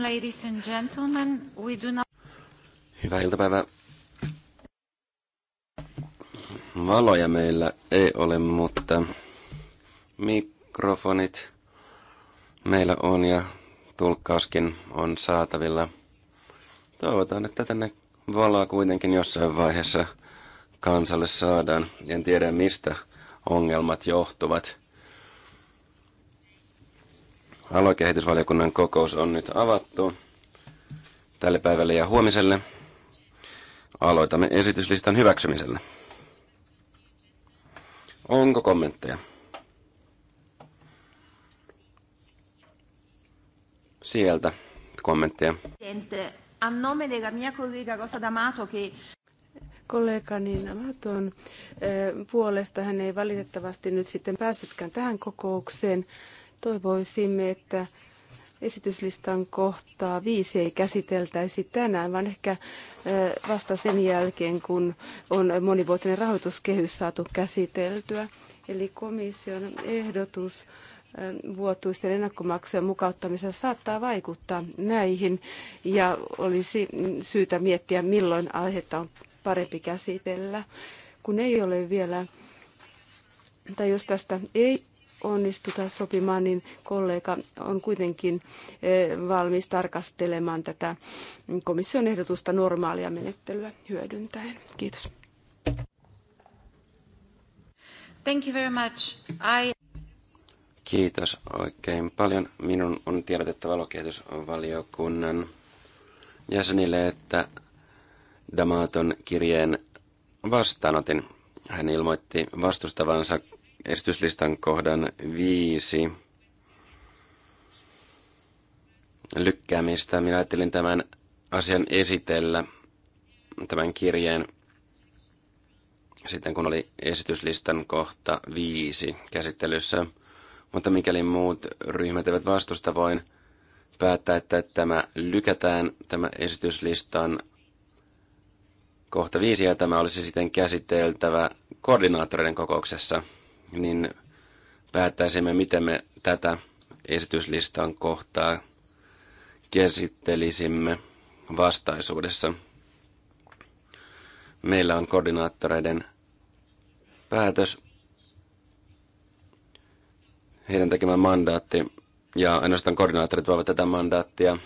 Ladies and gentlemen, we do not... Hyvää iltapäivää. Valoja meillä ei ole, mutta mikrofonit meillä on ja tulkkauskin on saatavilla. Toivotaan, että tänne valoa kuitenkin jossain vaiheessa kansalle saadaan. En tiedä, mistä ongelmat johtuvat. Aluekehitysvaliokunnan kokous on nyt avattu tälle päivälle ja huomiselle. Aloitamme esityslistan hyväksymisellä. Onko kommentteja? Sieltä kommentteja. A nome della mia collega Rosa D'Amato che kollega Nina Laton eh, puolesta. Hän ei valitettavasti nyt sitten päässytkään tähän kokoukseen, Toivoisimme, että esityslistan kohtaa viisi ei käsiteltäisi tänään, vaan ehkä vasta sen jälkeen, kun on monivuotinen rahoituskehys saatu käsiteltyä. Eli komission ehdotus vuotuisten ennakkomaksujen mukauttamisessa saattaa vaikuttaa näihin ja olisi syytä miettiä, milloin aihetta on parempi käsitellä, kun ei ole vielä, tai jos tästä ei onnistuta sopimaan, niin kollega on kuitenkin eh, valmis tarkastelemaan tätä komission ehdotusta normaalia menettelyä hyödyntäen. Kiitos. Thank you very much. I... Kiitos oikein paljon. Minun on tiedotettava valokehitysvaliokunnan jäsenille, että Damaton kirjeen vastaanotin. Hän ilmoitti vastustavansa esityslistan kohdan viisi lykkäämistä. Minä ajattelin tämän asian esitellä, tämän kirjeen, sitten kun oli esityslistan kohta viisi käsittelyssä. Mutta mikäli muut ryhmät eivät vastusta, voin päättää, että tämä lykätään, tämä esityslistan kohta viisi, ja tämä olisi sitten käsiteltävä koordinaattoreiden kokouksessa – niin päättäisimme, miten me tätä esityslistan kohtaa käsittelisimme vastaisuudessa. Meillä on koordinaattoreiden päätös, heidän tekemä mandaatti, ja ainoastaan koordinaattorit voivat tätä mandaattia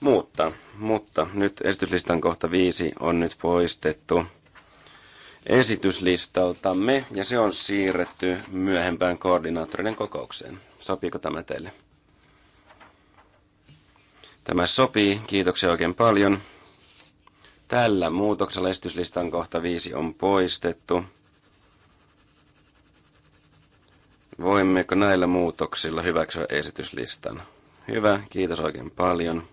muuttaa. Mutta nyt esityslistan kohta viisi on nyt poistettu esityslistaltamme ja se on siirretty myöhempään koordinaattorien kokoukseen. Sopiiko tämä teille? Tämä sopii. Kiitoksia oikein paljon. Tällä muutoksella esityslistan kohta 5 on poistettu. Voimmeko näillä muutoksilla hyväksyä esityslistan? Hyvä, kiitos oikein paljon.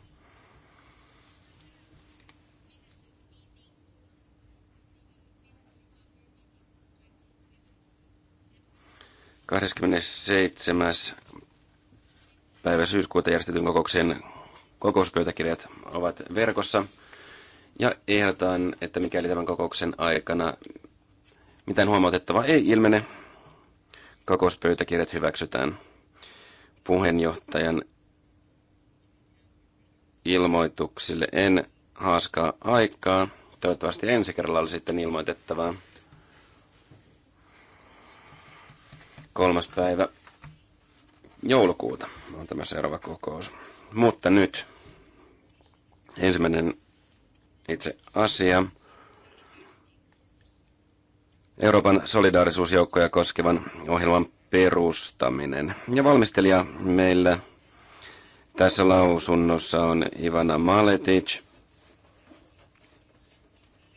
27. päivä syyskuuta järjestetyn kokouksen kokouspöytäkirjat ovat verkossa. Ja ehdotan, että mikäli tämän kokouksen aikana mitään huomautettavaa ei ilmene, kokouspöytäkirjat hyväksytään puheenjohtajan ilmoituksille. En haaskaa aikaa. Toivottavasti ensi kerralla oli sitten ilmoitettavaa. kolmas päivä joulukuuta on tämä seuraava kokous. Mutta nyt ensimmäinen itse asia. Euroopan solidaarisuusjoukkoja koskevan ohjelman perustaminen. Ja valmistelija meillä tässä lausunnossa on Ivana Maletic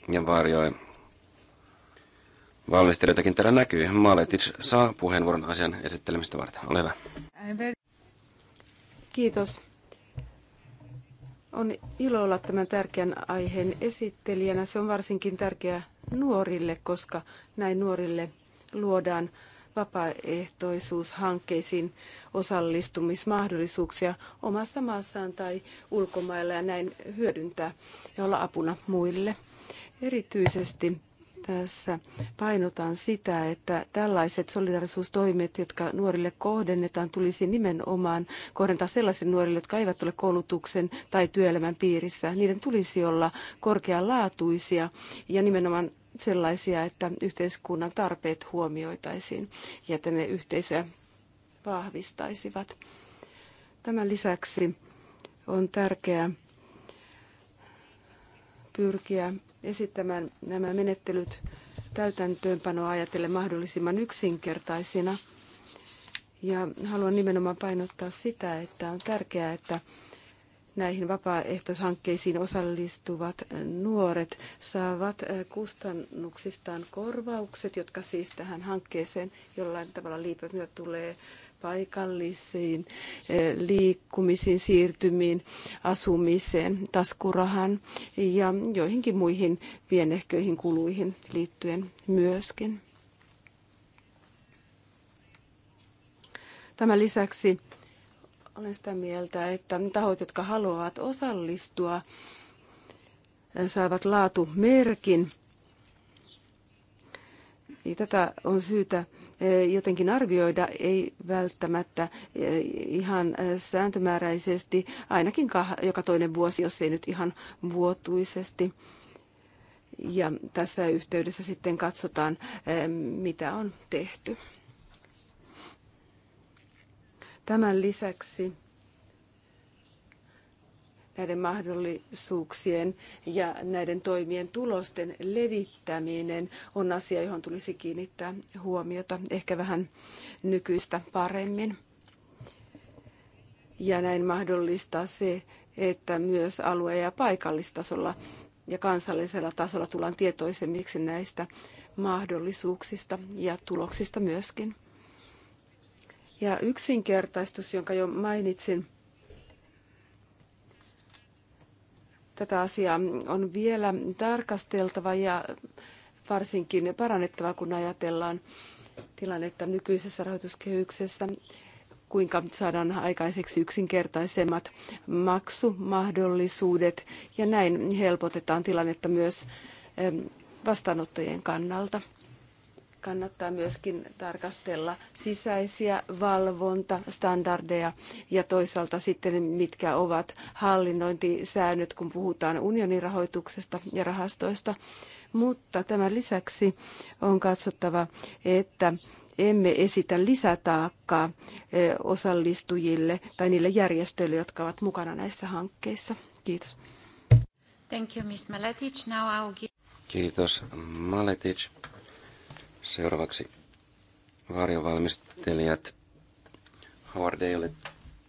ja varjoi valmistelijoitakin täällä näkyy. Maletic saa puheenvuoron asian esittelemistä varten. Ole hyvä. Kiitos. On ilo olla tämän tärkeän aiheen esittelijänä. Se on varsinkin tärkeä nuorille, koska näin nuorille luodaan vapaaehtoisuushankkeisiin osallistumismahdollisuuksia omassa maassaan tai ulkomailla ja näin hyödyntää ja olla apuna muille. Erityisesti tässä painotan sitä, että tällaiset solidarisuustoimet, jotka nuorille kohdennetaan, tulisi nimenomaan kohdentaa sellaisille nuorille, jotka eivät ole koulutuksen tai työelämän piirissä. Niiden tulisi olla korkealaatuisia ja nimenomaan sellaisia, että yhteiskunnan tarpeet huomioitaisiin ja että ne yhteisöä vahvistaisivat. Tämän lisäksi on tärkeää pyrkiä esittämään nämä menettelyt täytäntöönpanoa ajatellen mahdollisimman yksinkertaisina. Ja haluan nimenomaan painottaa sitä, että on tärkeää, että näihin vapaaehtoishankkeisiin osallistuvat nuoret saavat eh, kustannuksistaan korvaukset, jotka siis tähän hankkeeseen jollain tavalla liittyvät, tulee paikallisiin eh, liikkumisiin, siirtymiin, asumiseen, taskurahan ja joihinkin muihin pienehköihin kuluihin liittyen myöskin. Tämän lisäksi olen sitä mieltä, että tahot, jotka haluavat osallistua, eh, saavat laatumerkin. Niin tätä on syytä jotenkin arvioida, ei välttämättä ihan sääntömääräisesti, ainakin joka toinen vuosi, jos ei nyt ihan vuotuisesti. Ja tässä yhteydessä sitten katsotaan, mitä on tehty. Tämän lisäksi näiden mahdollisuuksien ja näiden toimien tulosten levittäminen on asia, johon tulisi kiinnittää huomiota ehkä vähän nykyistä paremmin. Ja näin mahdollistaa se, että myös alue- ja paikallistasolla ja kansallisella tasolla tullaan tietoisemmiksi näistä mahdollisuuksista ja tuloksista myöskin. Ja yksinkertaistus, jonka jo mainitsin, Tätä asiaa on vielä tarkasteltava ja varsinkin parannettava, kun ajatellaan tilannetta nykyisessä rahoituskehyksessä, kuinka saadaan aikaiseksi yksinkertaisemmat maksumahdollisuudet ja näin helpotetaan tilannetta myös vastaanottajien kannalta kannattaa myöskin tarkastella sisäisiä valvontastandardeja ja toisaalta sitten mitkä ovat hallinnointisäännöt, kun puhutaan unionin rahoituksesta ja rahastoista. Mutta tämän lisäksi on katsottava, että emme esitä lisätaakkaa eh, osallistujille tai niille järjestöille, jotka ovat mukana näissä hankkeissa. Kiitos. Thank you, Ms. Maletic. Now I'll give... Kiitos, Maletic. Seuraavaksi varjovalmistelijat. Howard ei ole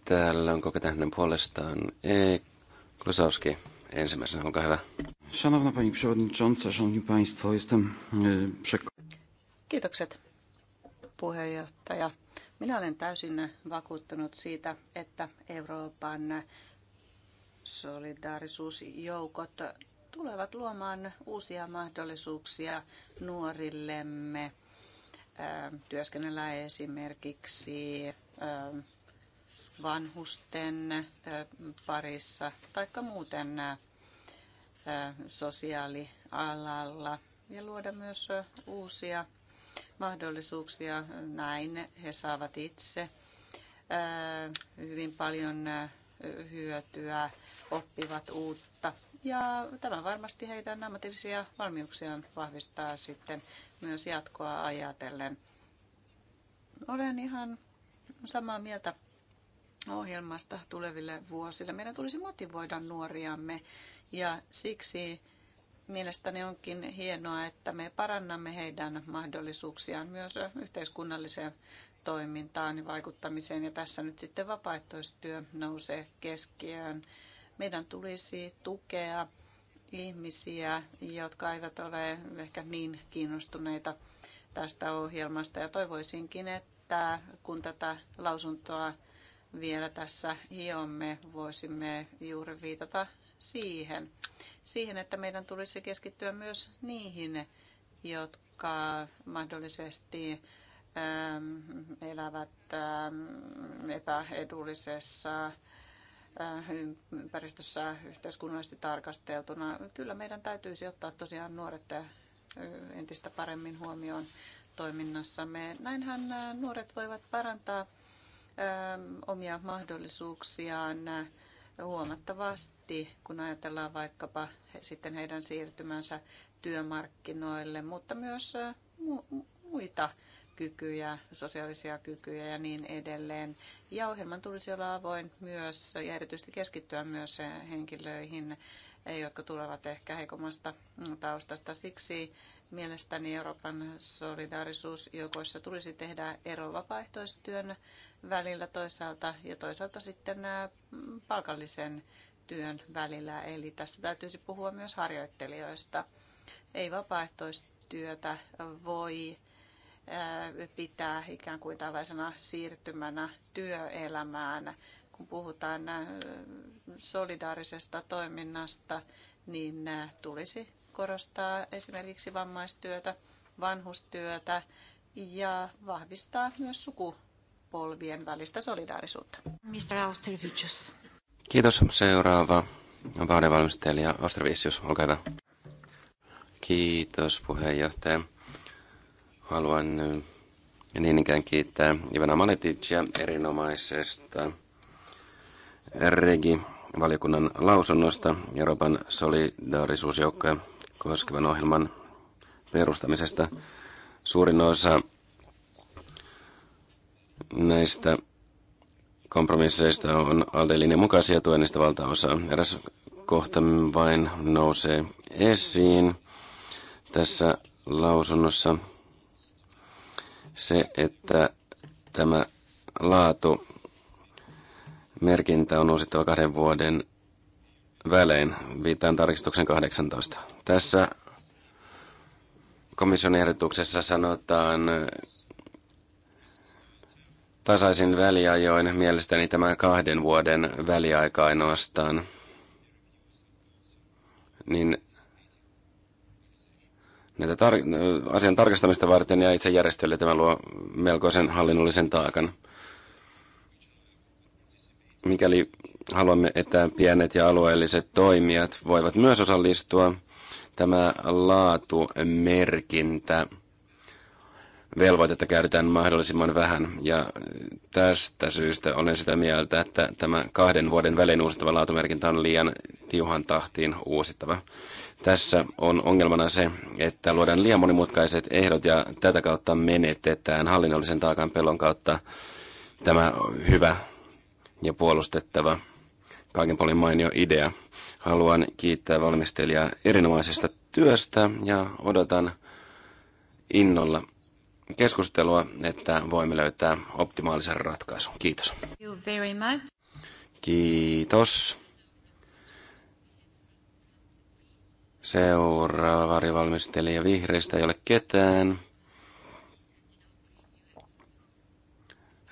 täällä. Onko ketä hänen puolestaan? Ei. Klosowski ensimmäisenä, olkaa hyvä. Szanowna pani przewodnicząca, szanowni państwo, jestem przekonany. Kiitokset puheenjohtaja. Minä olen täysin vakuuttunut siitä, että Euroopan solidaarisuusjoukot tulevat luomaan uusia mahdollisuuksia nuorillemme työskennellä esimerkiksi vanhusten parissa tai muuten sosiaalialalla ja luoda myös uusia mahdollisuuksia. Näin he saavat itse hyvin paljon hyötyä, oppivat uutta ja tämä varmasti heidän ammatillisia valmiuksiaan vahvistaa sitten myös jatkoa ajatellen. Olen ihan samaa mieltä ohjelmasta tuleville vuosille. Meidän tulisi motivoida nuoriamme ja siksi mielestäni onkin hienoa, että me parannamme heidän mahdollisuuksiaan myös yhteiskunnalliseen toimintaan ja vaikuttamiseen. Ja tässä nyt sitten vapaaehtoistyö nousee keskiöön. Meidän tulisi tukea ihmisiä, jotka eivät ole ehkä niin kiinnostuneita tästä ohjelmasta. Ja toivoisinkin, että kun tätä lausuntoa vielä tässä hiomme, voisimme juuri viitata siihen. Siihen, että meidän tulisi keskittyä myös niihin, jotka mahdollisesti ähm, elävät ähm, epäedullisessa Äh, ympäristössä yhteiskunnallisesti tarkasteltuna. Kyllä meidän täytyisi ottaa tosiaan nuoret äh, entistä paremmin huomioon toiminnassamme. Näinhän äh, nuoret voivat parantaa omia mahdollisuuksiaan huomattavasti, kun ajatellaan vaikkapa sitten heidän siirtymänsä työmarkkinoille, mutta myös muita kykyjä, sosiaalisia kykyjä ja niin edelleen. Ja ohjelman tulisi olla avoin myös ja erityisesti keskittyä myös henkilöihin, jotka tulevat ehkä heikommasta taustasta. Siksi mielestäni Euroopan solidaarisuusjoukoissa tulisi tehdä ero vapaaehtoistyön välillä toisaalta ja toisaalta sitten palkallisen työn välillä. Eli tässä täytyisi puhua myös harjoittelijoista. Ei vapaaehtoistyötä voi pitää ikään kuin tällaisena siirtymänä työelämään. Kun puhutaan solidaarisesta toiminnasta, niin tulisi korostaa esimerkiksi vammaistyötä, vanhustyötä ja vahvistaa myös sukupolvien välistä solidaarisuutta. Mr. Austervicius. Kiitos. Seuraava vaadevalmistelija Austervicius, olkaa hyvä. Kiitos puheenjohtaja. Haluan niin ikään kiittää Ivana Maleticia erinomaisesta Regi-valiokunnan lausunnosta Euroopan solidaarisuusjoukkoja koskevan ohjelman perustamisesta. Suurin osa näistä kompromisseista on Aldelin mukaisia tuennista valtaosa. Eräs kohta vain nousee esiin tässä lausunnossa – se, että tämä laatu merkintä on uusittava kahden vuoden välein. Viittaan tarkistuksen 18. Tässä komission ehdotuksessa sanotaan tasaisin väliajoin. Mielestäni tämä kahden vuoden väliaika ainoastaan. Niin näitä tar- asian tarkastamista varten ja itse järjestölle tämä luo melkoisen hallinnollisen taakan. Mikäli haluamme, että pienet ja alueelliset toimijat voivat myös osallistua, tämä laatumerkintä velvoitetta käytetään mahdollisimman vähän. Ja tästä syystä olen sitä mieltä, että tämä kahden vuoden välein uusittava laatumerkintä on liian tiuhan tahtiin uusittava. Tässä on ongelmana se, että luodaan liian monimutkaiset ehdot ja tätä kautta menetetään hallinnollisen taakan pelon kautta tämä hyvä ja puolustettava kaiken puolin mainio idea. Haluan kiittää valmistelijaa erinomaisesta työstä ja odotan innolla keskustelua, että voimme löytää optimaalisen ratkaisun. Kiitos. Kiitos. Seuraava varivalmistelija vihreistä ei ole ketään.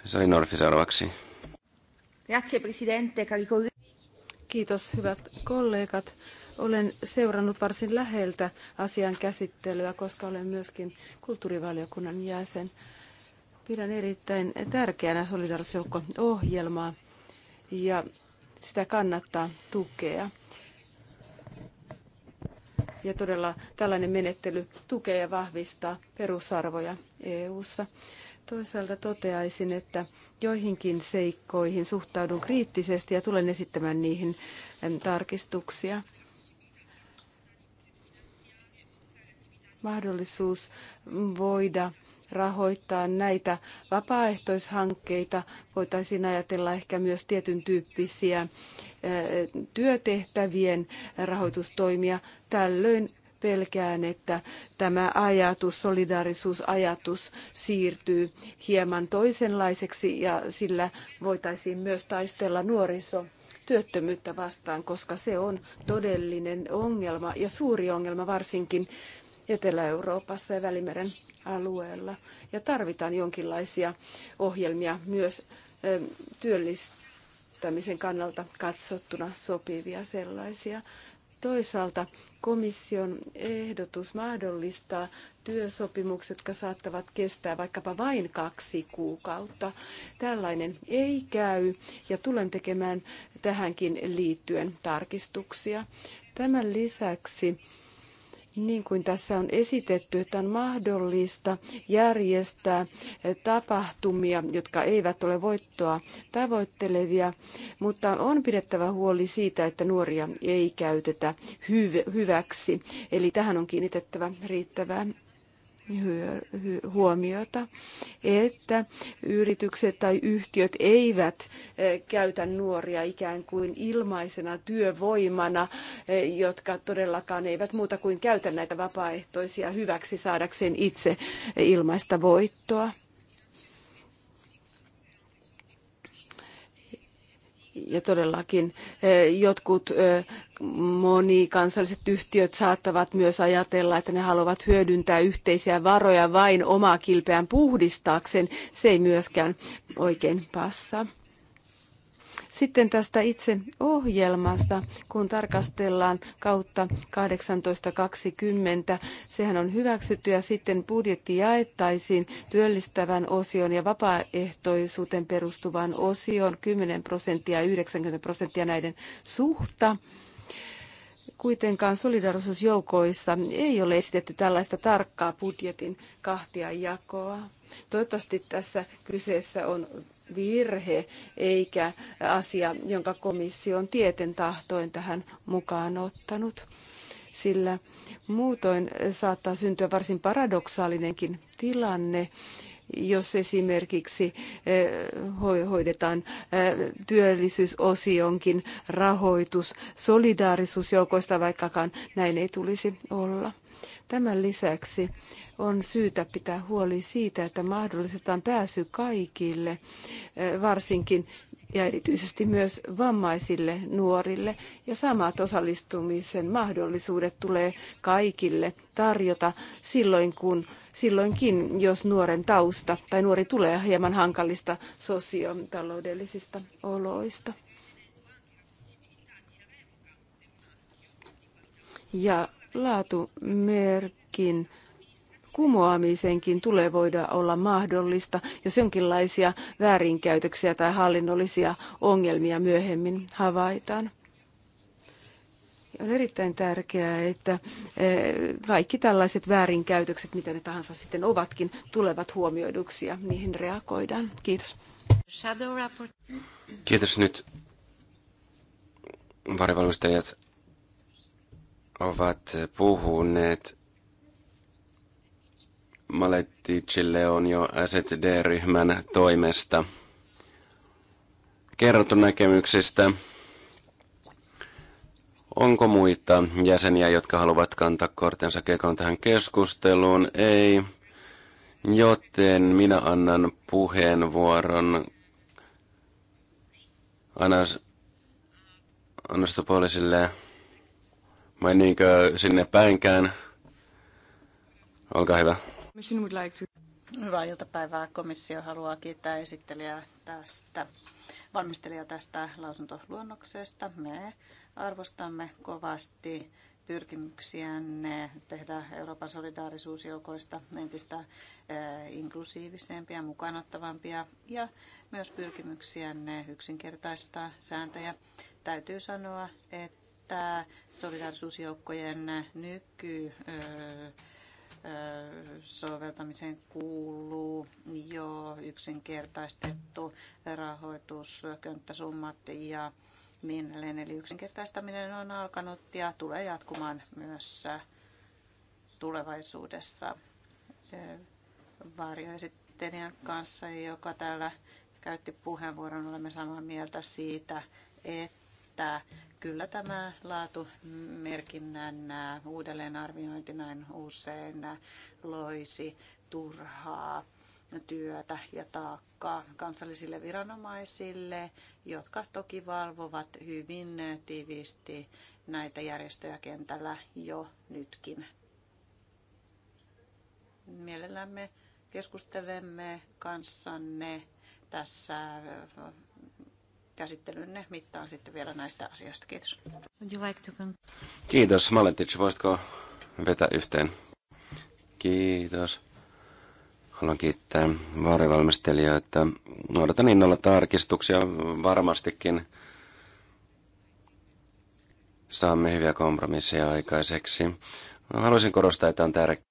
Sari Norfi seuraavaksi. Grazie, presidente, Kiitos, hyvät kollegat. Olen seurannut varsin läheltä asian käsittelyä, koska olen myöskin kulttuurivaliokunnan jäsen. Pidän erittäin tärkeänä solidarisuusjoukko-ohjelmaa ja sitä kannattaa tukea. Ja todella tällainen menettely tukee ja vahvistaa perusarvoja EU:ssa. Toisaalta toteaisin, että joihinkin seikkoihin suhtaudun kriittisesti ja tulen esittämään niihin tarkistuksia. Mahdollisuus voida rahoittaa näitä vapaaehtoishankkeita. Voitaisiin ajatella ehkä myös tietyn tyyppisiä työtehtävien rahoitustoimia. Tällöin pelkään, että tämä ajatus, solidaarisuusajatus siirtyy hieman toisenlaiseksi ja sillä voitaisiin myös taistella nuoriso työttömyyttä vastaan, koska se on todellinen ongelma ja suuri ongelma varsinkin Etelä-Euroopassa ja Välimeren alueella. Ja tarvitaan jonkinlaisia ohjelmia myös työllistä välttämisen kannalta katsottuna sopivia sellaisia. Toisaalta komission ehdotus mahdollistaa työsopimukset, jotka saattavat kestää vaikkapa vain kaksi kuukautta. Tällainen ei käy ja tulen tekemään tähänkin liittyen tarkistuksia. Tämän lisäksi niin kuin tässä on esitetty, että on mahdollista järjestää eh, tapahtumia, jotka eivät ole voittoa tavoittelevia, mutta on pidettävä huoli siitä, että nuoria ei käytetä hyväksi. Eli tähän on kiinnitettävä riittävää huomiota, että yritykset tai yhtiöt eivät e, käytä nuoria ikään kuin ilmaisena työvoimana, e, jotka todellakaan eivät muuta kuin käytä näitä vapaaehtoisia hyväksi saadakseen itse e, ilmaista voittoa Ja todellakin eh, jotkut eh, monikansalliset yhtiöt saattavat myös ajatella, että ne haluavat hyödyntää yhteisiä varoja vain omaa kilpeään puhdistaakseen. Se ei myöskään oikein passaa. Sitten tästä itse ohjelmasta, kun tarkastellaan kautta 1820, sehän on hyväksytty ja sitten budjetti jaettaisiin työllistävän osion ja vapaaehtoisuuteen perustuvan osion 10 prosenttia ja 90 prosenttia näiden suhta. Kuitenkaan solidarisuusjoukoissa ei ole esitetty tällaista tarkkaa budjetin kahtia jakoa. Toivottavasti tässä kyseessä on virhe eikä asia, jonka komissio on tieten tahtoen tähän mukaan ottanut. Sillä muutoin saattaa syntyä varsin paradoksaalinenkin tilanne, jos esimerkiksi eh, hoidetaan eh, työllisyysosionkin rahoitus solidaarisuusjoukoista, vaikkakaan näin ei tulisi olla. Tämän lisäksi on syytä pitää huoli siitä, että mahdollistetaan pääsy kaikille, eh, varsinkin ja erityisesti myös vammaisille nuorille. Ja samat osallistumisen mahdollisuudet tulee kaikille tarjota silloin, kun, silloinkin, jos nuoren tausta tai nuori tulee hieman hankalista sosiotaloudellisista oloista. Ja laatumerkin kumoamisenkin tulee voida olla mahdollista, jos jonkinlaisia väärinkäytöksiä tai hallinnollisia ongelmia myöhemmin havaitaan. On erittäin tärkeää, että e, kaikki tällaiset väärinkäytökset, mitä ne tahansa sitten ovatkin, tulevat huomioiduksi ja niihin reagoidaan. Kiitos. Kiitos nyt. Varivalmistajat ovat puhuneet Maletticille on jo SED-ryhmän toimesta kerrottu näkemyksistä. Onko muita jäseniä, jotka haluavat kantaa kortensa kekoon tähän keskusteluun? Ei. Joten minä annan puheenvuoron Anas, Anastopolisille. Mä niinkö sinne päinkään? Olkaa hyvä. Hyvää iltapäivää. Komissio haluaa kiittää esittelijää tästä, valmistelijaa tästä lausuntoluonnoksesta. Me arvostamme kovasti pyrkimyksiänne tehdä Euroopan solidaarisuusjoukoista entistä eh, inklusiivisempia, mukaanottavampia ja myös pyrkimyksiänne yksinkertaistaa sääntöjä. Täytyy sanoa, että solidaarisuusjoukkojen nyky eh, soveltamiseen kuuluu jo yksinkertaistettu rahoitus, könttäsummat ja niin edelleen. Eli yksinkertaistaminen on alkanut ja tulee jatkumaan myös tulevaisuudessa varjoesittelijän kanssa, joka täällä käytti puheenvuoron. Olemme samaa mieltä siitä, että kyllä tämä laatumerkinnän uudelleenarviointi näin usein loisi turhaa työtä ja taakkaa kansallisille viranomaisille, jotka toki valvovat hyvin tiiviisti näitä järjestöjä kentällä jo nytkin. Mielellämme keskustelemme kanssanne tässä käsittelynne mittaan sitten vielä näistä asioista. Kiitos. Would you like to... Kiitos, Maletic. Voisitko vetää yhteen? Kiitos. Haluan kiittää vaarivalmistelijoita. Odotan innolla tarkistuksia varmastikin. Saamme hyviä kompromisseja aikaiseksi. Haluaisin korostaa, että on tärkeää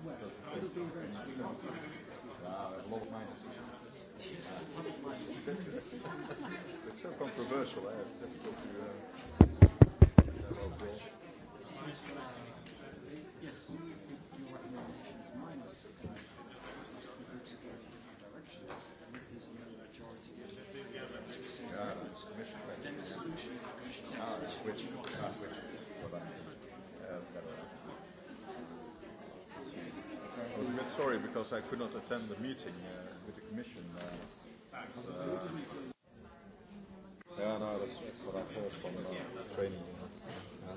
It's so controversial, eh? It's difficult to. Uh, yes, your recommendation is minus. Uh, the groups go in different directions, and if there's another majority, then the solution is the commission. Ah, which sorry because I could not attend the meeting uh, with the Commission. Uh, Uh, yeah, no, that's what I thought from the uh, training. Uh,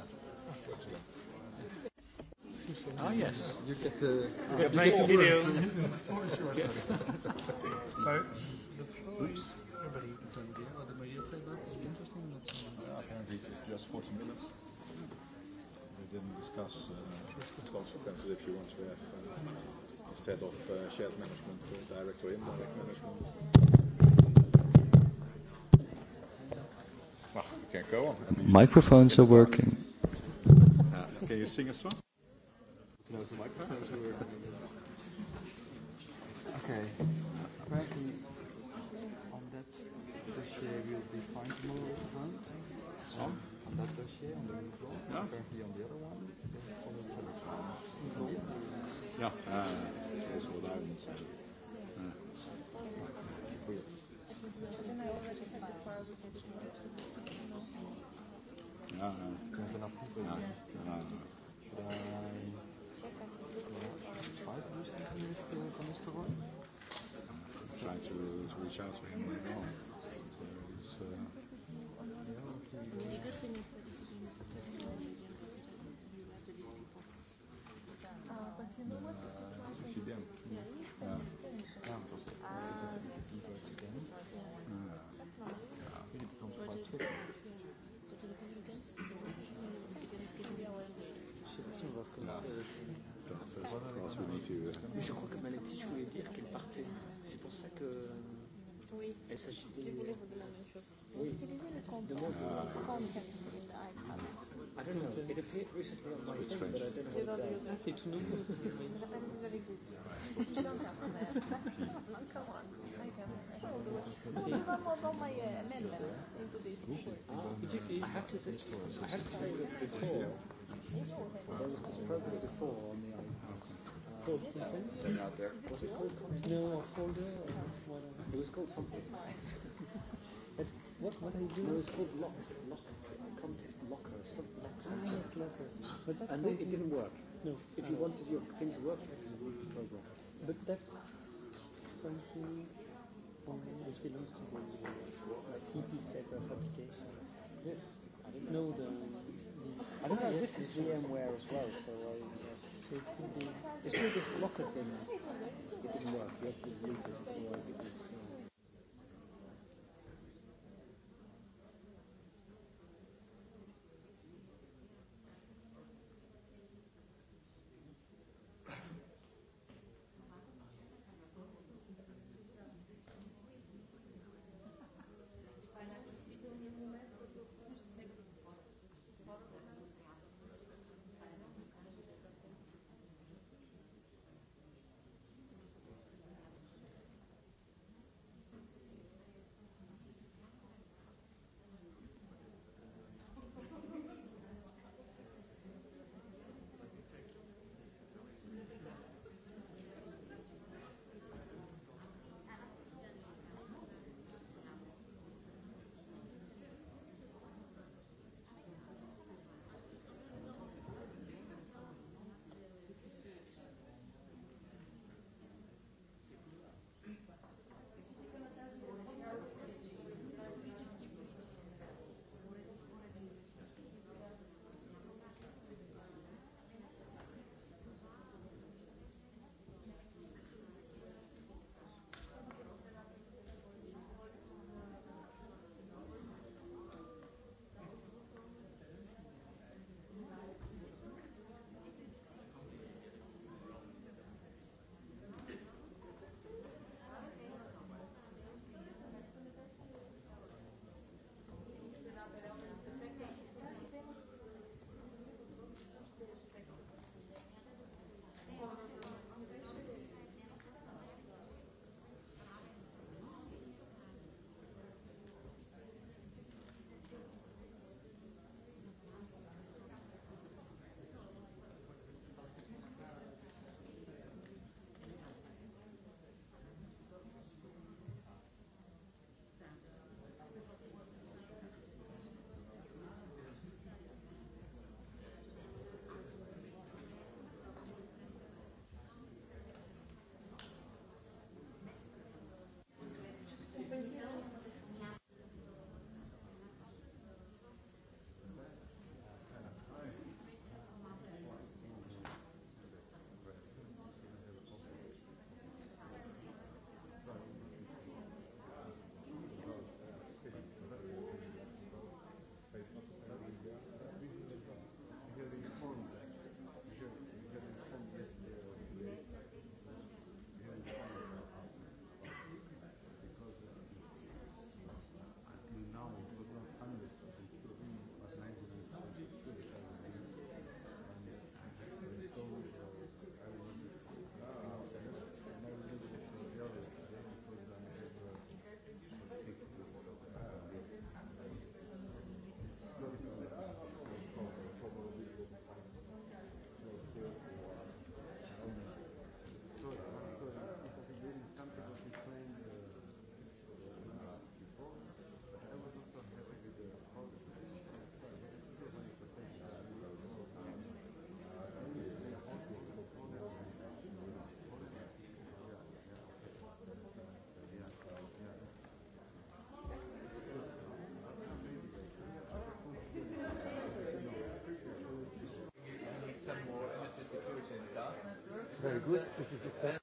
Ah, yes. You get, uh, you get, you get video. yes. so, the floor Oops. everybody is on video. Are the media say that? Is it interesting? Yeah, apparently, just 40 minutes We didn't discuss uh, consequences if you want to have. Uh, instead of uh, shared management uh, direct or indirect management. Well, you can go on. Microphones are working. Uh, can you sing a song? No, the microphones are working. Okay. Apparently, on that dossier, we'll be fine tomorrow. Um, yeah. try to reach out to him later on. So it's, uh, The good thing is that Isabel is the president and the young president. Ah, yes. He votes against. Yeah. Uh, he becomes quite strict. se the Republicans, against giving Je crois que Maletti, je voulais dire qu'elle partait. C'est pour ça que. Oui. Il voulait euh, vous demander une chose. Vous utilisez le compte Chromecast sur le I don't know. It appeared recently on my thing, ah, c'est tout nouveau. Je called something? No, Holder or whatever. It was called something. it, what what I do? No, it was called lock, lock, locker, something. Ah, yes, locker. But and it didn't work. No. If you wanted your things to work, you had to the program. But that's something which belongs to the EP set of applications. Yes. No, the. I don't know, this is VMware as well, so I so it's called this locker thing. It didn't work, you have to it, Very good. This is exactly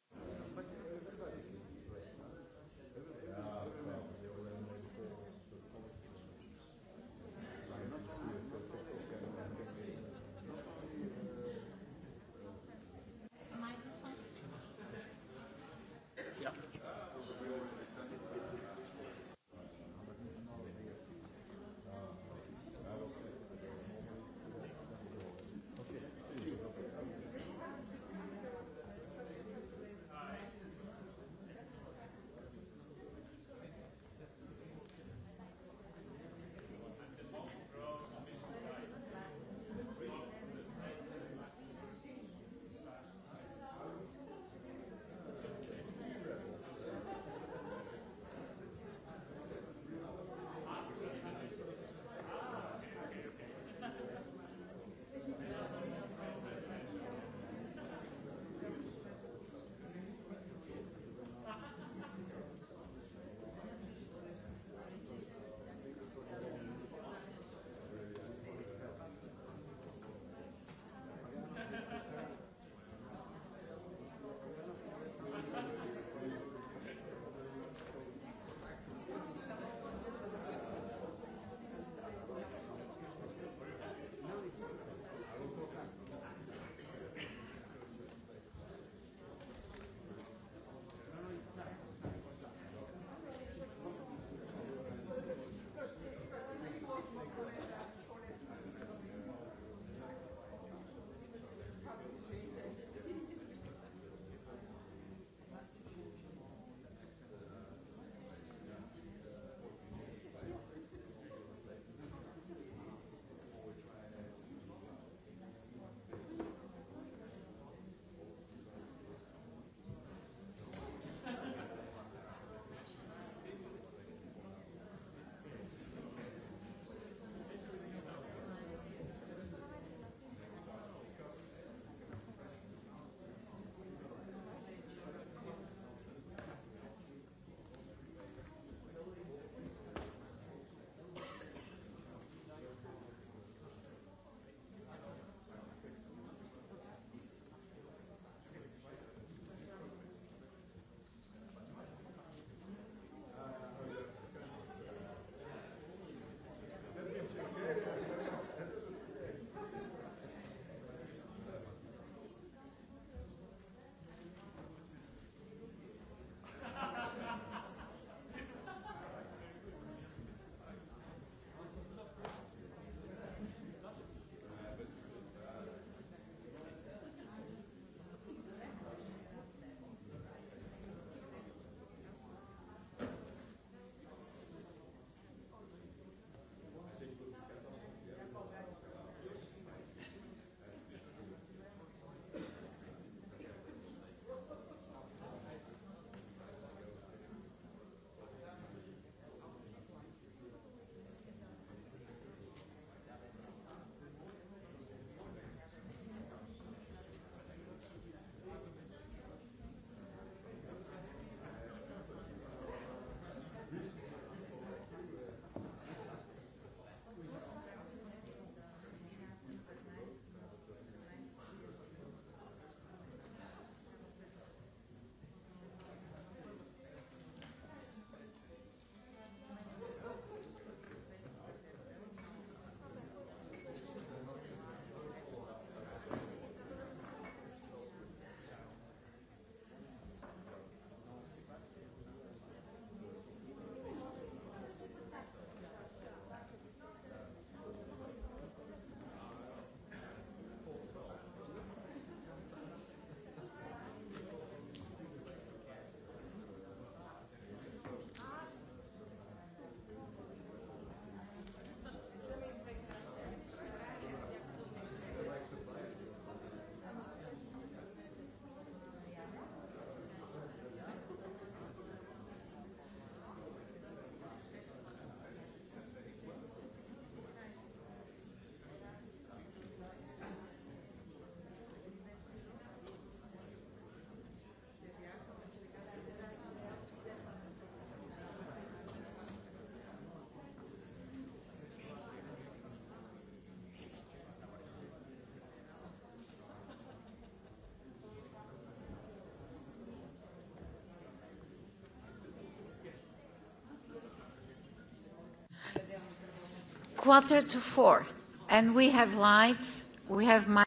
quarter to four, and we have lights, we have my...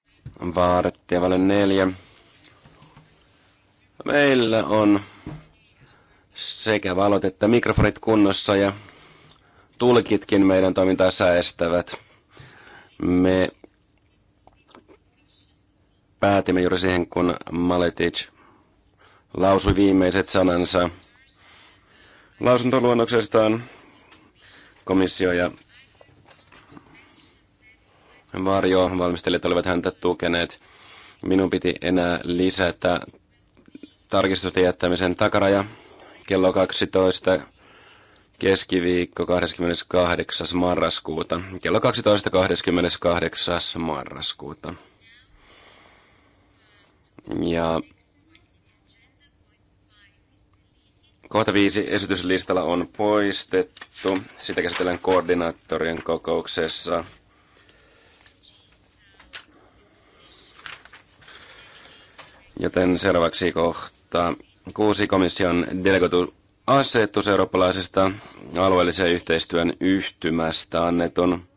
Vaarettia neljä. Meillä on sekä valot että mikrofonit kunnossa ja tulkitkin meidän toimintaa säästävät. Me päätimme juuri siihen, kun Maletic lausui viimeiset sanansa lausuntoluonnoksestaan komissio ja varjovalmistelijat olivat häntä tukeneet. Minun piti enää lisätä tarkistusten jättämisen takaraja kello 12 keskiviikko 28. marraskuuta. Kello 12.28. marraskuuta. Ja kohta viisi esityslistalla on poistettu. Sitä käsitellään koordinaattorien kokouksessa Joten seuraavaksi kohta kuusi komission delegoitu asetus eurooppalaisesta alueellisen yhteistyön yhtymästä annetun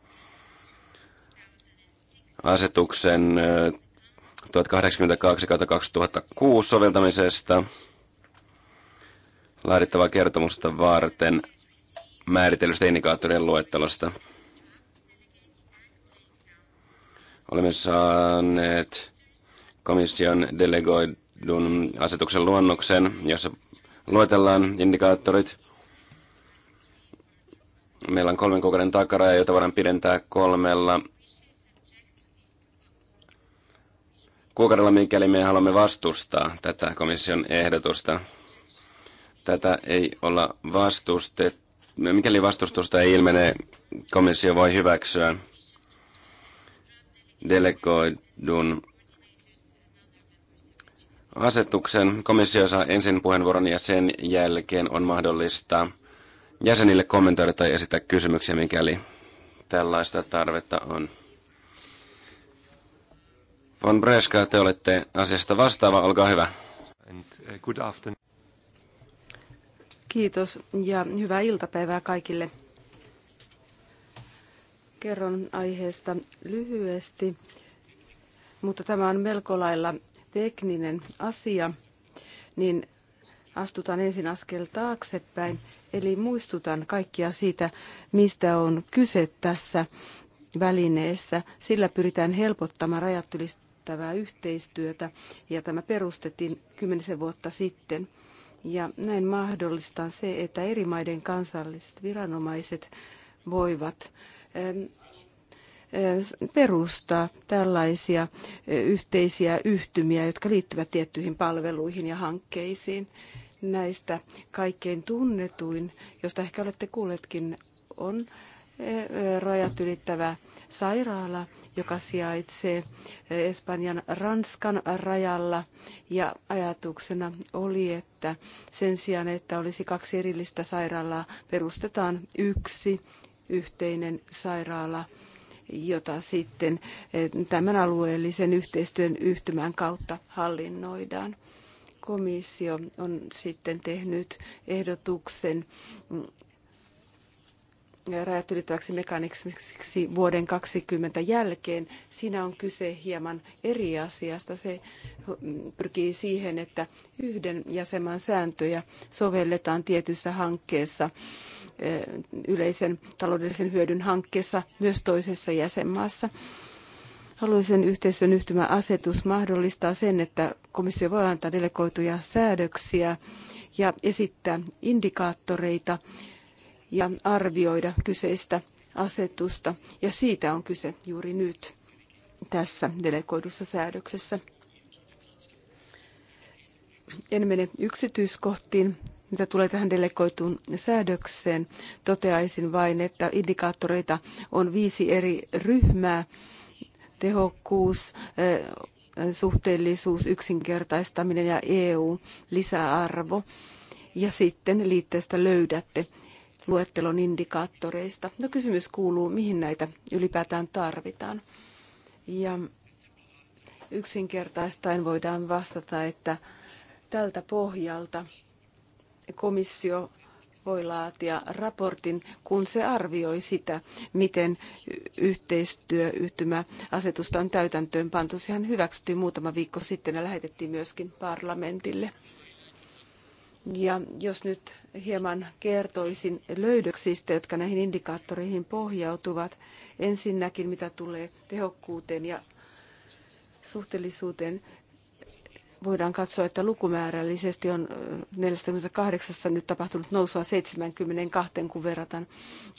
asetuksen 1082-2006 äh, soveltamisesta laadittavaa kertomusta varten määritellystä indikaattorien luettelosta. Olemme saaneet komission delegoidun asetuksen luonnoksen, jossa luetellaan indikaattorit. Meillä on kolmen kuukauden takaraja, jota voidaan pidentää kolmella kuukaudella, mikäli me haluamme vastustaa tätä komission ehdotusta. Tätä ei olla vastustettu. Mikäli vastustusta ei ilmene, komissio voi hyväksyä delegoidun asetuksen. Komissio saa ensin puheenvuoron ja sen jälkeen on mahdollista jäsenille kommentoida tai esittää kysymyksiä, mikäli tällaista tarvetta on. Von Breska, te olette asiasta vastaava, olkaa hyvä. And uh, good Kiitos ja hyvää iltapäivää kaikille. Kerron aiheesta lyhyesti, mutta tämä on melko lailla tekninen asia, niin astutaan ensin askel taaksepäin. Eli muistutan kaikkia siitä, mistä on kyse tässä välineessä. Sillä pyritään helpottamaan rajat ylistävää yhteistyötä ja tämä perustettiin kymmenisen vuotta sitten. Ja näin mahdollistaa se, että eri maiden kansalliset viranomaiset voivat perustaa tällaisia yhteisiä yhtymiä, jotka liittyvät tiettyihin palveluihin ja hankkeisiin. Näistä kaikkein tunnetuin, josta ehkä olette kuulleetkin, on rajat ylittävä sairaala, joka sijaitsee Espanjan Ranskan rajalla. Ja ajatuksena oli, että sen sijaan, että olisi kaksi erillistä sairaalaa, perustetaan yksi yhteinen sairaala jota sitten eh, tämän alueellisen yhteistyön yhtymän kautta hallinnoidaan. Komissio on sitten tehnyt ehdotuksen mm, rajat ylittäväksi mekanismiksi vuoden 2020 jälkeen. Siinä on kyse hieman eri asiasta. Se pyrkii siihen, että yhden jäsenmaan sääntöjä sovelletaan tietyssä hankkeessa, eh, yleisen taloudellisen hyödyn hankkeessa myös toisessa jäsenmaassa. Haluaisen yhteisön yhtymäasetus mahdollistaa sen, että komissio voi antaa delegoituja säädöksiä ja esittää indikaattoreita, ja arvioida kyseistä asetusta. Ja siitä on kyse juuri nyt tässä delegoidussa säädöksessä. En mene yksityiskohtiin, mitä tulee tähän delegoituun säädökseen. Toteaisin vain, että indikaattoreita on viisi eri ryhmää. Tehokkuus, eh, suhteellisuus, yksinkertaistaminen ja EU-lisäarvo. Ja sitten liitteestä löydätte luettelon indikaattoreista. No kysymys kuuluu, mihin näitä ylipäätään tarvitaan. Ja yksinkertaistaen voidaan vastata, että tältä pohjalta komissio voi laatia raportin, kun se arvioi sitä, miten asetusta on täytäntöön pantu. Sehän hyväksyttiin muutama viikko sitten ja lähetettiin myöskin parlamentille. Ja jos nyt hieman kertoisin löydöksistä, jotka näihin indikaattoreihin pohjautuvat, ensinnäkin mitä tulee tehokkuuteen ja suhteellisuuteen, voidaan katsoa, että lukumäärällisesti on äh, 48 nyt tapahtunut nousua 72, kun verrataan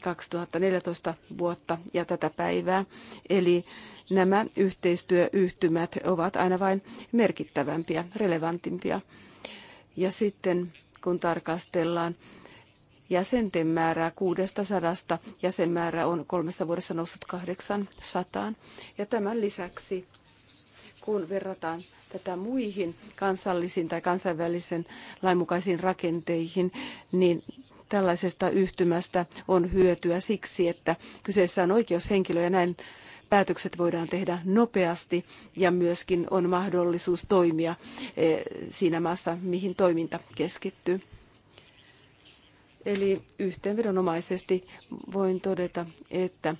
2014 vuotta ja tätä päivää. Eli nämä yhteistyöyhtymät ovat aina vain merkittävämpiä, relevantimpia ja sitten kun tarkastellaan jäsenten määrää 600, jäsenmäärä on kolmessa vuodessa noussut 800. Ja tämän lisäksi, kun verrataan tätä muihin kansallisiin tai kansainvälisen lainmukaisiin rakenteihin, niin tällaisesta yhtymästä on hyötyä siksi, että kyseessä on oikeushenkilö ja näin päätökset voidaan tehdä nopeasti ja myöskin on mahdollisuus toimia eh, siinä maassa, mihin toiminta keskittyy. Eli yhteenvedonomaisesti voin todeta, että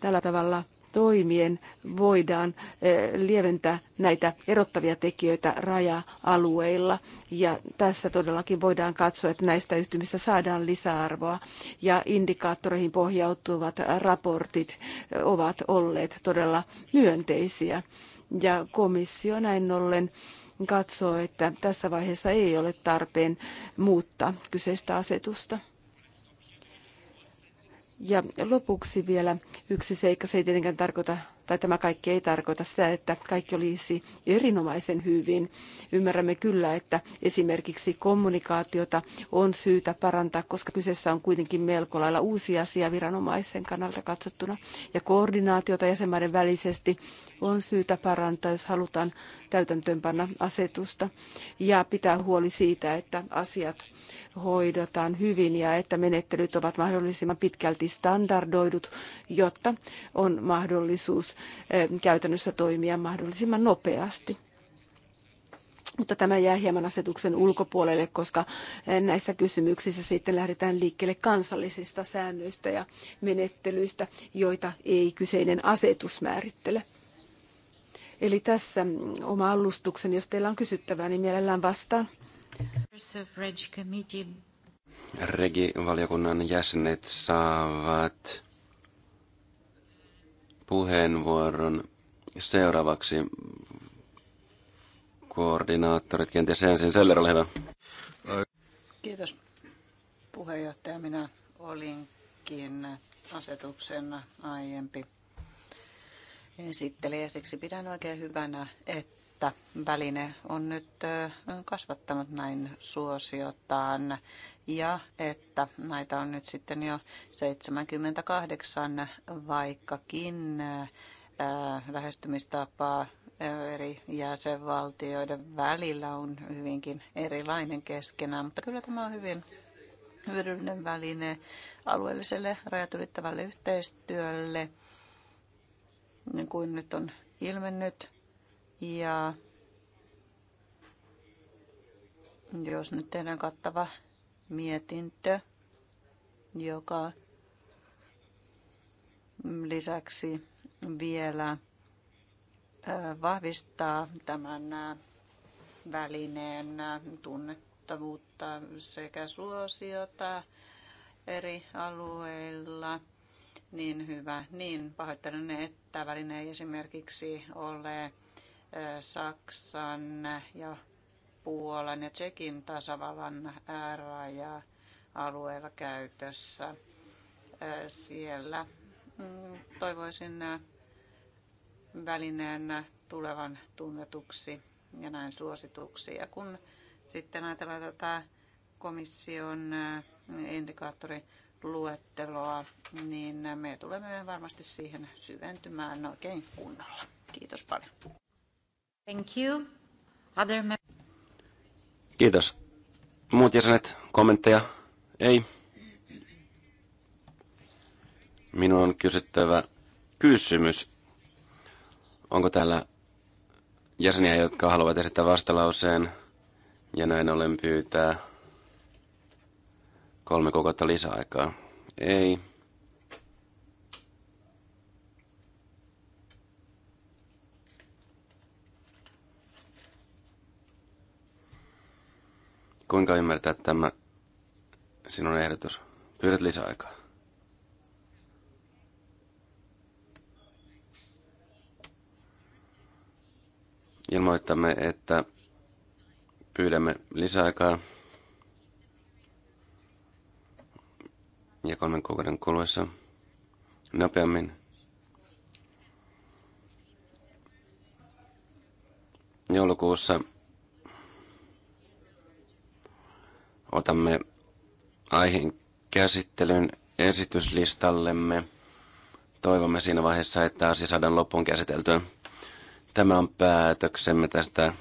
tällä tavalla toimien voidaan eh, lieventää näitä erottavia tekijöitä raja-alueilla. Ja tässä todellakin voidaan katsoa, että näistä yhtymistä saadaan lisäarvoa. Ja indikaattoreihin pohjautuvat raportit eh, ovat olleet todella myönteisiä. Ja komissio näin ollen katsoo, että tässä vaiheessa ei ole tarpeen muuttaa kyseistä asetusta. Ja lopuksi vielä yksi seikka, se ei tietenkään tarkoita, tai tämä kaikki ei tarkoita sitä, että kaikki olisi erinomaisen hyvin. Ymmärrämme kyllä, että esimerkiksi kommunikaatiota on syytä parantaa, koska kyseessä on kuitenkin melko lailla uusi asia viranomaisen kannalta katsottuna. Ja koordinaatiota jäsenmaiden välisesti on syytä parantaa, jos halutaan täytäntöönpanna asetusta. Ja pitää huoli siitä, että asiat hoidetaan hyvin ja että menettelyt ovat mahdollisimman pitkälti standardoidut, jotta on mahdollisuus eh, käytännössä toimia mahdollisimman nopeasti mutta tämä jää hieman asetuksen ulkopuolelle, koska eh, näissä kysymyksissä sitten lähdetään liikkeelle kansallisista säännöistä ja menettelyistä, joita ei kyseinen asetus määrittele. Eli tässä mm, oma alustuksen, jos teillä on kysyttävää, niin mielellään vastaan. Regi-valiokunnan jäsenet saavat puheenvuoron seuraavaksi. Koordinaattorit, kenties ensin. Seller, ole hyvä. Kiitos puheenjohtaja. Minä olinkin asetuksen aiempi esittelijä. siksi pidän oikein hyvänä, että että väline on nyt kasvattanut näin suosiotaan ja että näitä on nyt sitten jo 78 vaikkakin lähestymistapaa eri jäsenvaltioiden välillä on hyvinkin erilainen keskenään, mutta kyllä tämä on hyvin hyödyllinen väline alueelliselle rajat ylittävälle yhteistyölle, niin kuin nyt on ilmennyt. Ja jos nyt tehdään kattava mietintö, joka lisäksi vielä vahvistaa tämän välineen tunnettavuutta sekä suosiota eri alueilla, niin hyvä. Niin pahoittelen, että väline ei esimerkiksi ole Saksan ja Puolan ja Tsekin tasavallan ääraja alueella käytössä. Siellä mm, toivoisin välineen tulevan tunnetuksi ja näin suosituksi. Ja kun sitten ajatellaan tätä komission indikaattoriluetteloa, niin me tulemme varmasti siihen syventymään oikein kunnolla. Kiitos paljon. Thank you. Other Kiitos. Muut jäsenet, kommentteja? Ei. Minun on kysyttävä kysymys. Onko täällä jäseniä, jotka haluavat esittää vastalauseen ja näin ollen pyytää kolme kokoutta lisäaikaa? Ei. Kuinka ymmärtää tämä sinun ehdotus? Pyydät lisäaikaa. Ilmoittamme, että pyydämme lisäaikaa ja kolmen kuukauden kuluessa nopeammin. Joulukuussa Otamme aiheen käsittelyn esityslistallemme. Toivomme siinä vaiheessa, että asia saadaan loppuun käsiteltyä. Tämä on päätöksemme tästä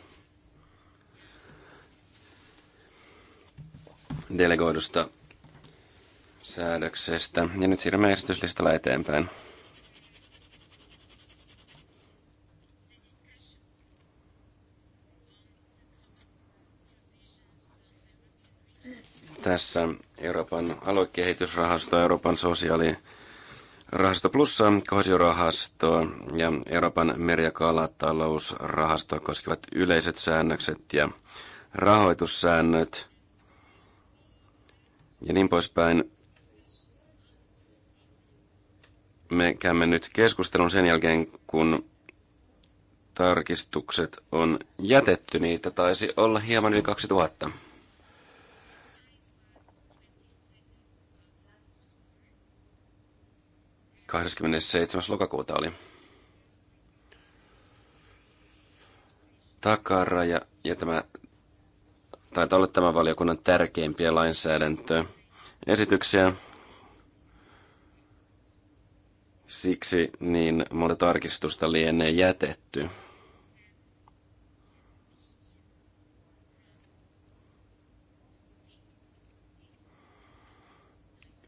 delegoidusta säädöksestä. Ja nyt siirrymme esityslistalla eteenpäin. Tässä Euroopan aluekehitysrahasto, Euroopan sosiaali Rahasto Plussa, kohesiorahasto ja Euroopan meri- ja kalatalousrahasto koskevat yleiset säännökset ja rahoitussäännöt ja niin poispäin. Me käymme nyt keskustelun sen jälkeen, kun tarkistukset on jätetty. Niitä taisi olla hieman yli 2000. 27. lokakuuta oli. Takaraja ja tämä taitaa olla tämän valiokunnan tärkeimpiä lainsäädäntöesityksiä. Siksi niin monta tarkistusta lienee jätetty.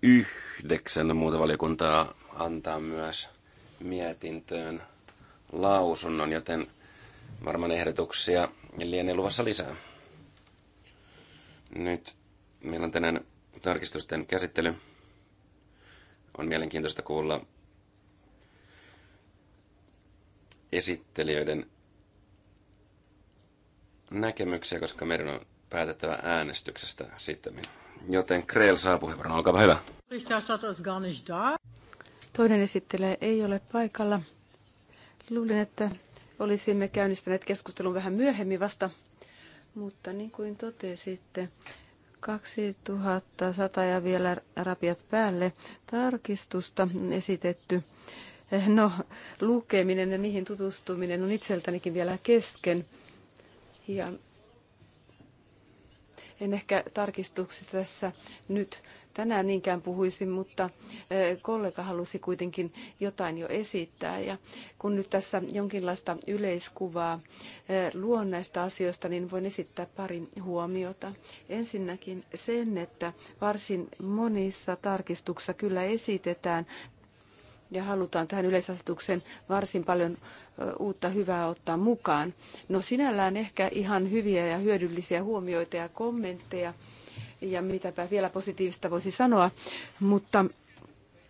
Yhdeksän muuta valiokuntaa antaa myös mietintöön lausunnon, joten varmaan ehdotuksia lienee luvassa lisää. Nyt meillä on tänään tarkistusten käsittely. On mielenkiintoista kuulla esittelijöiden näkemyksiä, koska meidän on päätettävä äänestyksestä sitten. Joten Kreel saa puheenvuoron, olkaa hyvä. Toinen esittelee ei ole paikalla. Luulin, että olisimme käynnistäneet keskustelun vähän myöhemmin vasta, mutta niin kuin totesitte, 2100 ja vielä rapiat päälle tarkistusta esitetty. No, lukeminen ja niihin tutustuminen on itseltänikin vielä kesken. Ja en ehkä tarkistuksi tässä nyt tänään niinkään puhuisin, mutta eh, kollega halusi kuitenkin jotain jo esittää. Ja kun nyt tässä jonkinlaista yleiskuvaa eh, luon näistä asioista, niin voin esittää pari huomiota. Ensinnäkin sen, että varsin monissa tarkistuksissa kyllä esitetään ja halutaan tähän yleisasetukseen varsin paljon eh, uutta hyvää ottaa mukaan. No sinällään ehkä ihan hyviä ja hyödyllisiä huomioita ja kommentteja ja mitäpä vielä positiivista voisi sanoa, mutta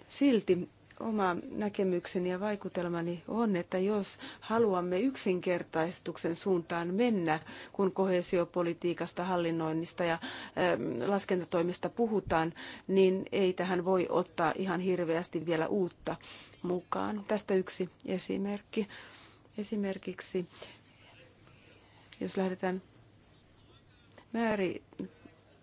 silti oma näkemykseni ja vaikutelmani on, että jos haluamme yksinkertaistuksen suuntaan mennä, kun kohesiopolitiikasta, hallinnoinnista ja ähm, laskentatoimista puhutaan, niin ei tähän voi ottaa ihan hirveästi vielä uutta mukaan. Tästä yksi esimerkki. Esimerkiksi, jos lähdetään määrittämään,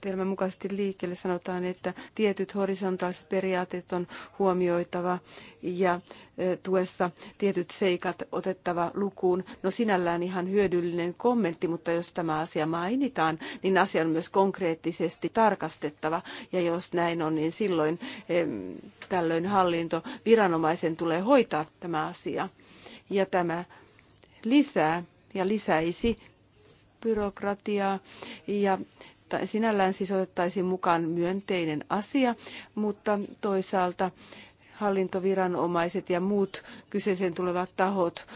määritelmän mukaisesti liikkeelle sanotaan, että tietyt horisontaaliset periaatteet on huomioitava ja e, tuessa tietyt seikat otettava lukuun. No sinällään ihan hyödyllinen kommentti, mutta jos tämä asia mainitaan, niin asia on myös konkreettisesti tarkastettava. Ja jos näin on, niin silloin e, tällöin hallinto viranomaisen tulee hoitaa tämä asia. Ja tämä lisää ja lisäisi byrokratiaa ja että sinällään siis otettaisiin mukaan myönteinen asia, mutta toisaalta hallintoviranomaiset ja muut kyseisen tulevat tahot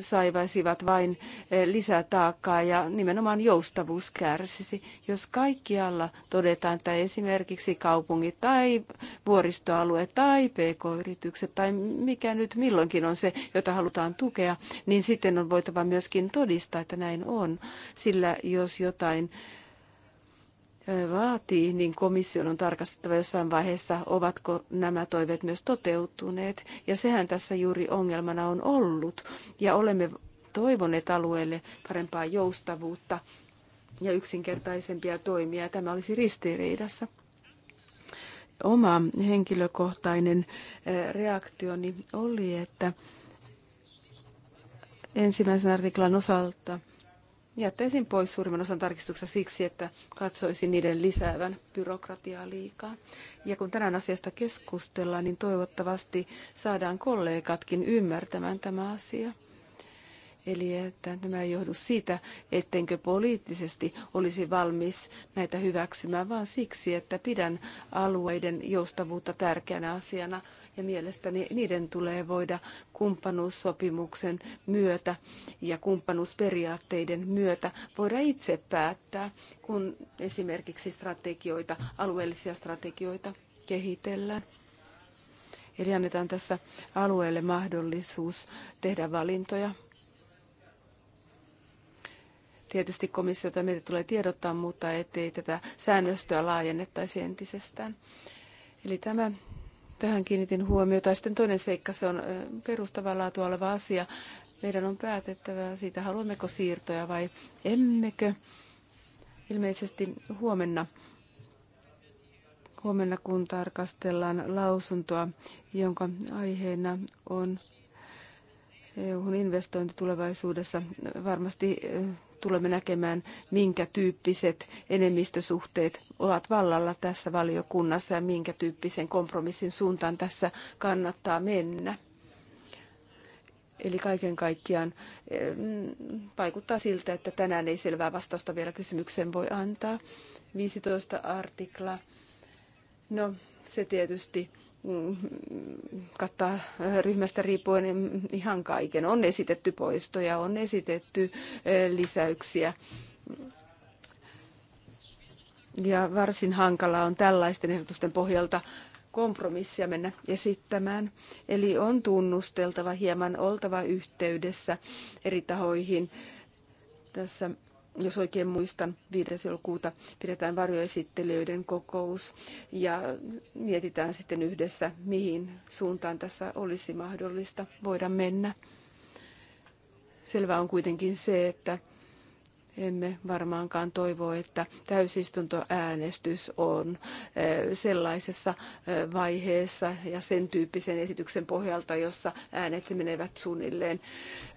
saivaisivat vain lisätaakkaa ja nimenomaan joustavuus kärsisi. Jos kaikkialla todetaan, että esimerkiksi kaupungit tai vuoristoalue tai pk-yritykset tai mikä nyt milloinkin on se, jota halutaan tukea, niin sitten on voitava myöskin todistaa, että näin on. Sillä jos jotain vaatii, niin komission on tarkastettava jossain vaiheessa, ovatko nämä toiveet myös toteutuneet. Ja sehän tässä juuri ongelmana on ollut. Ja olemme toivoneet alueelle parempaa joustavuutta ja yksinkertaisempia toimia. Tämä olisi ristiriidassa. Oma henkilökohtainen reaktioni oli, että ensimmäisen artiklan osalta – jättäisin pois suurimman osan tarkistuksessa siksi, että katsoisin niiden lisäävän byrokratiaa liikaa. Ja kun tänään asiasta keskustellaan, niin toivottavasti saadaan kollegatkin ymmärtämään tämä asia. Eli että tämä ei johdu siitä, ettenkö poliittisesti olisi valmis näitä hyväksymään, vaan siksi, että pidän alueiden joustavuutta tärkeänä asiana ja mielestäni niiden tulee voida kumppanuussopimuksen myötä ja kumppanuusperiaatteiden myötä voida itse päättää, kun esimerkiksi strategioita, alueellisia strategioita kehitellään. Eli annetaan tässä alueelle mahdollisuus tehdä valintoja. Tietysti komissiota meitä tulee tiedottaa, mutta ettei tätä säännöstöä laajennettaisi entisestään. Eli tämä Tähän kiinnitin huomiota. Ja sitten toinen seikka, se on perustavaa laatua oleva asia. Meidän on päätettävä siitä, haluammeko siirtoja vai emmekö. Ilmeisesti huomenna huomenna kun tarkastellaan lausuntoa, jonka aiheena on EU:n investointi tulevaisuudessa varmasti e, tulemme näkemään, minkä tyyppiset enemmistösuhteet ovat vallalla tässä valiokunnassa ja minkä tyyppisen kompromissin suuntaan tässä kannattaa mennä. Eli kaiken kaikkiaan e, vaikuttaa siltä, että tänään ei selvää vastausta vielä kysymykseen voi antaa. 15 artikla. No, se tietysti kattaa ryhmästä riippuen ihan kaiken. On esitetty poistoja, on esitetty eh, lisäyksiä. Ja varsin hankala on tällaisten ehdotusten pohjalta kompromissia mennä esittämään. Eli on tunnusteltava hieman, oltava yhteydessä eri tahoihin. Tässä jos oikein muistan, 5. joulukuuta pidetään varjoesittelijöiden kokous ja mietitään sitten yhdessä, mihin suuntaan tässä olisi mahdollista voida mennä. Selvä on kuitenkin se, että emme varmaankaan toivo, että täysistuntoäänestys on eh, sellaisessa eh, vaiheessa ja sen tyyppisen esityksen pohjalta, jossa äänet menevät suunnilleen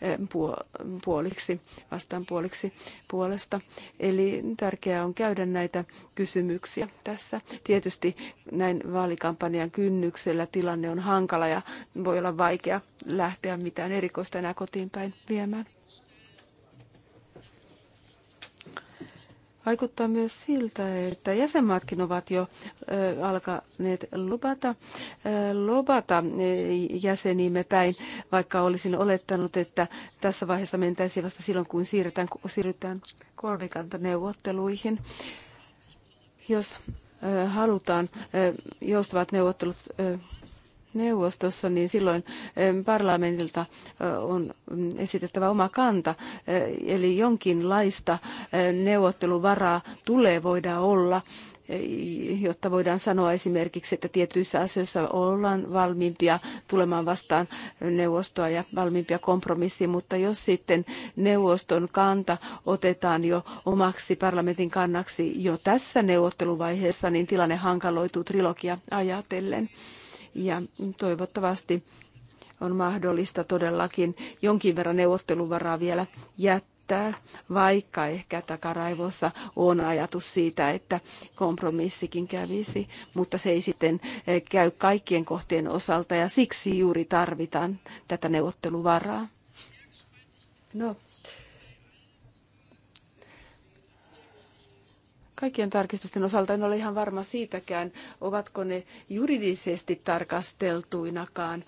eh, puoliksi, vastaan puoliksi puolesta. Eli tärkeää on käydä näitä kysymyksiä tässä. Tietysti näin vaalikampanjan kynnyksellä tilanne on hankala ja voi olla vaikea lähteä mitään erikoista enää kotiin päin viemään. Vaikuttaa myös siltä, että jäsenmaatkin ovat jo alkaneet lobata, lobata jäseniimme päin, vaikka olisin olettanut, että tässä vaiheessa mentäisiin vasta silloin, kun siirrytään, kun siirrytään kolmikantaneuvotteluihin. Jos halutaan joustavat neuvottelut neuvostossa, niin silloin parlamentilta on mm, esitettävä oma kanta. Eli jonkinlaista neuvotteluvaraa tulee voida olla e, jotta voidaan sanoa esimerkiksi, että tietyissä asioissa ollaan valmiimpia tulemaan vastaan neuvostoa ja valmiimpia kompromissiin, mutta jos sitten neuvoston kanta otetaan jo omaksi parlamentin kannaksi jo tässä neuvotteluvaiheessa, niin tilanne hankaloituu trilogia ajatellen ja toivottavasti on mahdollista todellakin jonkin verran neuvotteluvaraa vielä jättää, vaikka ehkä takaraivossa on ajatus siitä, että kompromissikin kävisi, mutta se ei sitten eh, käy kaikkien kohtien osalta ja siksi juuri tarvitaan tätä neuvotteluvaraa. No, kaikkien tarkistusten osalta en ole ihan varma siitäkään, ovatko ne juridisesti tarkasteltuinakaan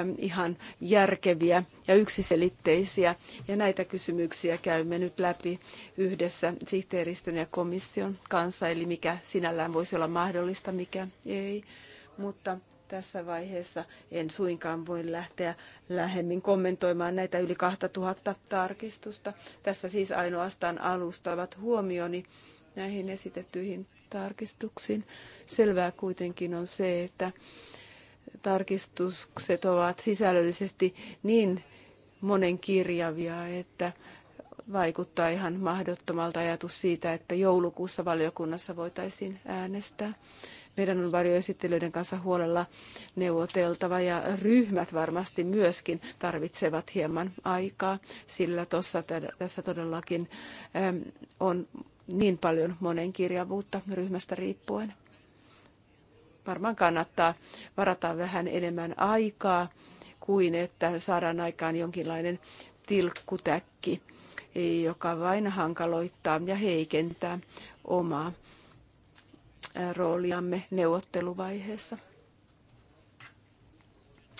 äm, ihan järkeviä ja yksiselitteisiä. Ja näitä kysymyksiä käymme nyt läpi yhdessä sihteeristön ja komission kanssa, eli mikä sinällään voisi olla mahdollista, mikä ei. Mutta tässä vaiheessa en suinkaan voi lähteä lähemmin kommentoimaan näitä yli 2000 tarkistusta. Tässä siis ainoastaan alustavat huomioni näihin esitettyihin tarkistuksiin. Selvää kuitenkin on se, että tarkistukset ovat sisällöllisesti niin monenkirjavia, että vaikuttaa ihan mahdottomalta ajatus siitä, että joulukuussa valiokunnassa voitaisiin äänestää. Meidän on varjoesittelyiden kanssa huolella neuvoteltava ja ryhmät varmasti myöskin tarvitsevat hieman aikaa, sillä tossa, tässä todellakin on niin paljon monenkirjavuutta ryhmästä riippuen. Varmaan kannattaa varata vähän enemmän aikaa kuin että saadaan aikaan jonkinlainen tilkkutäkki, joka vain hankaloittaa ja heikentää omaa rooliamme neuvotteluvaiheessa.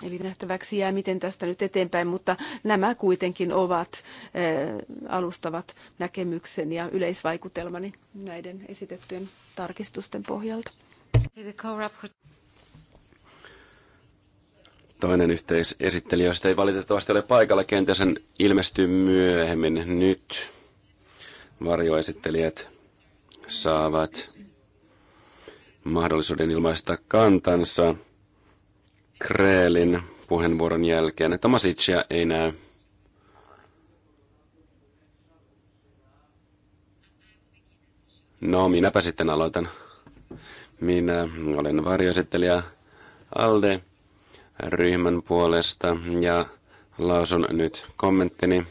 Eli nähtäväksi jää, miten tästä nyt eteenpäin, mutta nämä kuitenkin ovat eh, alustavat näkemykseni ja yleisvaikutelmani näiden esitettyjen tarkistusten pohjalta. Toinen josta ei valitettavasti ole paikalla. Kenties sen ilmestyy myöhemmin. Nyt varjoesittelijät saavat mahdollisuuden ilmaista kantansa. Kreelin puheenvuoron jälkeen. Tamasicia ei näy. No, minäpä sitten aloitan. Minä olen varjoesittelijä Alde ryhmän puolesta ja lausun nyt kommenttini.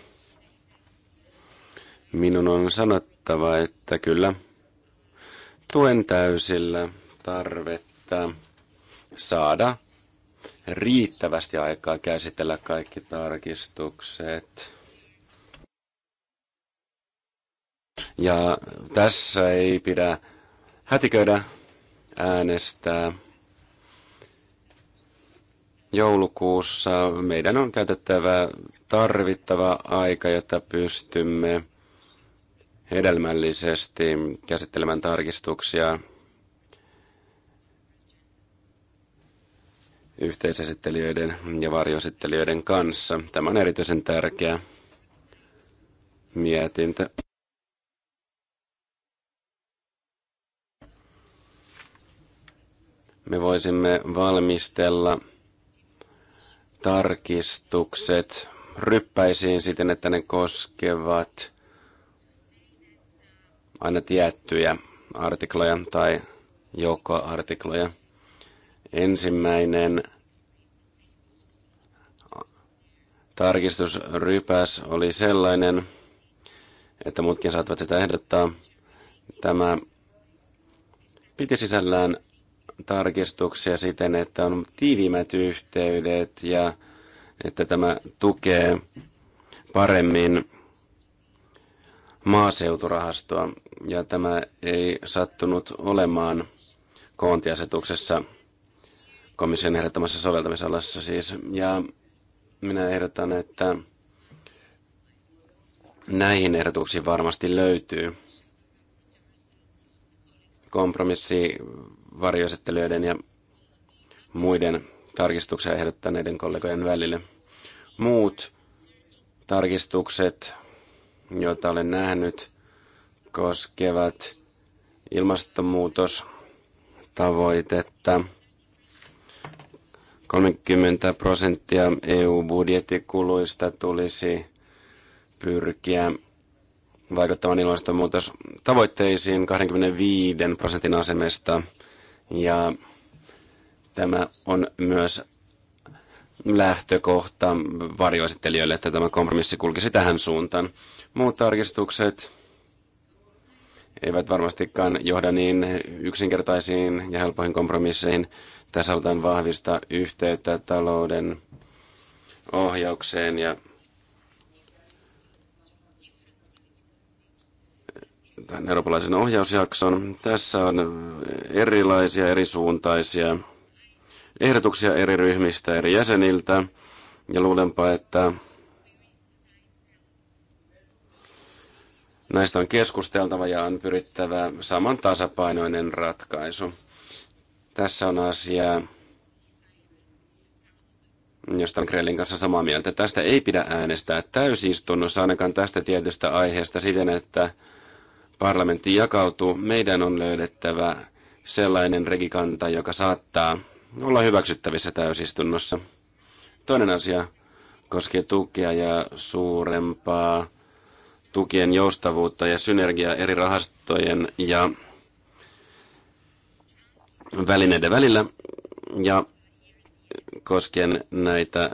Minun on sanottava, että kyllä tuen täysillä tarvetta saada riittävästi aikaa käsitellä kaikki tarkistukset. Ja tässä ei pidä hätiköidä äänestää. Joulukuussa meidän on käytettävä tarvittava aika, jotta pystymme hedelmällisesti käsittelemään tarkistuksia yhteisesittelijöiden ja varjoesittelijöiden kanssa. Tämä on erityisen tärkeä mietintö. Me voisimme valmistella tarkistukset ryppäisiin siten, että ne koskevat aina tiettyjä artikloja tai joka artikloja. Ensimmäinen tarkistusrypäs oli sellainen, että muutkin saattavat sitä ehdottaa. Tämä piti sisällään tarkistuksia siten, että on tiiviimmät yhteydet ja että tämä tukee paremmin maaseuturahastoa. Ja tämä ei sattunut olemaan koontiasetuksessa – komission ehdottamassa soveltamisalassa siis. Ja minä ehdotan, että näihin ehdotuksiin varmasti löytyy kompromissi varjoesittelyiden ja muiden tarkistuksia ehdottaneiden kollegojen välille. Muut tarkistukset, joita olen nähnyt, koskevat ilmastonmuutostavoitetta – 30 prosenttia EU-budjettikuluista tulisi pyrkiä vaikuttamaan ilmastonmuutos tavoitteisiin 25 prosentin asemesta. Ja tämä on myös lähtökohta varjoesittelijöille, että tämä kompromissi kulkisi tähän suuntaan. Muut tarkistukset eivät varmastikaan johda niin yksinkertaisiin ja helpoihin kompromisseihin. Tässä halutaan vahvistaa yhteyttä talouden ohjaukseen ja tämän eurooppalaisen ohjausjakson. Tässä on erilaisia, eri suuntaisia ehdotuksia eri ryhmistä, eri jäseniltä. Ja luulenpa, että näistä on keskusteltava ja on pyrittävä saman tasapainoinen ratkaisu. Tässä on asia, josta on Krellin kanssa samaa mieltä. Tästä ei pidä äänestää täysistunnossa ainakaan tästä tietystä aiheesta siten, että parlamentti jakautuu. Meidän on löydettävä sellainen regikanta, joka saattaa olla hyväksyttävissä täysistunnossa. Toinen asia koskee tukea ja suurempaa tukien joustavuutta ja synergiaa eri rahastojen ja välineiden välillä ja koskien näitä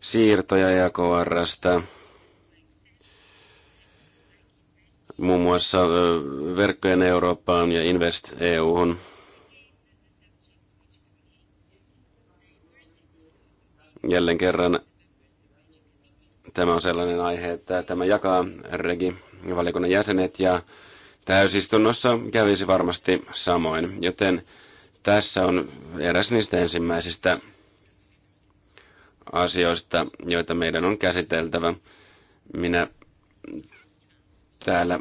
siirtoja ja e KRstä. muun muassa verkkojen Eurooppaan ja Invest EUhun. Jälleen kerran tämä on sellainen aihe, että tämä jakaa regi-valiokunnan jäsenet ja täysistunnossa kävisi varmasti samoin, joten tässä on eräs niistä ensimmäisistä asioista, joita meidän on käsiteltävä. Minä täällä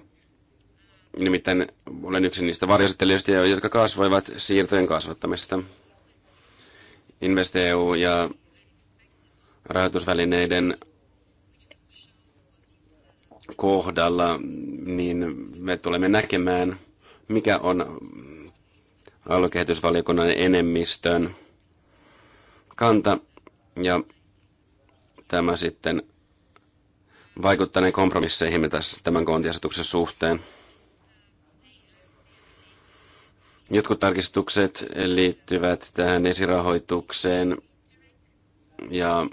nimittäin olen yksi niistä varjoesittelijöistä, jotka kasvoivat siirtojen kasvattamista. InvestEU ja rahoitusvälineiden kohdalla, niin me tulemme näkemään, mikä on aluekehitysvaliokunnan enemmistön kanta, ja tämä sitten vaikuttaa kompromisseihin tässä tämän koontiasetuksen suhteen. Jotkut tarkistukset liittyvät tähän esirahoitukseen ja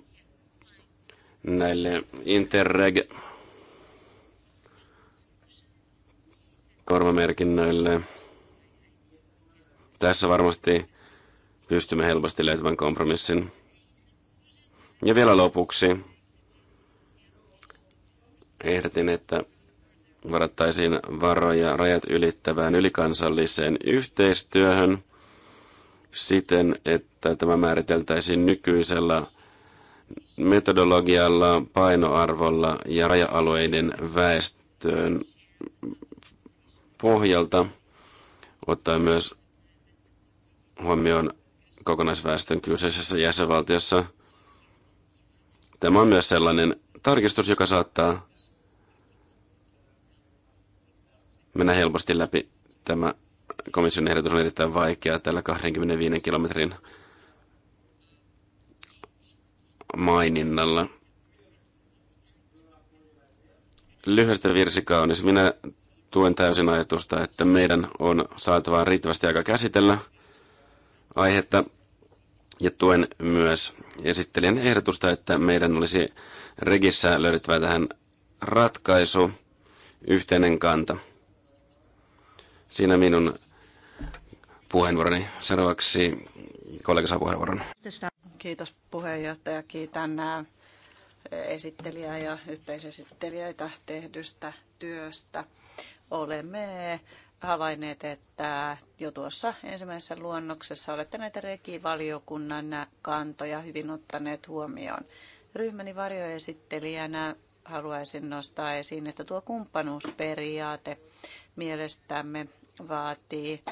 näille Interreg korvamerkinnöille. Tässä varmasti pystymme helposti löytämään kompromissin. Ja vielä lopuksi ehdotin, että varattaisiin varoja rajat ylittävään ylikansalliseen yhteistyöhön siten, että tämä määriteltäisiin nykyisellä metodologialla, painoarvolla ja raja-alueiden väestöön pohjalta, ottaen myös huomioon kokonaisväestön kyseisessä jäsenvaltiossa. Tämä on myös sellainen tarkistus, joka saattaa mennä helposti läpi. Tämä komission ehdotus on erittäin vaikea tällä 25 kilometrin maininnalla. Lyhyestä virsi kaunis. Minä tuen täysin ajatusta, että meidän on saatava riittävästi aika käsitellä aihetta. Ja tuen myös esittelijän ehdotusta, että meidän olisi regissä löydettävä tähän ratkaisu, yhteinen kanta. Siinä minun puheenvuoroni. Seuraavaksi kollega saa puheenvuoron. Kiitos puheenjohtaja. Kiitän esittelijää ja yhteisesittelijöitä tehdystä työstä olemme havainneet, että jo tuossa ensimmäisessä luonnoksessa olette näitä rekivaliokunnan kantoja hyvin ottaneet huomioon. Ryhmäni varjoesittelijänä haluaisin nostaa esiin, että tuo kumppanuusperiaate mielestämme vaatii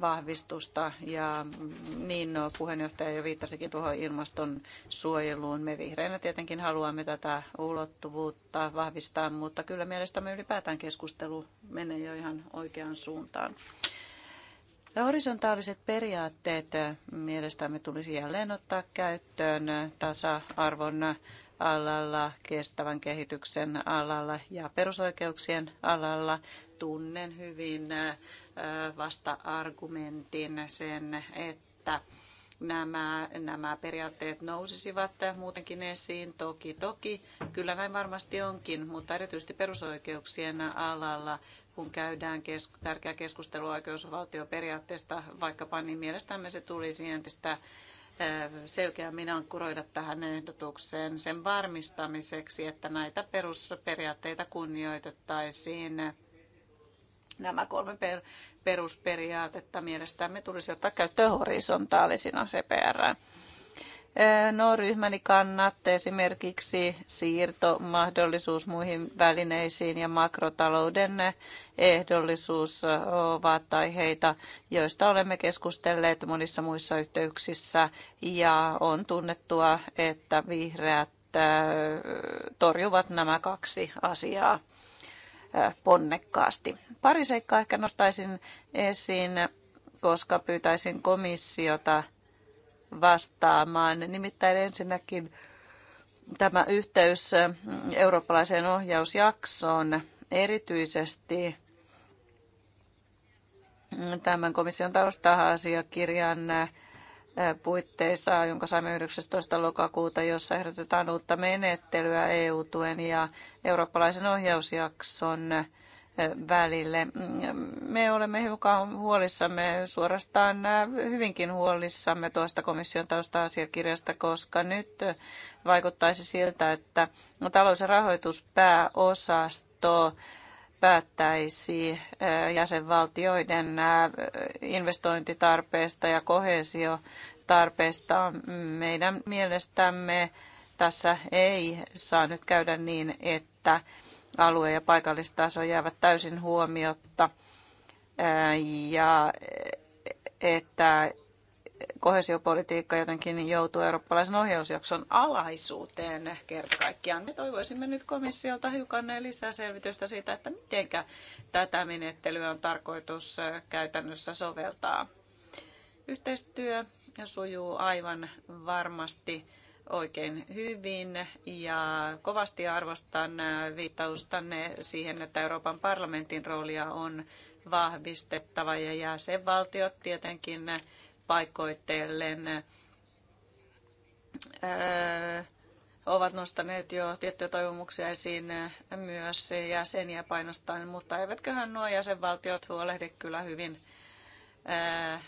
vahvistusta ja mm, niin no, puheenjohtaja jo viittasikin tuohon ilmastonsuojeluun. Me vihreinä tietenkin haluamme tätä ulottuvuutta vahvistaa, mutta kyllä mielestämme ylipäätään keskustelu menee jo ihan oikeaan suuntaan. Ja horisontaaliset periaatteet mielestämme tulisi jälleen ottaa käyttöön tasa-arvon alalla, kestävän kehityksen alalla ja perusoikeuksien alalla. Tunnen hyvin vasta-argumentin sen, että nämä, nämä periaatteet nousisivat muutenkin esiin. Toki, toki, kyllä näin varmasti onkin, mutta erityisesti perusoikeuksien alalla, kun käydään kesk- tärkeä keskustelu oikeusvaltioperiaatteesta vaikkapa, niin mielestämme se tulisi entistä selkeämmin ankkuroida tähän ehdotukseen sen varmistamiseksi, että näitä perusperiaatteita kunnioitettaisiin Nämä kolme per, perusperiaatetta mielestämme tulisi ottaa käyttöön horisontaalisina CPR. No, ryhmäni kannatte esimerkiksi siirtomahdollisuus muihin välineisiin ja makrotalouden ehdollisuus ovat aiheita, joista olemme keskustelleet monissa muissa yhteyksissä ja on tunnettua, että vihreät torjuvat nämä kaksi asiaa ponnekkaasti. Pari seikkaa ehkä nostaisin esiin, koska pyytäisin komissiota vastaamaan. Nimittäin ensinnäkin tämä yhteys eurooppalaiseen ohjausjaksoon erityisesti tämän komission tausta-asiakirjan puitteissa, jonka saimme 19. lokakuuta, jossa ehdotetaan uutta menettelyä EU-tuen ja eurooppalaisen ohjausjakson välille. Me olemme hiukan huolissamme, suorastaan hyvinkin huolissamme tuosta komission tausta-asiakirjasta, koska nyt vaikuttaisi siltä, että talous- ja rahoituspääosasto päättäisi jäsenvaltioiden investointitarpeesta ja kohesiotarpeesta. Meidän mielestämme tässä ei saa nyt käydä niin, että alue- ja paikallistaso jäävät täysin huomiotta ja että kohesiopolitiikka jotenkin joutuu eurooppalaisen ohjausjakson alaisuuteen kerta kaikkiaan. Me toivoisimme nyt komissiolta hiukan lisää selvitystä siitä, että miten tätä menettelyä on tarkoitus käytännössä soveltaa. Yhteistyö sujuu aivan varmasti oikein hyvin ja kovasti arvostan viittaustanne siihen, että Euroopan parlamentin roolia on vahvistettava ja jäsenvaltiot tietenkin paikoitellen öö, ovat nostaneet jo tiettyjä toivomuksia esiin myös jäseniä painostaen, mutta eivätköhän nuo jäsenvaltiot huolehdi kyllä hyvin öö,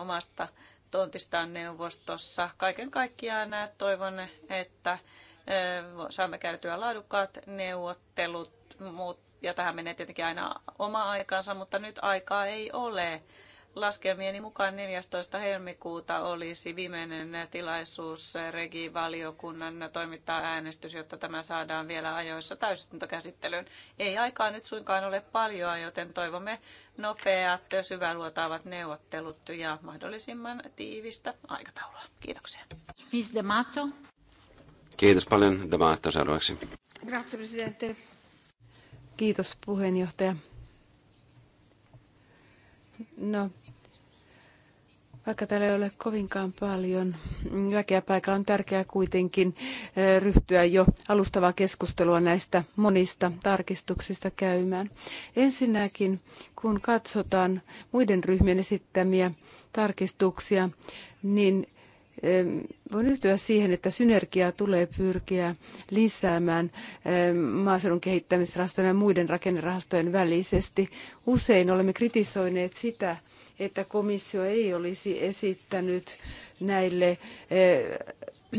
omasta tontistaan neuvostossa. Kaiken kaikkiaan toivon, että öö, saamme käytyä laadukkaat neuvottelut, ja tähän menee tietenkin aina oma aikansa, mutta nyt aikaa ei ole laskelmieni mukaan 14. helmikuuta olisi viimeinen tilaisuus Regi-valiokunnan toimittaa äänestys, jotta tämä saadaan vielä ajoissa täysistuntokäsittelyyn. Ei aikaa nyt suinkaan ole paljon, joten toivomme nopeat, syväluotaavat neuvottelut ja mahdollisimman tiivistä aikataulua. Kiitoksia. Miss Demato? Kiitos paljon Demato seuraavaksi. Grazie, Presidente. Kiitos puheenjohtaja. No, vaikka täällä ei ole kovinkaan paljon väkeä paikalla, on tärkeää kuitenkin ryhtyä jo alustavaa keskustelua näistä monista tarkistuksista käymään. Ensinnäkin, kun katsotaan muiden ryhmien esittämiä tarkistuksia, niin Voin yhtyä siihen, että synergiaa tulee pyrkiä lisäämään maaseudun kehittämisrahastojen ja muiden rakennerahastojen välisesti. Usein olemme kritisoineet sitä, että komissio ei olisi esittänyt näille eh,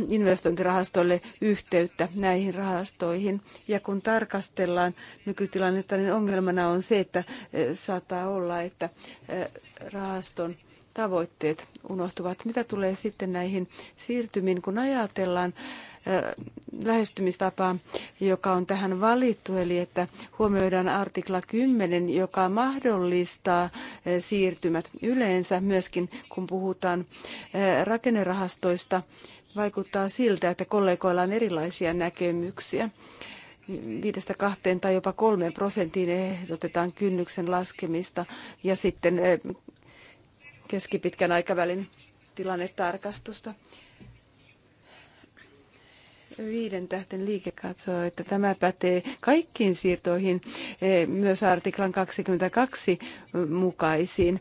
investointirahastoille yhteyttä näihin rahastoihin. Ja kun tarkastellaan nykytilannetta, niin ongelmana on se, että eh, saattaa olla, että eh, rahaston tavoitteet unohtuvat. Mitä tulee sitten näihin siirtymiin, kun ajatellaan lähestymistapaa, joka on tähän valittu, eli että huomioidaan artikla 10, joka mahdollistaa siirtymät yleensä myöskin, kun puhutaan rakennerahastoista, vaikuttaa siltä, että kollegoilla on erilaisia näkemyksiä. 5-2 tai jopa 3 prosenttiin ehdotetaan kynnyksen laskemista ja sitten keskipitkän aikavälin tilannetarkastusta. Viiden tähten liike katsoo, että tämä pätee kaikkiin siirtoihin, eh, myös artiklan 22 mukaisiin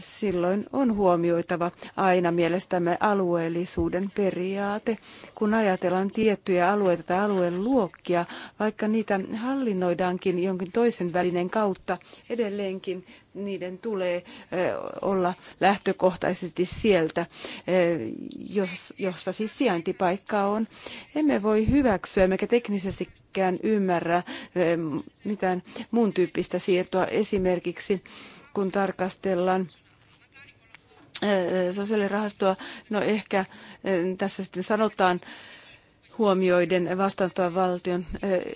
silloin on huomioitava aina mielestämme alueellisuuden periaate. Kun ajatellaan tiettyjä alueita tai alueen luokkia, vaikka niitä hallinnoidaankin jonkin toisen välinen kautta, edelleenkin niiden tulee olla lähtökohtaisesti sieltä, jossa siis sijaintipaikka on. Emme voi hyväksyä, emmekä teknisesti ymmärrä mitään muun tyyppistä siirtoa esimerkiksi kun tarkastellaan sosiaalirahastoa. No ehkä tässä sitten sanotaan huomioiden vastaanottoa valtion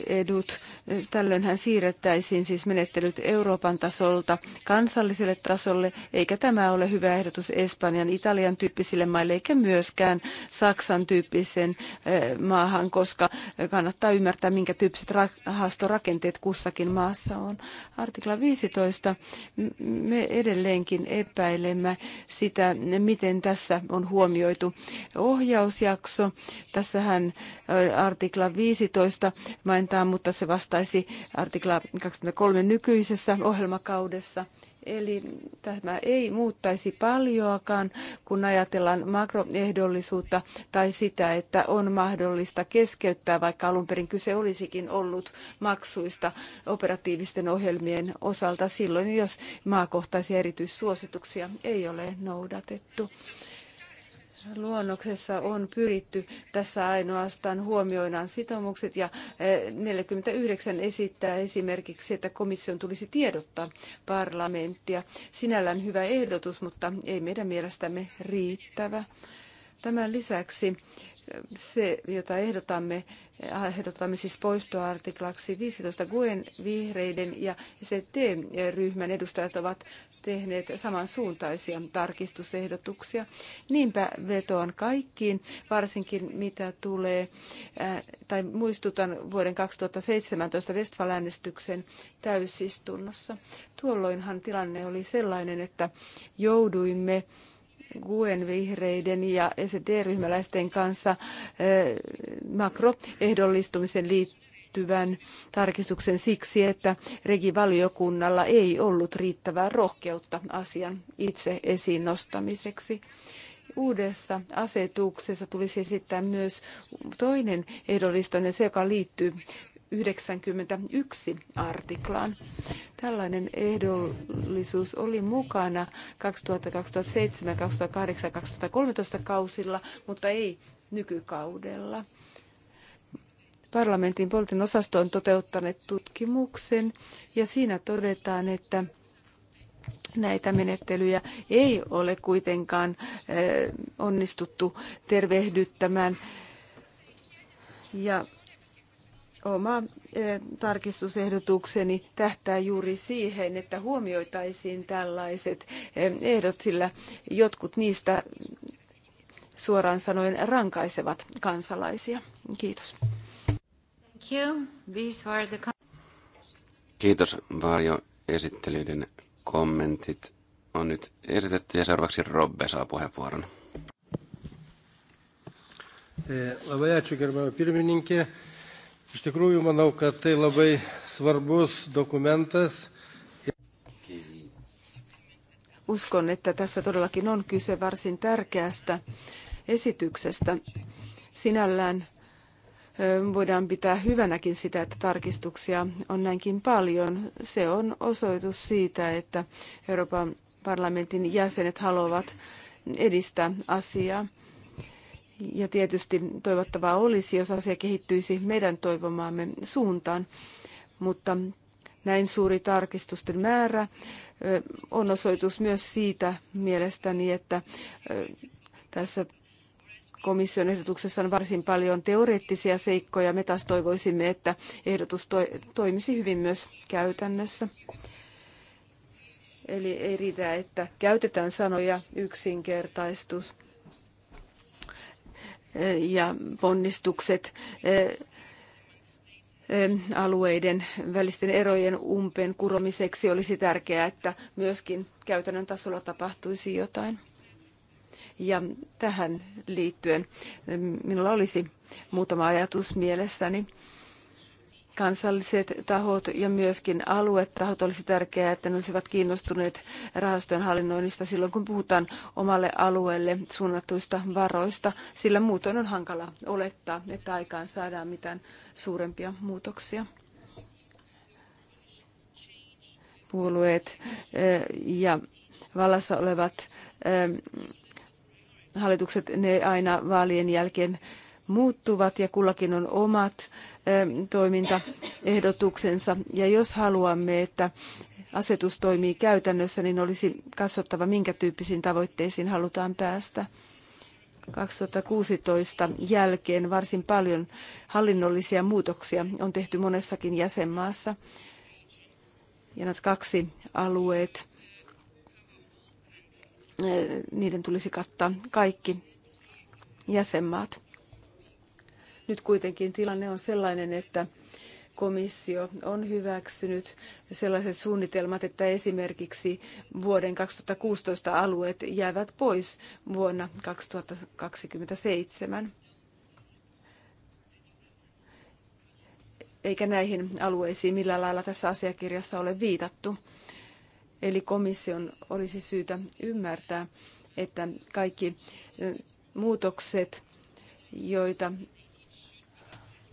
edut. tällöin hän siirrettäisiin siis menettelyt Euroopan tasolta kansalliselle tasolle, eikä tämä ole hyvä ehdotus Espanjan, Italian tyyppisille maille, eikä myöskään Saksan tyyppisen maahan, koska kannattaa ymmärtää, minkä tyyppiset rahastorakenteet kussakin maassa on. Artikla 15. Me edelleenkin epäilemme sitä, miten tässä on huomioitu ohjausjakso. Tässähän artikla 15 mainitaan, mutta se vastaisi artikla 23 nykyisessä ohjelmakaudessa. Eli tämä ei muuttaisi paljoakaan, kun ajatellaan makroehdollisuutta tai sitä, että on mahdollista keskeyttää, vaikka alun perin kyse olisikin ollut maksuista operatiivisten ohjelmien osalta silloin, jos maakohtaisia erityissuosituksia ei ole noudatettu luonnoksessa on pyritty tässä ainoastaan huomioidaan sitoumukset ja 49 eh, esittää esimerkiksi, että komission tulisi tiedottaa parlamenttia. Sinällään hyvä ehdotus, mutta ei meidän mielestämme riittävä. Tämän lisäksi eh, se, jota ehdotamme, eh, ehdotamme siis poistoartiklaksi 15 Guen vihreiden ja ST-ryhmän edustajat ovat tehneet samansuuntaisia tarkistusehdotuksia. Niinpä vetoan kaikkiin, varsinkin mitä tulee, äh, tai muistutan vuoden 2017 Westfalänestyksen täysistunnossa. Tuolloinhan tilanne oli sellainen, että jouduimme Guen vihreiden ja SD-ryhmäläisten kanssa äh, makroehdollistumisen liittyen liittyvän tarkistuksen siksi, että regivaliokunnalla ei ollut riittävää rohkeutta asian itse esiin nostamiseksi uudessa asetuksessa tulisi esittää myös toinen ehdollistainen, se joka liittyy 91 artiklaan. Tällainen ehdollisuus oli mukana 2000, 2007, 2008, 2013 kausilla, mutta ei nykykaudella parlamentin Poltin osasto on toteuttanut tutkimuksen ja siinä todetaan, että näitä menettelyjä ei ole kuitenkaan eh, onnistuttu tervehdyttämään. Ja oma eh, tarkistusehdotukseni tähtää juuri siihen, että huomioitaisiin tällaiset eh, ehdot, sillä jotkut niistä suoraan sanoen rankaisevat kansalaisia. Kiitos. Thank you. These were the... Kiitos varjoesittelyiden kommentit on nyt esitetty ja seuraavaksi Robbe saa puheenvuoron. E, labai ačiū gerbama pirmininkė. Iš tikrųjų manau, kad tai labai svarbus dokumentas. Uskon, että tässä todellakin on kyse varsin tärkeästä esityksestä. Sinällään voidaan pitää hyvänäkin sitä, että tarkistuksia on näinkin paljon. Se on osoitus siitä, että Euroopan parlamentin jäsenet haluavat edistää asiaa. Ja tietysti toivottavaa olisi, jos asia kehittyisi meidän toivomaamme suuntaan, mutta näin suuri tarkistusten määrä on osoitus myös siitä mielestäni, että tässä komission ehdotuksessa on varsin paljon teoreettisia seikkoja. Me taas toivoisimme, että ehdotus toimisi hyvin myös käytännössä. Eli ei riitä, että käytetään sanoja yksinkertaistus ja ponnistukset eh, eh, alueiden välisten erojen umpeen kuromiseksi olisi tärkeää, että myöskin käytännön tasolla tapahtuisi jotain. Ja tähän liittyen minulla olisi muutama ajatus mielessäni kansalliset tahot ja myöskin aluetahot olisi tärkeää, että ne olisivat kiinnostuneet rahastojen hallinnoinnista silloin, kun puhutaan omalle alueelle suunnattuista varoista, sillä muutoin on hankala olettaa, että aikaan saadaan mitään suurempia muutoksia. Puolueet eh, ja vallassa olevat eh, hallitukset, ne aina vaalien jälkeen muuttuvat ja kullakin on omat toimintaehdotuksensa. Ja jos haluamme, että asetus toimii käytännössä, niin olisi katsottava, minkä tyyppisiin tavoitteisiin halutaan päästä. 2016 jälkeen varsin paljon hallinnollisia muutoksia on tehty monessakin jäsenmaassa. Ja nämä kaksi alueet niiden tulisi kattaa kaikki jäsenmaat. Nyt kuitenkin tilanne on sellainen, että komissio on hyväksynyt sellaiset suunnitelmat, että esimerkiksi vuoden 2016 alueet jäävät pois vuonna 2027. Eikä näihin alueisiin millään lailla tässä asiakirjassa ole viitattu. Eli komission olisi syytä ymmärtää, että kaikki muutokset, joita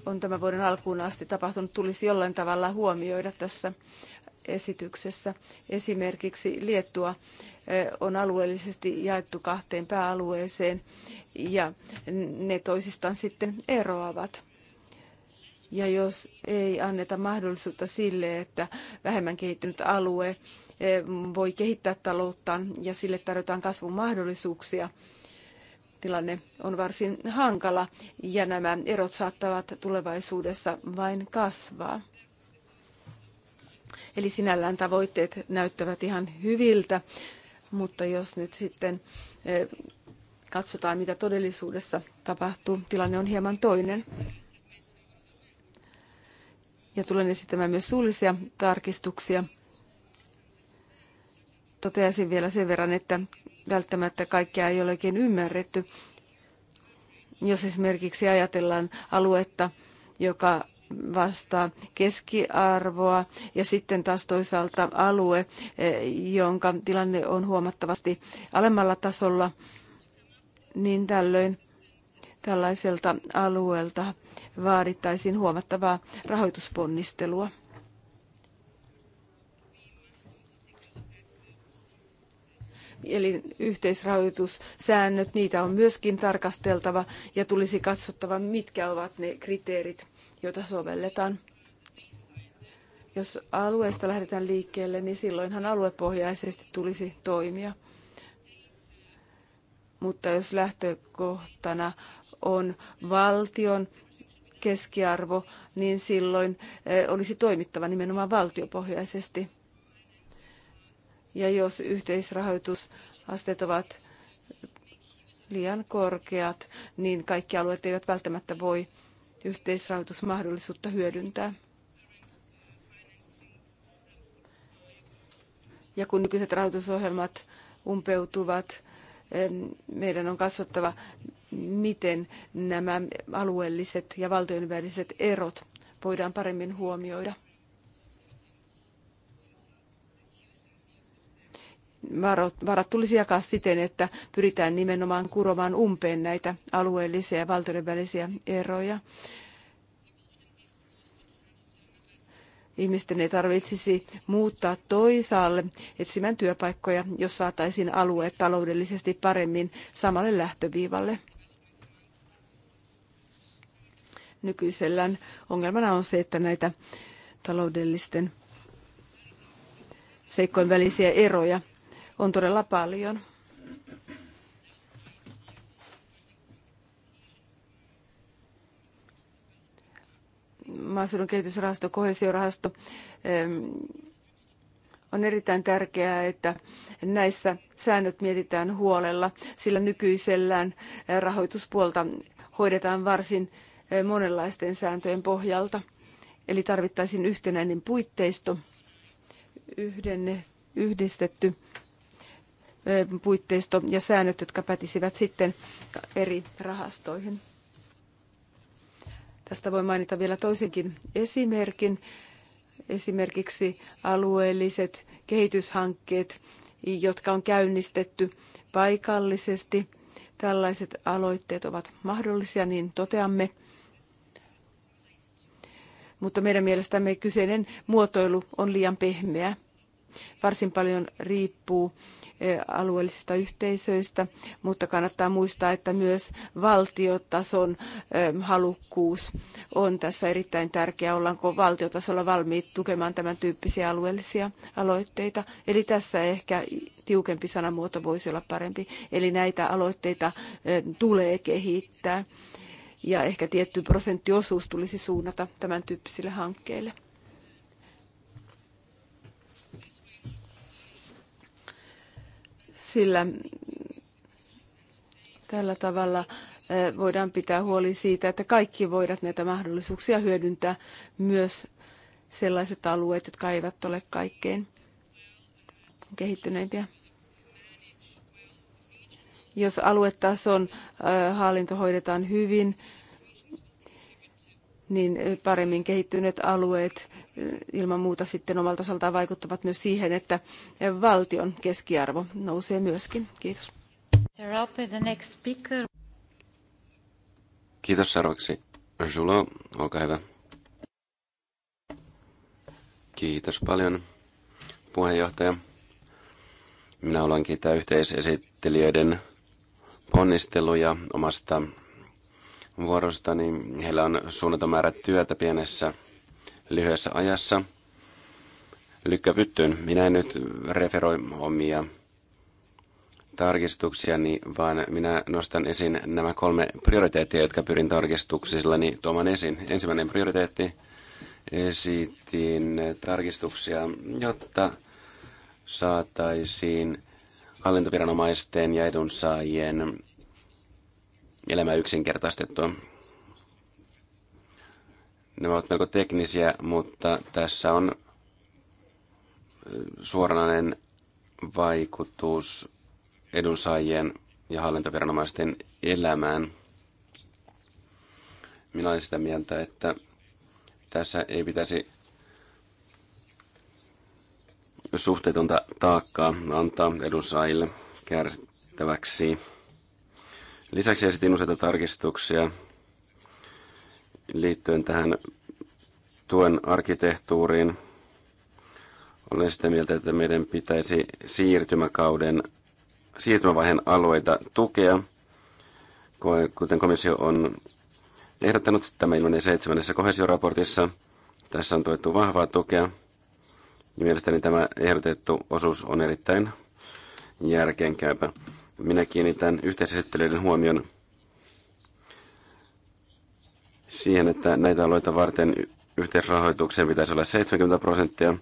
on tämän vuoden alkuun asti tapahtunut, tulisi jollain tavalla huomioida tässä esityksessä. Esimerkiksi Liettua on alueellisesti jaettu kahteen pääalueeseen ja ne toisistaan sitten eroavat. Ja jos ei anneta mahdollisuutta sille, että vähemmän kehittynyt alue E, voi kehittää talouttaan ja sille tarjotaan kasvun mahdollisuuksia. Tilanne on varsin hankala ja nämä erot saattavat tulevaisuudessa vain kasvaa. Eli sinällään tavoitteet näyttävät ihan hyviltä, mutta jos nyt sitten e, katsotaan, mitä todellisuudessa tapahtuu, tilanne on hieman toinen. Ja tulen esittämään myös suullisia tarkistuksia toteaisin vielä sen verran, että välttämättä kaikkea ei ole oikein ymmärretty. Jos esimerkiksi ajatellaan aluetta, joka vastaa keskiarvoa ja sitten taas toisaalta alue, eh, jonka tilanne on huomattavasti alemmalla tasolla, niin tällöin tällaiselta alueelta vaadittaisiin huomattavaa rahoitusponnistelua. eli yhteisrahoitussäännöt, niitä on myöskin tarkasteltava ja tulisi katsottava, mitkä ovat ne kriteerit, joita sovelletaan. Jos alueesta lähdetään liikkeelle, niin silloinhan aluepohjaisesti tulisi toimia. Mutta jos lähtökohtana on valtion keskiarvo, niin silloin eh, olisi toimittava nimenomaan valtiopohjaisesti ja jos yhteisrahoitusasteet ovat liian korkeat, niin kaikki alueet eivät välttämättä voi yhteisrahoitusmahdollisuutta hyödyntää. Ja kun nykyiset rahoitusohjelmat umpeutuvat, meidän on katsottava, miten nämä alueelliset ja valtionväliset erot voidaan paremmin huomioida. varat, varat tulisi jakaa siten, että pyritään nimenomaan kuromaan umpeen näitä alueellisia ja valtioiden välisiä eroja. Ihmisten ei tarvitsisi muuttaa toisaalle etsimään työpaikkoja, jos saataisiin alueet taloudellisesti paremmin samalle lähtöviivalle. Nykyisellään ongelmana on se, että näitä taloudellisten seikkojen välisiä eroja on todella paljon. Maaseudun kehitysrahasto, kohesiorahasto, on erittäin tärkeää, että näissä säännöt mietitään huolella, sillä nykyisellään eh, rahoituspuolta hoidetaan varsin eh, monenlaisten sääntöjen pohjalta. Eli tarvittaisiin yhtenäinen puitteisto, yhdenne, yhdistetty puitteisto ja säännöt, jotka pätisivät sitten eri rahastoihin. Tästä voi mainita vielä toisenkin esimerkin. Esimerkiksi alueelliset kehityshankkeet, jotka on käynnistetty paikallisesti. Tällaiset aloitteet ovat mahdollisia, niin toteamme. Mutta meidän mielestämme kyseinen muotoilu on liian pehmeä Varsin paljon riippuu eh, alueellisista yhteisöistä, mutta kannattaa muistaa, että myös valtiotason eh, halukkuus on tässä erittäin tärkeää, ollaanko valtiotasolla valmiit tukemaan tämän tyyppisiä alueellisia aloitteita. Eli tässä ehkä tiukempi sanamuoto voisi olla parempi. Eli näitä aloitteita eh, tulee kehittää ja ehkä tietty prosenttiosuus tulisi suunnata tämän tyyppisille hankkeille. sillä tällä tavalla voidaan pitää huoli siitä, että kaikki voivat näitä mahdollisuuksia hyödyntää myös sellaiset alueet, jotka eivät ole kaikkein kehittyneimpiä. Jos aluetason hallinto hoidetaan hyvin, niin paremmin kehittyneet alueet ilman muuta sitten omalta osaltaan vaikuttavat myös siihen, että valtion keskiarvo nousee myöskin. Kiitos. Kiitos seuraavaksi. Julo, olkaa hyvä. Kiitos paljon, puheenjohtaja. Minä haluan kiittää yhteisesittelijöiden ponnisteluja omasta vuorostani. Heillä on suunnaton määrä työtä pienessä lyhyessä ajassa. Lykkä pyttyyn. Minä en nyt referoi omia tarkistuksiani, vaan minä nostan esiin nämä kolme prioriteettia, jotka pyrin tarkistuksillani tuomaan esiin. Ensimmäinen prioriteetti esitin tarkistuksia, jotta saataisiin hallintoviranomaisten ja edunsaajien elämä yksinkertaistettua. Nämä ovat melko teknisiä, mutta tässä on suoranainen vaikutus edunsaajien ja hallintoviranomaisten elämään. Minä olen sitä mieltä, että tässä ei pitäisi suhteetonta taakkaa antaa edunsaajille kärsittäväksi. Lisäksi esitin useita tarkistuksia liittyen tähän tuen arkkitehtuuriin. Olen sitä mieltä, että meidän pitäisi siirtymäkauden, siirtymävaiheen alueita tukea, kuten komissio on ehdottanut. Tämä ilmenee seitsemännessä kohesioraportissa. Tässä on tuettu vahvaa tukea. mielestäni tämä ehdotettu osuus on erittäin järkeenkäypä. Minä kiinnitän yhteisesittelyiden huomion siihen, että näitä alueita varten yhteisrahoitukseen pitäisi olla 70 prosenttia.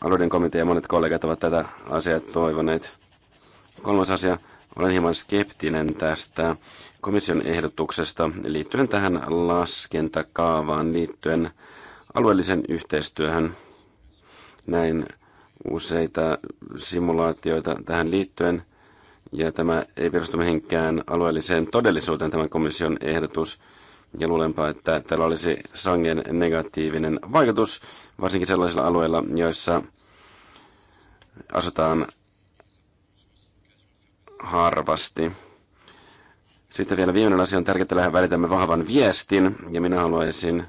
Alueiden komitea ja monet kollegat ovat tätä asiaa toivoneet. Kolmas asia, olen hieman skeptinen tästä komission ehdotuksesta liittyen tähän laskentakaavaan, liittyen alueellisen yhteistyöhön. Näin useita simulaatioita tähän liittyen, ja tämä ei perustu mihinkään alueelliseen todellisuuteen tämä komission ehdotus ja luulenpa, että tällä olisi sangen negatiivinen vaikutus, varsinkin sellaisilla alueilla, joissa asutaan harvasti. Sitten vielä viimeinen asia on tärkeää, että välitämme vahvan viestin, ja minä haluaisin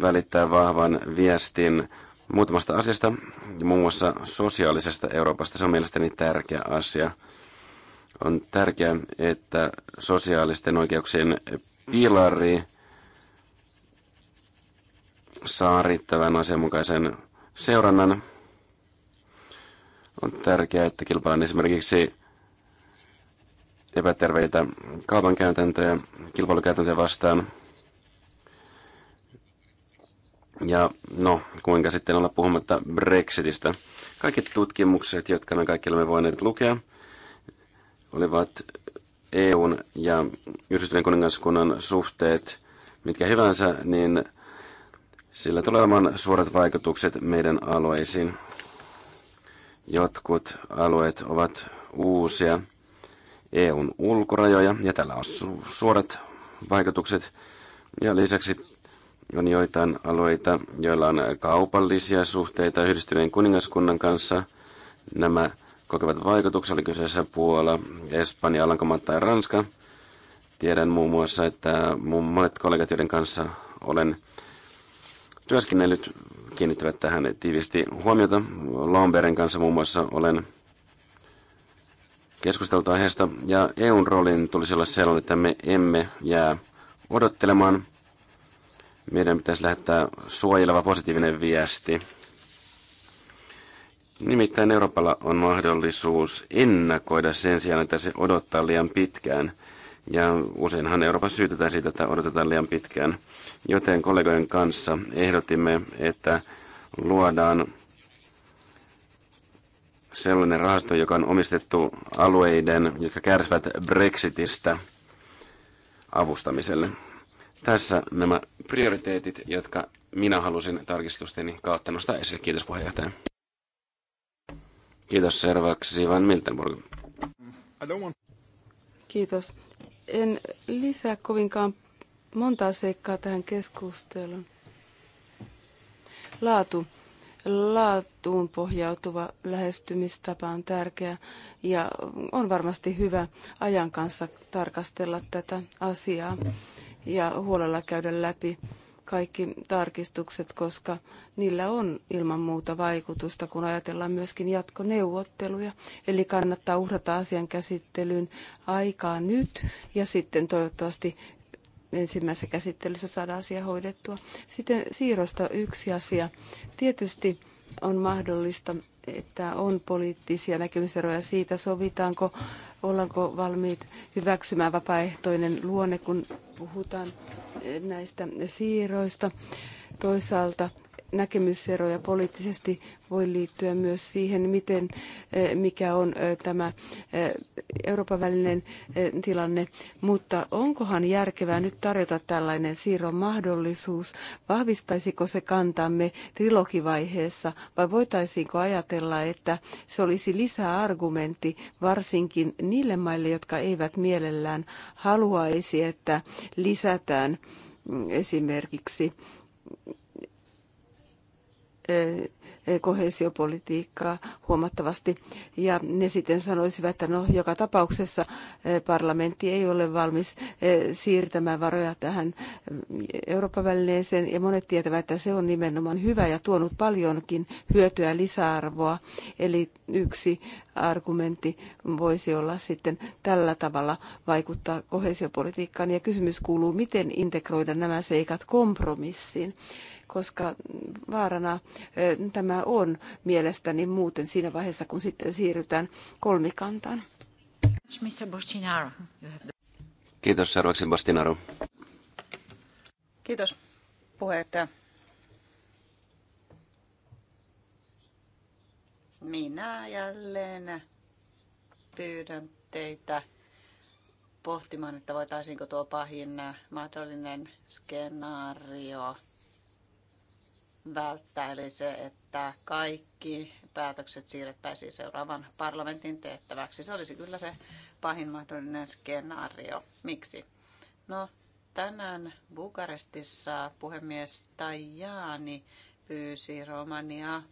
välittää vahvan viestin muutamasta asiasta, ja muun muassa sosiaalisesta Euroopasta. Se on mielestäni tärkeä asia. On tärkeää, että sosiaalisten oikeuksien pilari saa riittävän asianmukaisen seurannan. On tärkeää, että kilpaillaan esimerkiksi epäterveitä kaupankäytäntöjä, kilpailukäytäntöjä vastaan. Ja no, kuinka sitten olla puhumatta Brexitistä. Kaikki tutkimukset, jotka me kaikki olemme voineet lukea, olivat EUn ja Yhdistyneen kuningaskunnan suhteet, mitkä hyvänsä, niin sillä tulee olemaan suorat vaikutukset meidän alueisiin. Jotkut alueet ovat uusia EUn ulkorajoja ja tällä on su- suorat vaikutukset. Ja lisäksi on joitain alueita, joilla on kaupallisia suhteita yhdistyneen kuningaskunnan kanssa. Nämä kokevat vaikutuksia, oli kyseessä Puola, Espanja, Alankomaat tai Ranska. Tiedän muun muassa, että monet kollegat, joiden kanssa olen työskennellyt, kiinnittävät tähän tiivisti huomiota. Lomberen kanssa muun muassa olen keskustellut aiheesta, ja EUn roolin tulisi olla sellainen, että me emme jää odottelemaan. Meidän pitäisi lähettää suojeleva positiivinen viesti Nimittäin Euroopalla on mahdollisuus ennakoida sen sijaan, että se odottaa liian pitkään. Ja useinhan Euroopassa syytetään siitä, että odotetaan liian pitkään. Joten kollegojen kanssa ehdotimme, että luodaan sellainen rahasto, joka on omistettu alueiden, jotka kärsivät Brexitistä avustamiselle. Tässä nämä prioriteetit, jotka minä halusin tarkistusteni kautta nostaa esille. Kiitos puheenjohtaja. Kiitos seuraavaksi Van Miltenburg. Kiitos. En lisää kovinkaan montaa seikkaa tähän keskusteluun. Laatu. Laatuun pohjautuva lähestymistapa on tärkeä ja on varmasti hyvä ajan kanssa tarkastella tätä asiaa ja huolella käydä läpi kaikki tarkistukset, koska niillä on ilman muuta vaikutusta, kun ajatellaan myöskin jatkoneuvotteluja. Eli kannattaa uhrata asian käsittelyyn aikaa nyt ja sitten toivottavasti ensimmäisessä käsittelyssä saada asia hoidettua. Sitten siirrosta yksi asia. Tietysti on mahdollista että on poliittisia näkemyseroja siitä, sovitaanko, ollaanko valmiit hyväksymään vapaaehtoinen luonne, kun puhutaan näistä siirroista. Toisaalta näkemyseroja poliittisesti voi liittyä myös siihen, miten, eh, mikä on eh, tämä eh, Euroopan välinen tilanne. Mutta onkohan järkevää nyt tarjota tällainen siirron mahdollisuus? Vahvistaisiko se kantamme trilogivaiheessa vai voitaisiinko ajatella, että se olisi lisäargumentti varsinkin niille maille, jotka eivät mielellään haluaisi, että lisätään mm, esimerkiksi Eh, eh, kohesiopolitiikkaa huomattavasti. Ja ne sitten sanoisivat, että no joka tapauksessa eh, parlamentti ei ole valmis siirtämään varoja tähän Euroopan välineeseen. Ja monet tietävät, että se on nimenomaan hyvä ja tuonut paljonkin hyötyä lisäarvoa. Eli yksi argumentti voisi olla sitten tällä tavalla vaikuttaa kohesiopolitiikkaan. Ja kysymys kuuluu, miten integroida nämä seikat kompromissiin koska vaarana tämä on mielestäni muuten siinä vaiheessa, kun sitten siirrytään kolmikantaan. Kiitos, seuraavaksi Bostinaru. Kiitos, puheenjohtaja. Minä jälleen pyydän teitä pohtimaan, että voitaisiinko tuo pahin mahdollinen skenaario välttäili se, että kaikki päätökset siirrettäisiin seuraavan parlamentin tehtäväksi. Se olisi kyllä se pahin mahdollinen skenaario. Miksi? No, tänään Bukarestissa puhemies Tajani pyysi Romania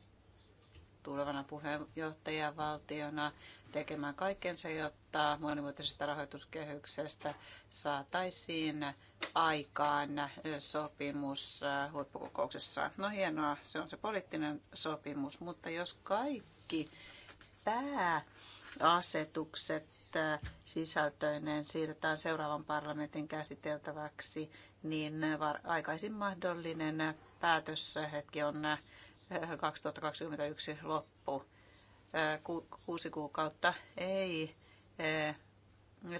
tulevana puheenjohtajavaltiona tekemään kaikkensa, jotta monimuotoisesta rahoituskehyksestä saataisiin aikaan sopimus äh, huippukokouksessa. No hienoa, se on se poliittinen sopimus, mutta jos kaikki pääasetukset äh, sisältöinen siirretään seuraavan parlamentin käsiteltäväksi, niin aikaisin mahdollinen päätöshetki on 2021 äh, loppu kuusi kuukautta ei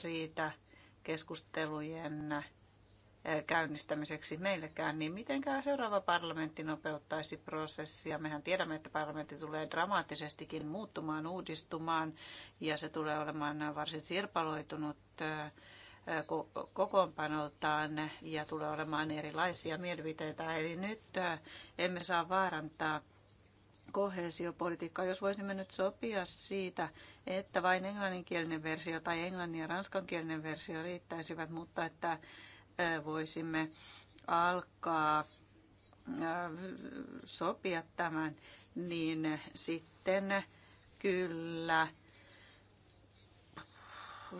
riitä keskustelujen käynnistämiseksi meillekään, niin mitenkään seuraava parlamentti nopeuttaisi prosessia. Mehän tiedämme, että parlamentti tulee dramaattisestikin muuttumaan, uudistumaan ja se tulee olemaan varsin sirpaloitunut kokoonpanoltaan ja tulee olemaan erilaisia mielipiteitä. Eli nyt emme saa vaarantaa kohesiopolitiikkaa. Jos voisimme nyt sopia siitä, että vain englanninkielinen versio tai englannin ja ranskankielinen versio riittäisivät, mutta että voisimme alkaa sopia tämän, niin sitten kyllä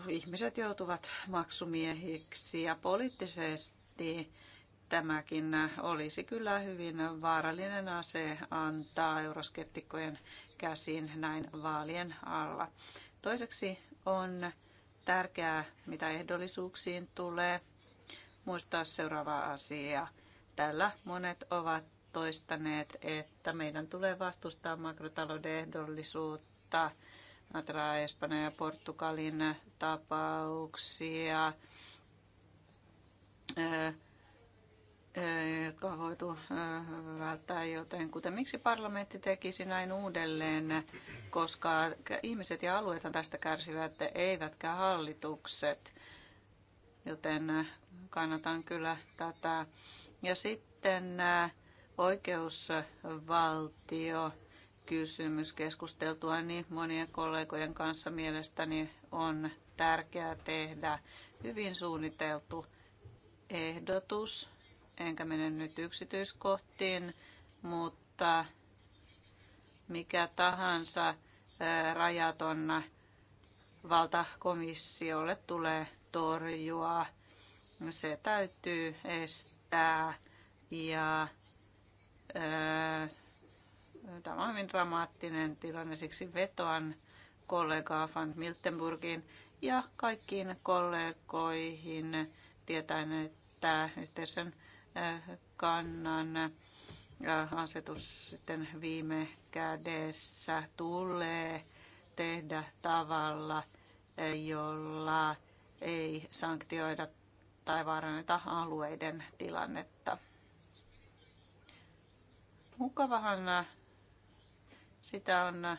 ihmiset joutuvat maksumiehiksi ja poliittisesti tämäkin olisi kyllä hyvin vaarallinen ase antaa euroskeptikkojen käsiin näin vaalien alla. Toiseksi on tärkeää, mitä ehdollisuuksiin tulee, muistaa seuraava asia. Tällä monet ovat toistaneet, että meidän tulee vastustaa makrotalouden ehdollisuutta. Ajatellaan Espanjan ja Portugalin tapauksia Eh, jotka on voitu eh, välttää, joten kuten miksi parlamentti tekisi näin uudelleen, koska ihmiset ja alueet tästä kärsivät, eivätkä hallitukset, joten eh, kannatan kyllä tätä. Ja sitten oikeusvaltio kysymys keskusteltua niin monien kollegojen kanssa mielestäni on tärkeää tehdä hyvin suunniteltu ehdotus enkä mene nyt yksityiskohtiin, mutta mikä tahansa rajatonna valtakomissiolle tulee torjua. Se täytyy estää ja tämä on hyvin dramaattinen tilanne, siksi vetoan kollegaa Van Miltenburgin ja kaikkiin kollegoihin tietäen, että yhteisön Äh, kannan äh, asetus sitten viime kädessä tulee tehdä tavalla, äh, jolla ei sanktioida tai vaaranneta alueiden tilannetta. Mukavahan sitä on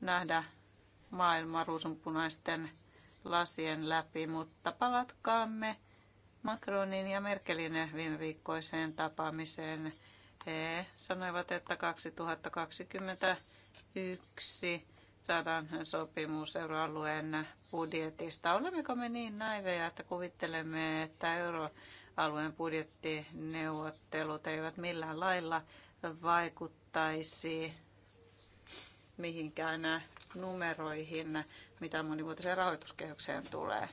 nähdä maailma ruusunpunaisten lasien läpi, mutta palatkaamme Macronin ja Merkelin viime viikkoiseen tapaamiseen. He sanoivat, että 2021 saadaan sopimus euroalueen budjetista. Olemmeko me niin naiveja, että kuvittelemme, että euroalueen budjettineuvottelut eivät millään lailla vaikuttaisi mihinkään numeroihin, mitä monivuotiseen rahoituskehykseen tulee.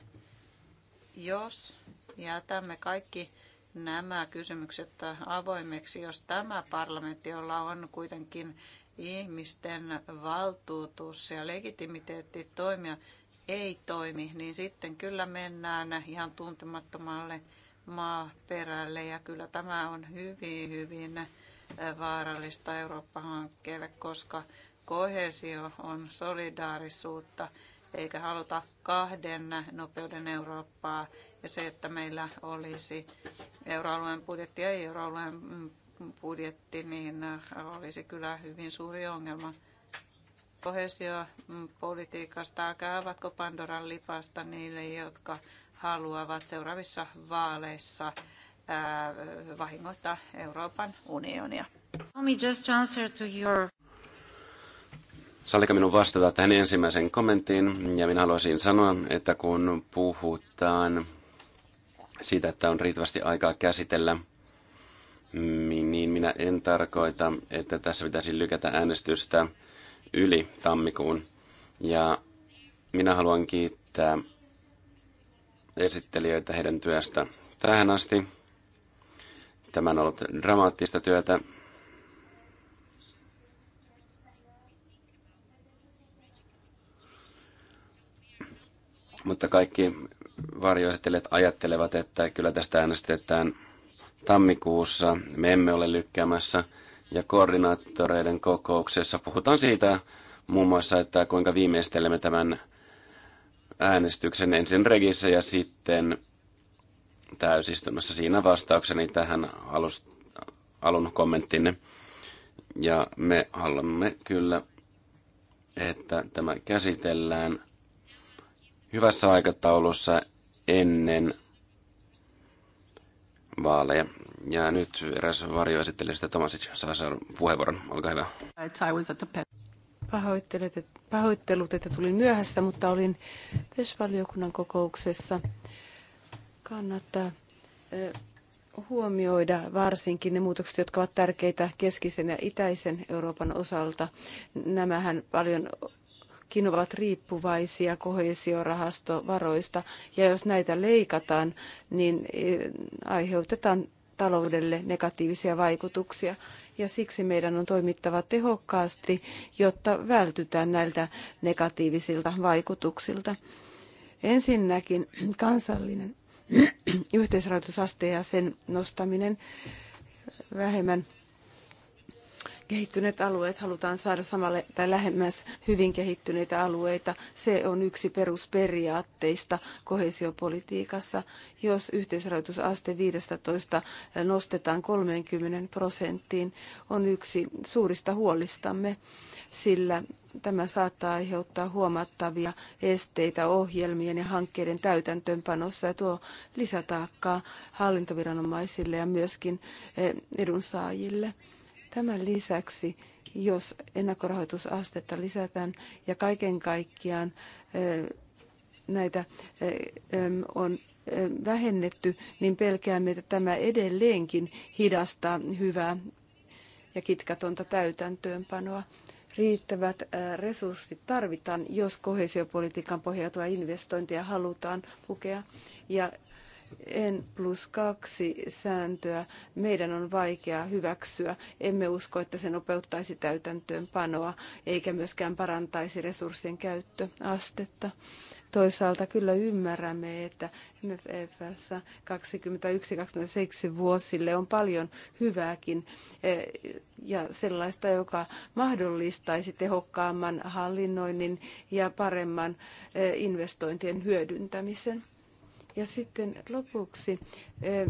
Jos jätämme kaikki nämä kysymykset avoimeksi, jos tämä parlamentti, jolla on kuitenkin ihmisten valtuutus ja legitimiteetti toimia, ei toimi, niin sitten kyllä mennään ihan tuntemattomalle maaperälle ja kyllä tämä on hyvin, hyvin vaarallista Eurooppa-hankkeelle, koska kohesio on solidaarisuutta eikä haluta kahden nopeuden Eurooppaa. Ja se, että meillä olisi euroalueen budjetti ja euroalueen budjetti, niin olisi kyllä hyvin suuri ongelma. Pohjoisio-politiikasta älkää avatko Pandoran lipasta niille, jotka haluavat seuraavissa vaaleissa vahingoittaa Euroopan unionia. Let me just answer to your Sallika minun vastata tähän ensimmäiseen kommenttiin, ja minä haluaisin sanoa, että kun puhutaan siitä, että on riittävästi aikaa käsitellä, niin minä en tarkoita, että tässä pitäisi lykätä äänestystä yli tammikuun. Ja minä haluan kiittää esittelijöitä heidän työstä tähän asti. Tämä on ollut dramaattista työtä, Mutta kaikki varjoesittelijät ajattelevat, että kyllä tästä äänestetään tammikuussa. Me emme ole lykkäämässä. Ja koordinaattoreiden kokouksessa puhutaan siitä muun muassa, että kuinka viimeistelemme tämän äänestyksen ensin regissä ja sitten täysistunnossa. Siinä vastaukseni tähän alus, alun kommenttinne. Ja me haluamme kyllä, että tämä käsitellään – hyvässä aikataulussa ennen vaaleja. Ja nyt eräs sitä, Tomasic saa saada puheenvuoron. Olkaa hyvä. Pahoittelut, että, pahoittelut, että tulin myöhässä, mutta olin PES-valiokunnan kokouksessa. Kannattaa huomioida varsinkin ne muutokset, jotka ovat tärkeitä keskisen ja itäisen Euroopan osalta. Nämähän paljon Kaikkiin ovat riippuvaisia kohesiorahastovaroista ja jos näitä leikataan, niin eh, aiheutetaan taloudelle negatiivisia vaikutuksia. Ja siksi meidän on toimittava tehokkaasti, jotta vältytään näiltä negatiivisilta vaikutuksilta. Ensinnäkin kansallinen yhteisrahoitusaste ja sen nostaminen vähemmän kehittyneet alueet halutaan saada samalle tai lähemmäs hyvin kehittyneitä alueita. Se on yksi perusperiaatteista kohesiopolitiikassa. Jos yhteisrahoitusaste 15 nostetaan 30 prosenttiin, on yksi suurista huolistamme, sillä tämä saattaa aiheuttaa huomattavia esteitä ohjelmien ja hankkeiden täytäntöönpanossa ja tuo lisätaakkaa hallintoviranomaisille ja myöskin eh, edunsaajille Tämän lisäksi, jos ennakkorahoitusastetta lisätään ja kaiken kaikkiaan näitä on vähennetty, niin pelkäämme, että tämä edelleenkin hidastaa hyvää ja kitkatonta täytäntöönpanoa. Riittävät resurssit tarvitaan, jos kohesiopolitiikan pohjautua investointia halutaan pukea. Ja N plus kaksi sääntöä meidän on vaikea hyväksyä. Emme usko, että se nopeuttaisi täytäntöönpanoa eikä myöskään parantaisi resurssien käyttöastetta. Toisaalta kyllä ymmärrämme, että MFFS 21 27 vuosille on paljon hyvääkin e, ja sellaista, joka mahdollistaisi tehokkaamman hallinnoinnin ja paremman e, investointien hyödyntämisen. Ja sitten lopuksi eh,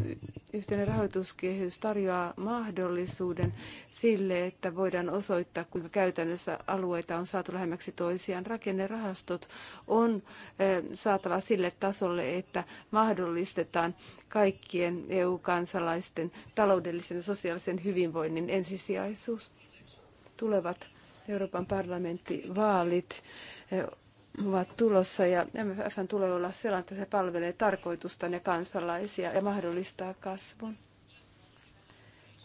yhteinen rahoituskehys tarjoaa mahdollisuuden sille, että voidaan osoittaa, kuinka käytännössä alueita on saatu lähemmäksi toisiaan. Rakennerahastot on eh, saatava sille tasolle, että mahdollistetaan kaikkien EU-kansalaisten taloudellisen ja sosiaalisen hyvinvoinnin ensisijaisuus. Tulevat Euroopan parlamenttivaalit eh, ovat tulossa ja MFFn tulee olla sellainen, että se palvelee tarkoitusta ne kansalaisia ja mahdollistaa kasvun.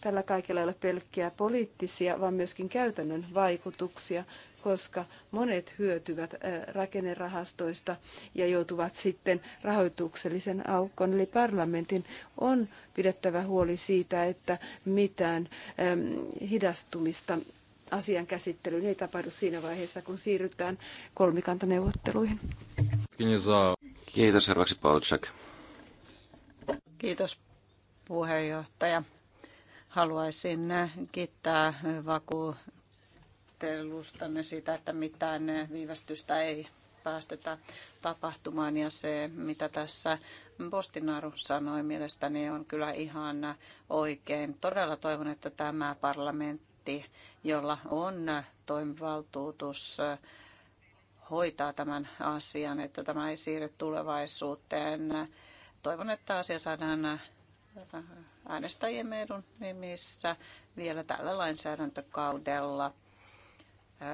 Tällä kaikella ei ole pelkkiä poliittisia, vaan myöskin käytännön vaikutuksia, koska monet hyötyvät rakennerahastoista ja joutuvat sitten rahoituksellisen aukkoon. Eli parlamentin on pidettävä huoli siitä, että mitään hidastumista asian käsittelyyn ei tapahdu siinä vaiheessa, kun siirrytään kolmikantaneuvotteluihin. Kiitos seuraavaksi Polchak. Kiitos puheenjohtaja. Haluaisin kiittää vakuutelustanne sitä, että mitään viivästystä ei päästetä tapahtumaan. Ja se, mitä tässä Postinaru sanoi, mielestäni on kyllä ihan oikein. Todella toivon, että tämä parlamentti parlamentti, jolla on äh, toimivaltuutus äh, hoitaa tämän asian, että tämä ei siirry tulevaisuuteen. Toivon, että asia saadaan äh, äänestäjien edun nimissä vielä tällä lainsäädäntökaudella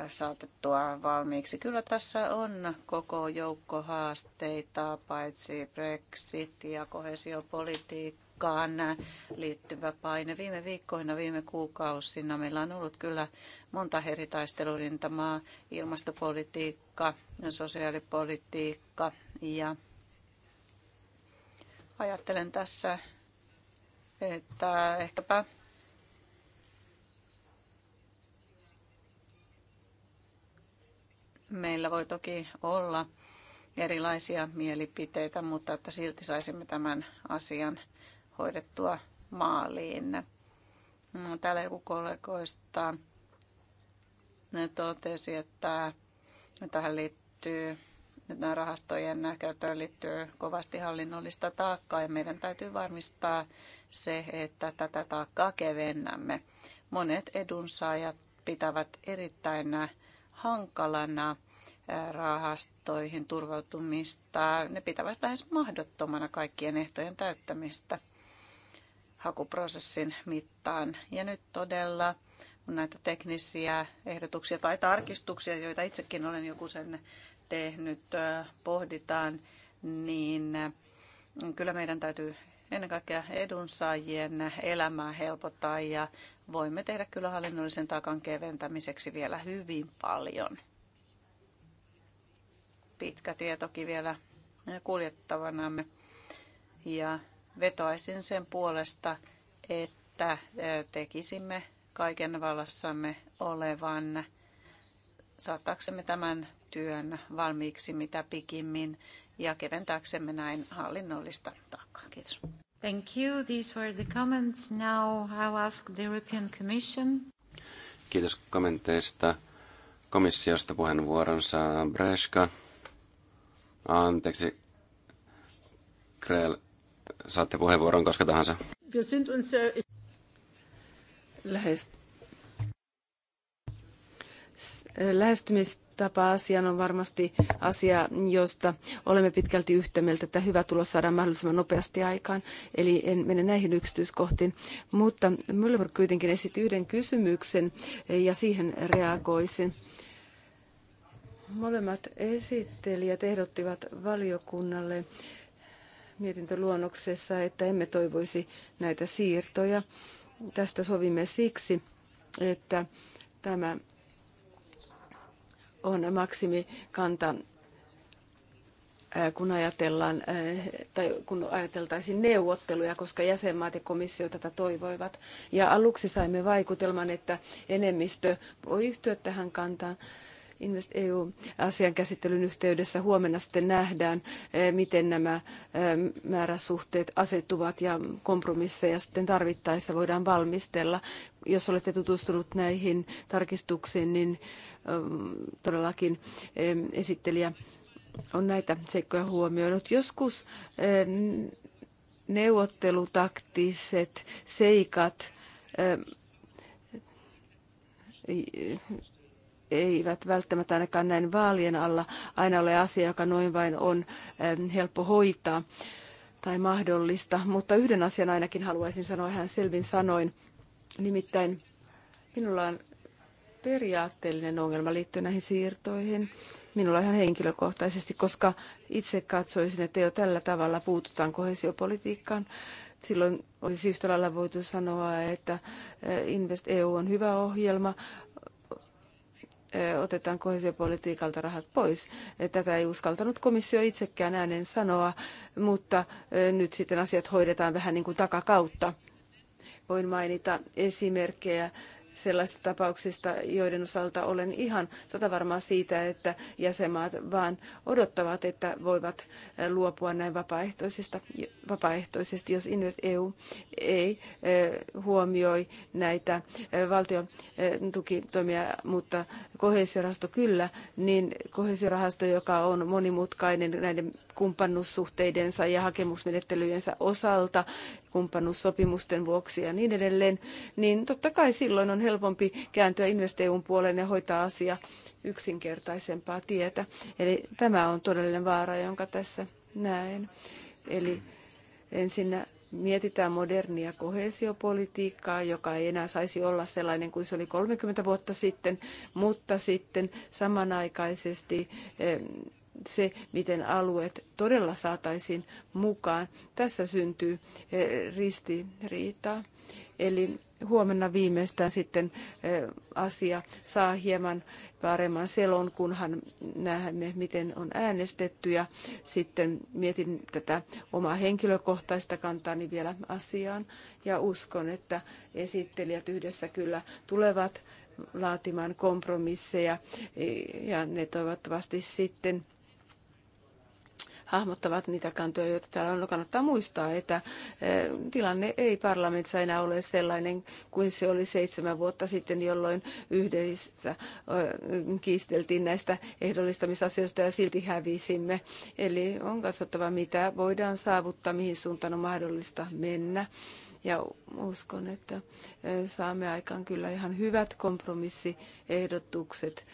saatettua valmiiksi. Kyllä tässä on koko joukko haasteita, paitsi Brexit ja kohesiopolitiikka palkkaan liittyvä paine. Viime viikkoina, viime kuukausina meillä on ollut kyllä monta eri taistelurintamaa, ilmastopolitiikka, sosiaalipolitiikka ja ajattelen tässä, että ehkäpä meillä voi toki olla erilaisia mielipiteitä, mutta että silti saisimme tämän asian hoidettua maaliin. No, täällä joku kollegoista totesi, että tähän liittyy nyt nämä rahastojen käyttöön liittyy kovasti hallinnollista taakkaa ja meidän täytyy varmistaa se, että tätä taakkaa kevennämme. Monet edunsaajat pitävät erittäin hankalana rahastoihin turvautumista. Ne pitävät lähes mahdottomana kaikkien ehtojen täyttämistä hakuprosessin mittaan. Ja nyt todella on näitä teknisiä ehdotuksia tai tarkistuksia, joita itsekin olen joku sen tehnyt, pohditaan, niin kyllä meidän täytyy ennen kaikkea edunsaajien elämää helpottaa ja voimme tehdä kyllä hallinnollisen takan keventämiseksi vielä hyvin paljon. Pitkä tie toki vielä kuljettavanamme ja vetoaisin sen puolesta, että tekisimme kaiken vallassamme olevan saattaaksemme tämän työn valmiiksi mitä pikimmin ja keventääksemme näin hallinnollista taakkaa. Kiitos. Thank you. These were the comments. Now I'll ask the European Commission. Kiitos kommenteista. Komissiosta puheenvuoronsa Breska. Anteeksi, Krell Saatte puheenvuoron koska tahansa. Lähestymistapa-asian on varmasti asia, josta olemme pitkälti yhtä mieltä, että hyvä tulos saadaan mahdollisimman nopeasti aikaan. Eli en mene näihin yksityiskohtiin. Mutta Müller kuitenkin esitti yhden kysymyksen eh, ja siihen reagoisin. Molemmat esittelijät ehdottivat valiokunnalle mietintöluonnoksessa, että emme toivoisi näitä siirtoja. Tästä sovimme siksi, että tämä on maksimikanta, kun, ajatellaan, tai kun ajateltaisiin neuvotteluja, koska jäsenmaat ja komissio tätä toivoivat. Ja aluksi saimme vaikutelman, että enemmistö voi yhtyä tähän kantaan, Invest EU-asian käsittelyn yhteydessä huomenna sitten nähdään, eh, miten nämä eh, määräsuhteet asettuvat ja kompromisseja sitten tarvittaessa voidaan valmistella. Jos olette tutustunut näihin tarkistuksiin, niin eh, todellakin esittelijä on näitä seikkoja huomioinut. Joskus neuvottelutaktiset seikat eivät välttämättä ainakaan näin vaalien alla aina ole asia, joka noin vain on ähm, helppo hoitaa tai mahdollista. Mutta yhden asian ainakin haluaisin sanoa hän selvin sanoin. Nimittäin minulla on periaatteellinen ongelma liittyen näihin siirtoihin. Minulla ihan henkilökohtaisesti, koska itse katsoisin, että jo tällä tavalla puututaan kohesiopolitiikkaan. Silloin olisi yhtä lailla voitu sanoa, että äh, Invest EU on hyvä ohjelma, otetaan kohesiopolitiikalta rahat pois. Tätä ei uskaltanut komissio itsekään äänen sanoa, mutta nyt sitten asiat hoidetaan vähän niin kuin takakautta. Voin mainita esimerkkejä sellaisista tapauksista, joiden osalta olen ihan satavarmaa siitä, että jäsenmaat vaan odottavat, että voivat eh, luopua näin vapaaehtoisista, vapaaehtoisesti, jos EU e ei eh, huomioi näitä eh, valtion tukitoimia, mutta kohesiorahasto kyllä, niin kohesiorahasto, joka on monimutkainen näiden kumppannussuhteidensa ja hakemusmenettelyjensä osalta, kumppannussopimusten vuoksi ja niin edelleen, niin totta kai silloin on helpompi kääntyä investeun puoleen ja hoitaa asia yksinkertaisempaa tietä. Eli tämä on todellinen vaara, jonka tässä näen. Eli ensin mietitään modernia kohesiopolitiikkaa, joka ei enää saisi olla sellainen kuin se oli 30 vuotta sitten, mutta sitten samanaikaisesti se, miten alueet todella saataisiin mukaan. Tässä syntyy eh, ristiriitaa. Eli huomenna viimeistään sitten eh, asia saa hieman paremman selon, kunhan näemme, miten on äänestetty. Ja sitten mietin tätä omaa henkilökohtaista kantaani vielä asiaan. Ja uskon, että esittelijät yhdessä kyllä tulevat laatimaan kompromisseja. Eh, ja ne toivottavasti sitten hahmottavat niitä kantoja, joita täällä on. No, kannattaa muistaa, että eh, tilanne ei parlamentissa enää ole sellainen kuin se oli seitsemän vuotta sitten, jolloin yhdessä eh, kiisteltiin näistä ehdollistamisasioista ja silti hävisimme. Eli on katsottava, mitä voidaan saavuttaa, mihin suuntaan on mahdollista mennä ja uskon, että saamme aikaan kyllä ihan hyvät kompromissiehdotukset,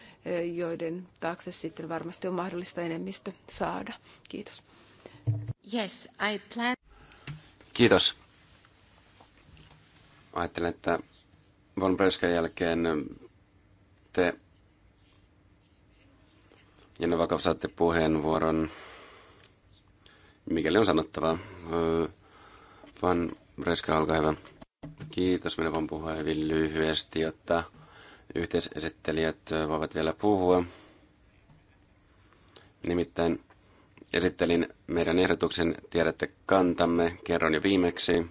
joiden taakse sitten varmasti on mahdollista enemmistö saada. Kiitos. Yes, I plan... Kiitos. Ajattelen, että Von Breskan jälkeen te ja Novakov saatte puheenvuoron, mikäli on sanottavaa. Van Reska, olkaa hyvä. Kiitos, minä voin puhua hyvin lyhyesti, jotta yhteisesittelijät voivat vielä puhua. Nimittäin esittelin meidän ehdotuksen, tiedätte kantamme, kerron jo viimeksi,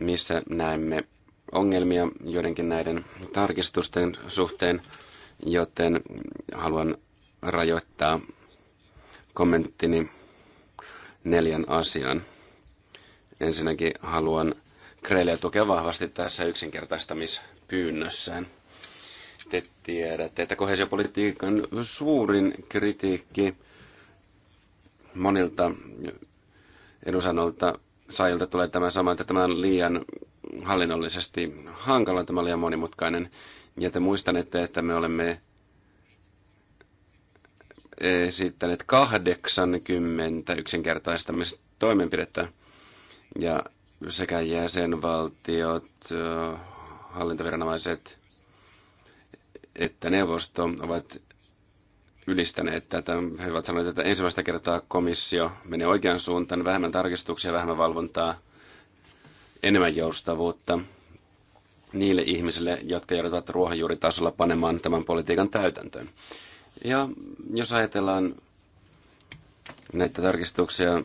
missä näemme ongelmia joidenkin näiden tarkistusten suhteen, joten haluan rajoittaa kommenttini neljän asian. Ensinnäkin haluan Kreilia tukea vahvasti tässä yksinkertaistamispyynnössään. Te tiedätte, että kohesiopolitiikan suurin kritiikki monilta edusanolta saajilta tulee tämä sama, että tämä on liian hallinnollisesti hankala, tämä on liian monimutkainen. Ja te muistanette, että me olemme esittäneet 80 yksinkertaistamista toimenpidettä. Ja sekä jäsenvaltiot, hallintoviranomaiset että neuvosto ovat ylistäneet tätä. He ovat sanoneet, että ensimmäistä kertaa komissio menee oikean suuntaan, vähemmän tarkistuksia, vähemmän valvontaa, enemmän joustavuutta niille ihmisille, jotka joudutaan ruohonjuuritasolla panemaan tämän politiikan täytäntöön. Ja jos ajatellaan näitä tarkistuksia,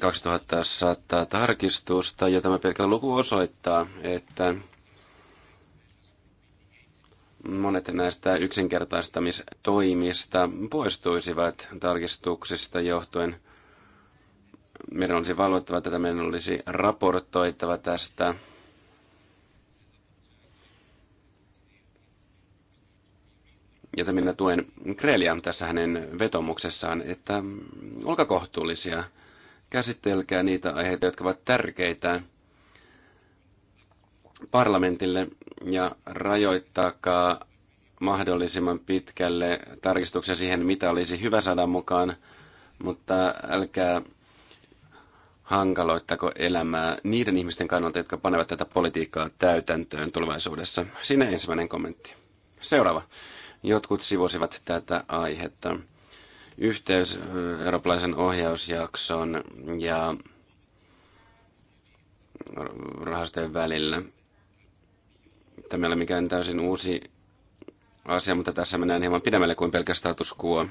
2100 tarkistusta, ja tämä pelkkä luku osoittaa, että monet näistä yksinkertaistamistoimista poistuisivat tarkistuksista johtuen. Meidän olisi valvottava tätä, meidän olisi raportoitava tästä. Joten minä tuen Krelia tässä hänen vetomuksessaan, että olkaa kohtuullisia – Käsittelkää niitä aiheita, jotka ovat tärkeitä parlamentille ja rajoittakaa mahdollisimman pitkälle tarkistuksia siihen, mitä olisi hyvä saada mukaan, mutta älkää hankaloittako elämää niiden ihmisten kannalta, jotka panevat tätä politiikkaa täytäntöön tulevaisuudessa. Siinä ensimmäinen kommentti. Seuraava. Jotkut sivusivat tätä aihetta yhteys eurooppalaisen ohjausjakson ja rahastojen välillä. Tämä ei ole mikään täysin uusi asia, mutta tässä mennään hieman pidemmälle kuin pelkästään status quo.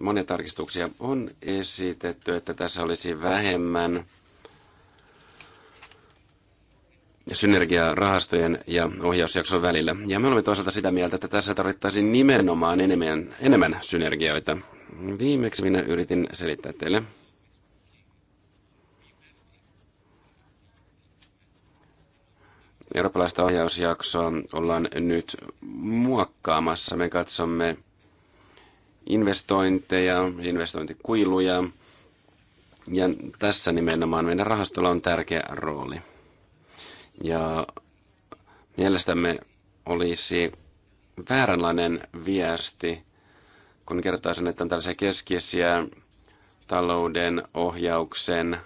Monia tarkistuksia on esitetty, että tässä olisi vähemmän synergiaa rahastojen ja ohjausjakson välillä. Ja me olemme toisaalta sitä mieltä, että tässä tarvittaisiin nimenomaan enemmän, enemmän synergioita. Viimeksi minä yritin selittää teille. Eurooppalaista ohjausjaksoa ollaan nyt muokkaamassa. Me katsomme investointeja, investointikuiluja, ja tässä nimenomaan meidän rahastolla on tärkeä rooli. Ja mielestämme olisi vääränlainen viesti, kun kertaisin, että on tällaisia keskeisiä talouden ohjauksen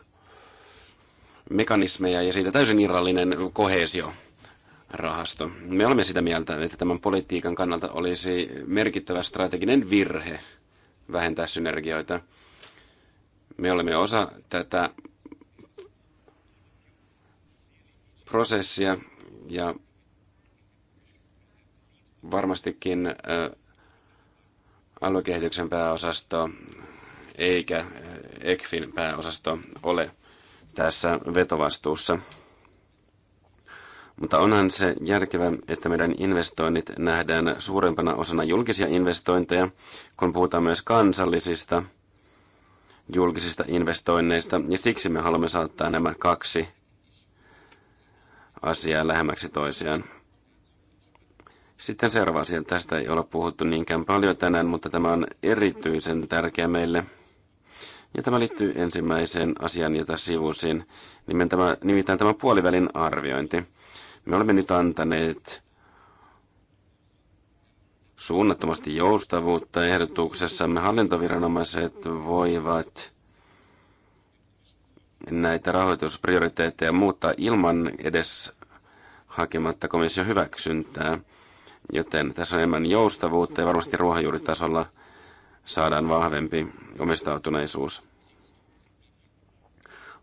mekanismeja ja siitä täysin irrallinen kohesio rahasto. Me olemme sitä mieltä, että tämän politiikan kannalta olisi merkittävä strateginen virhe vähentää synergioita. Me olemme osa tätä prosessia ja varmastikin aluekehityksen pääosasto eikä ECFin pääosasto ole tässä vetovastuussa. Mutta onhan se järkevä, että meidän investoinnit nähdään suurempana osana julkisia investointeja, kun puhutaan myös kansallisista julkisista investoinneista, ja siksi me haluamme saattaa nämä kaksi asiaa lähemmäksi toisiaan. Sitten seuraava asia. Tästä ei ole puhuttu niinkään paljon tänään, mutta tämä on erityisen tärkeä meille. Ja tämä liittyy ensimmäiseen asiaan, jota sivusin, tämä, nimittäin tämä puolivälin arviointi. Me olemme nyt antaneet suunnattomasti joustavuutta ehdotuksessamme. Hallintoviranomaiset voivat näitä rahoitusprioriteetteja muuttaa ilman edes hakematta komission hyväksyntää. Joten tässä on enemmän joustavuutta ja varmasti ruohonjuuritasolla saadaan vahvempi omistautuneisuus.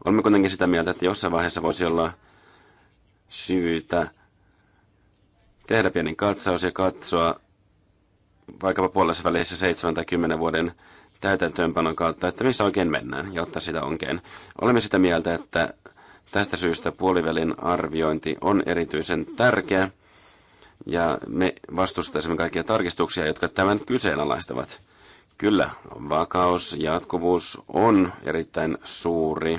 Olemme kuitenkin sitä mieltä, että jossain vaiheessa voisi olla syytä tehdä pieni katsaus ja katsoa vaikkapa puolessa välissä 70 tai vuoden täytäntöönpanon kautta, että missä oikein mennään, jotta sitä onkin. Olemme sitä mieltä, että tästä syystä puolivälin arviointi on erityisen tärkeä, ja me vastustaisimme kaikkia tarkistuksia, jotka tämän kyseenalaistavat. Kyllä, vakaus, jatkuvuus on erittäin suuri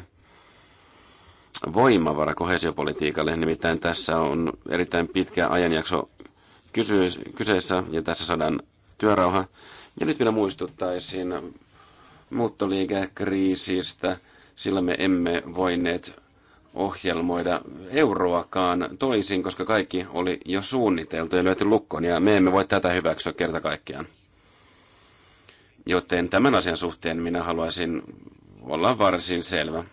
voimavara kohesiopolitiikalle. Nimittäin tässä on erittäin pitkä ajanjakso kyseessä ja tässä saadaan työrauha. Ja nyt minä muistuttaisin muuttoliikekriisistä, sillä me emme voineet ohjelmoida euroakaan toisin, koska kaikki oli jo suunniteltu ja löyty lukkoon, ja me emme voi tätä hyväksyä kerta kaikkiaan. Joten tämän asian suhteen minä haluaisin olla varsin selvä.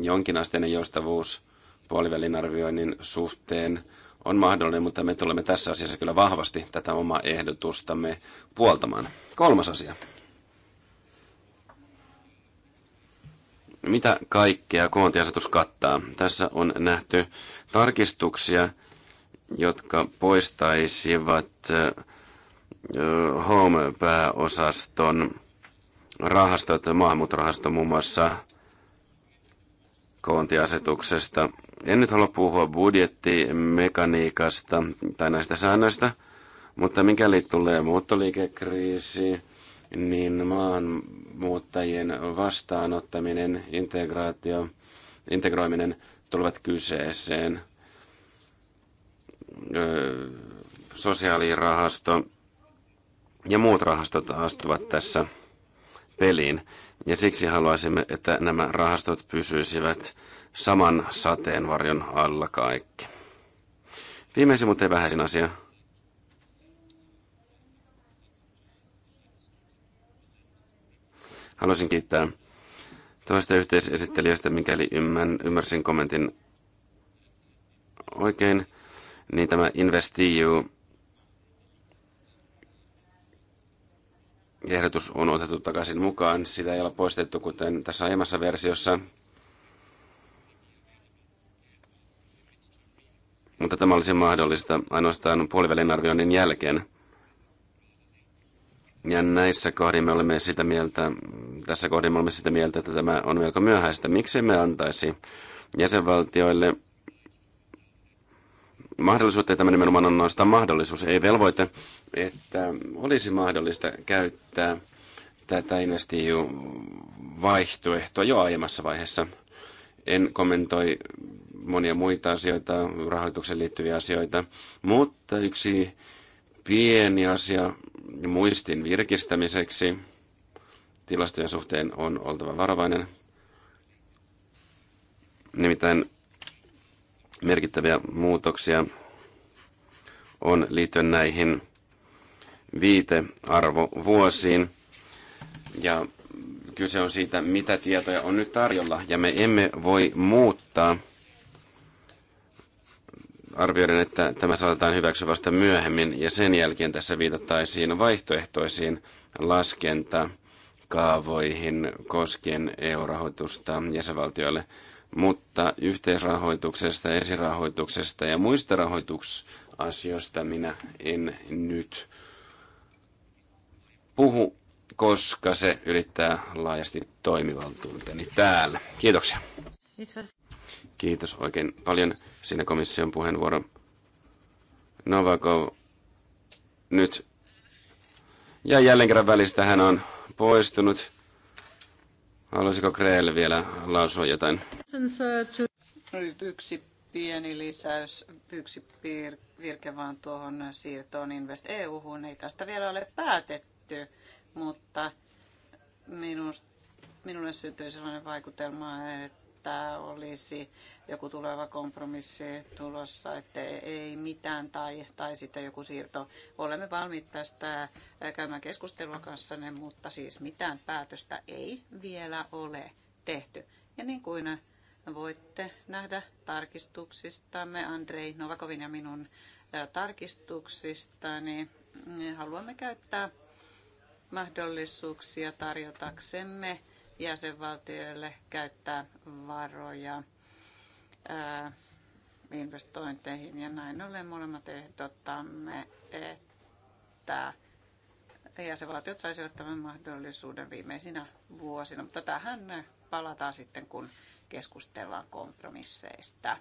Jonkinasteinen joustavuus puolivälin arvioinnin suhteen – on mahdollinen, mutta me tulemme tässä asiassa kyllä vahvasti tätä omaa ehdotustamme puoltamaan. Kolmas asia. Mitä kaikkea koontiasetus kattaa? Tässä on nähty tarkistuksia, jotka poistaisivat Home-pääosaston rahastot, maahanmuuttorahaston muun muassa koontiasetuksesta – en nyt halua puhua budjettimekaniikasta tai näistä säännöistä, mutta mikäli tulee muuttoliikekriisi, niin maanmuuttajien vastaanottaminen, integraatio, integroiminen tulevat kyseeseen. Öö, sosiaalirahasto ja muut rahastot astuvat tässä peliin. Ja siksi haluaisimme, että nämä rahastot pysyisivät saman sateenvarjon alla kaikki. Viimeisin, mutta ei vähäisin asia. Haluaisin kiittää toista yhteisesittelijöistä, mikäli ymmärsin kommentin oikein, niin tämä InvestEU ehdotus on otettu takaisin mukaan. Sitä ei ole poistettu, kuten tässä aiemmassa versiossa. mutta tämä olisi mahdollista ainoastaan puolivälin arvioinnin jälkeen. Ja näissä kohdin me olemme sitä mieltä, tässä kohdin me olemme sitä mieltä, että tämä on melko myöhäistä. Miksi me antaisi jäsenvaltioille mahdollisuutta, että tämä nimenomaan on noista mahdollisuus, ei velvoite, että olisi mahdollista käyttää tätä investiu vaihtoehtoa jo aiemmassa vaiheessa. En kommentoi monia muita asioita, rahoitukseen liittyviä asioita. Mutta yksi pieni asia muistin virkistämiseksi tilastojen suhteen on oltava varovainen. Nimittäin merkittäviä muutoksia on liittyen näihin viitearvovuosiin. Ja kyse on siitä, mitä tietoja on nyt tarjolla, ja me emme voi muuttaa – arvioiden, että tämä saatetaan hyväksyä vasta myöhemmin, ja sen jälkeen tässä viitattaisiin vaihtoehtoisiin laskenta kaavoihin koskien EU-rahoitusta jäsenvaltioille. Mutta yhteisrahoituksesta, esirahoituksesta ja muista rahoituksasioista minä en nyt puhu, koska se ylittää laajasti toimivaltuuteni täällä. Kiitoksia. Kiitos oikein paljon. Siinä komission puheenvuoro. Novakov nyt. Ja jälleen kerran välistä hän on poistunut. Haluaisiko Kreel vielä lausua jotain? Yksi pieni lisäys, yksi piir, virke vaan tuohon siirtoon Invest eu Ei tästä vielä ole päätetty, mutta minust, minulle syntyi sellainen vaikutelma, että että olisi joku tuleva kompromissi tulossa, että ei mitään tai, tai sitten joku siirto. Olemme valmiit tästä käymään keskustelua kanssanne, mutta siis mitään päätöstä ei vielä ole tehty. Ja niin kuin voitte nähdä tarkistuksistamme, Andrei Novakovin ja minun tarkistuksistani, haluamme käyttää mahdollisuuksia tarjotaksemme jäsenvaltioille käyttää varoja investointeihin. Ja näin ollen molemmat ehdottamme, että jäsenvaltiot saisivat tämän mahdollisuuden viimeisinä vuosina. Mutta tähän palataan sitten, kun keskustellaan kompromisseista.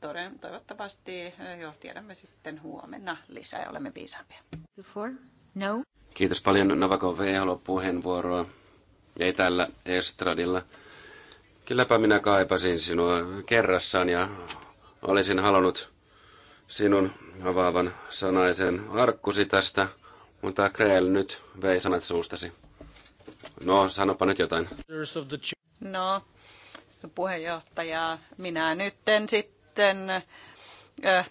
Toden, toivottavasti jo tiedämme sitten huomenna lisää ja olemme viisaampia. No. Kiitos paljon Novakov. Ei halua puheenvuoroa ei tällä estradilla. Kylläpä minä kaipasin sinua kerrassaan ja olisin halunnut sinun avaavan sanaisen arkkusi tästä, mutta Kreel nyt vei sanat suustasi. No, sanopa nyt jotain. No, puheenjohtaja, minä nyt sitten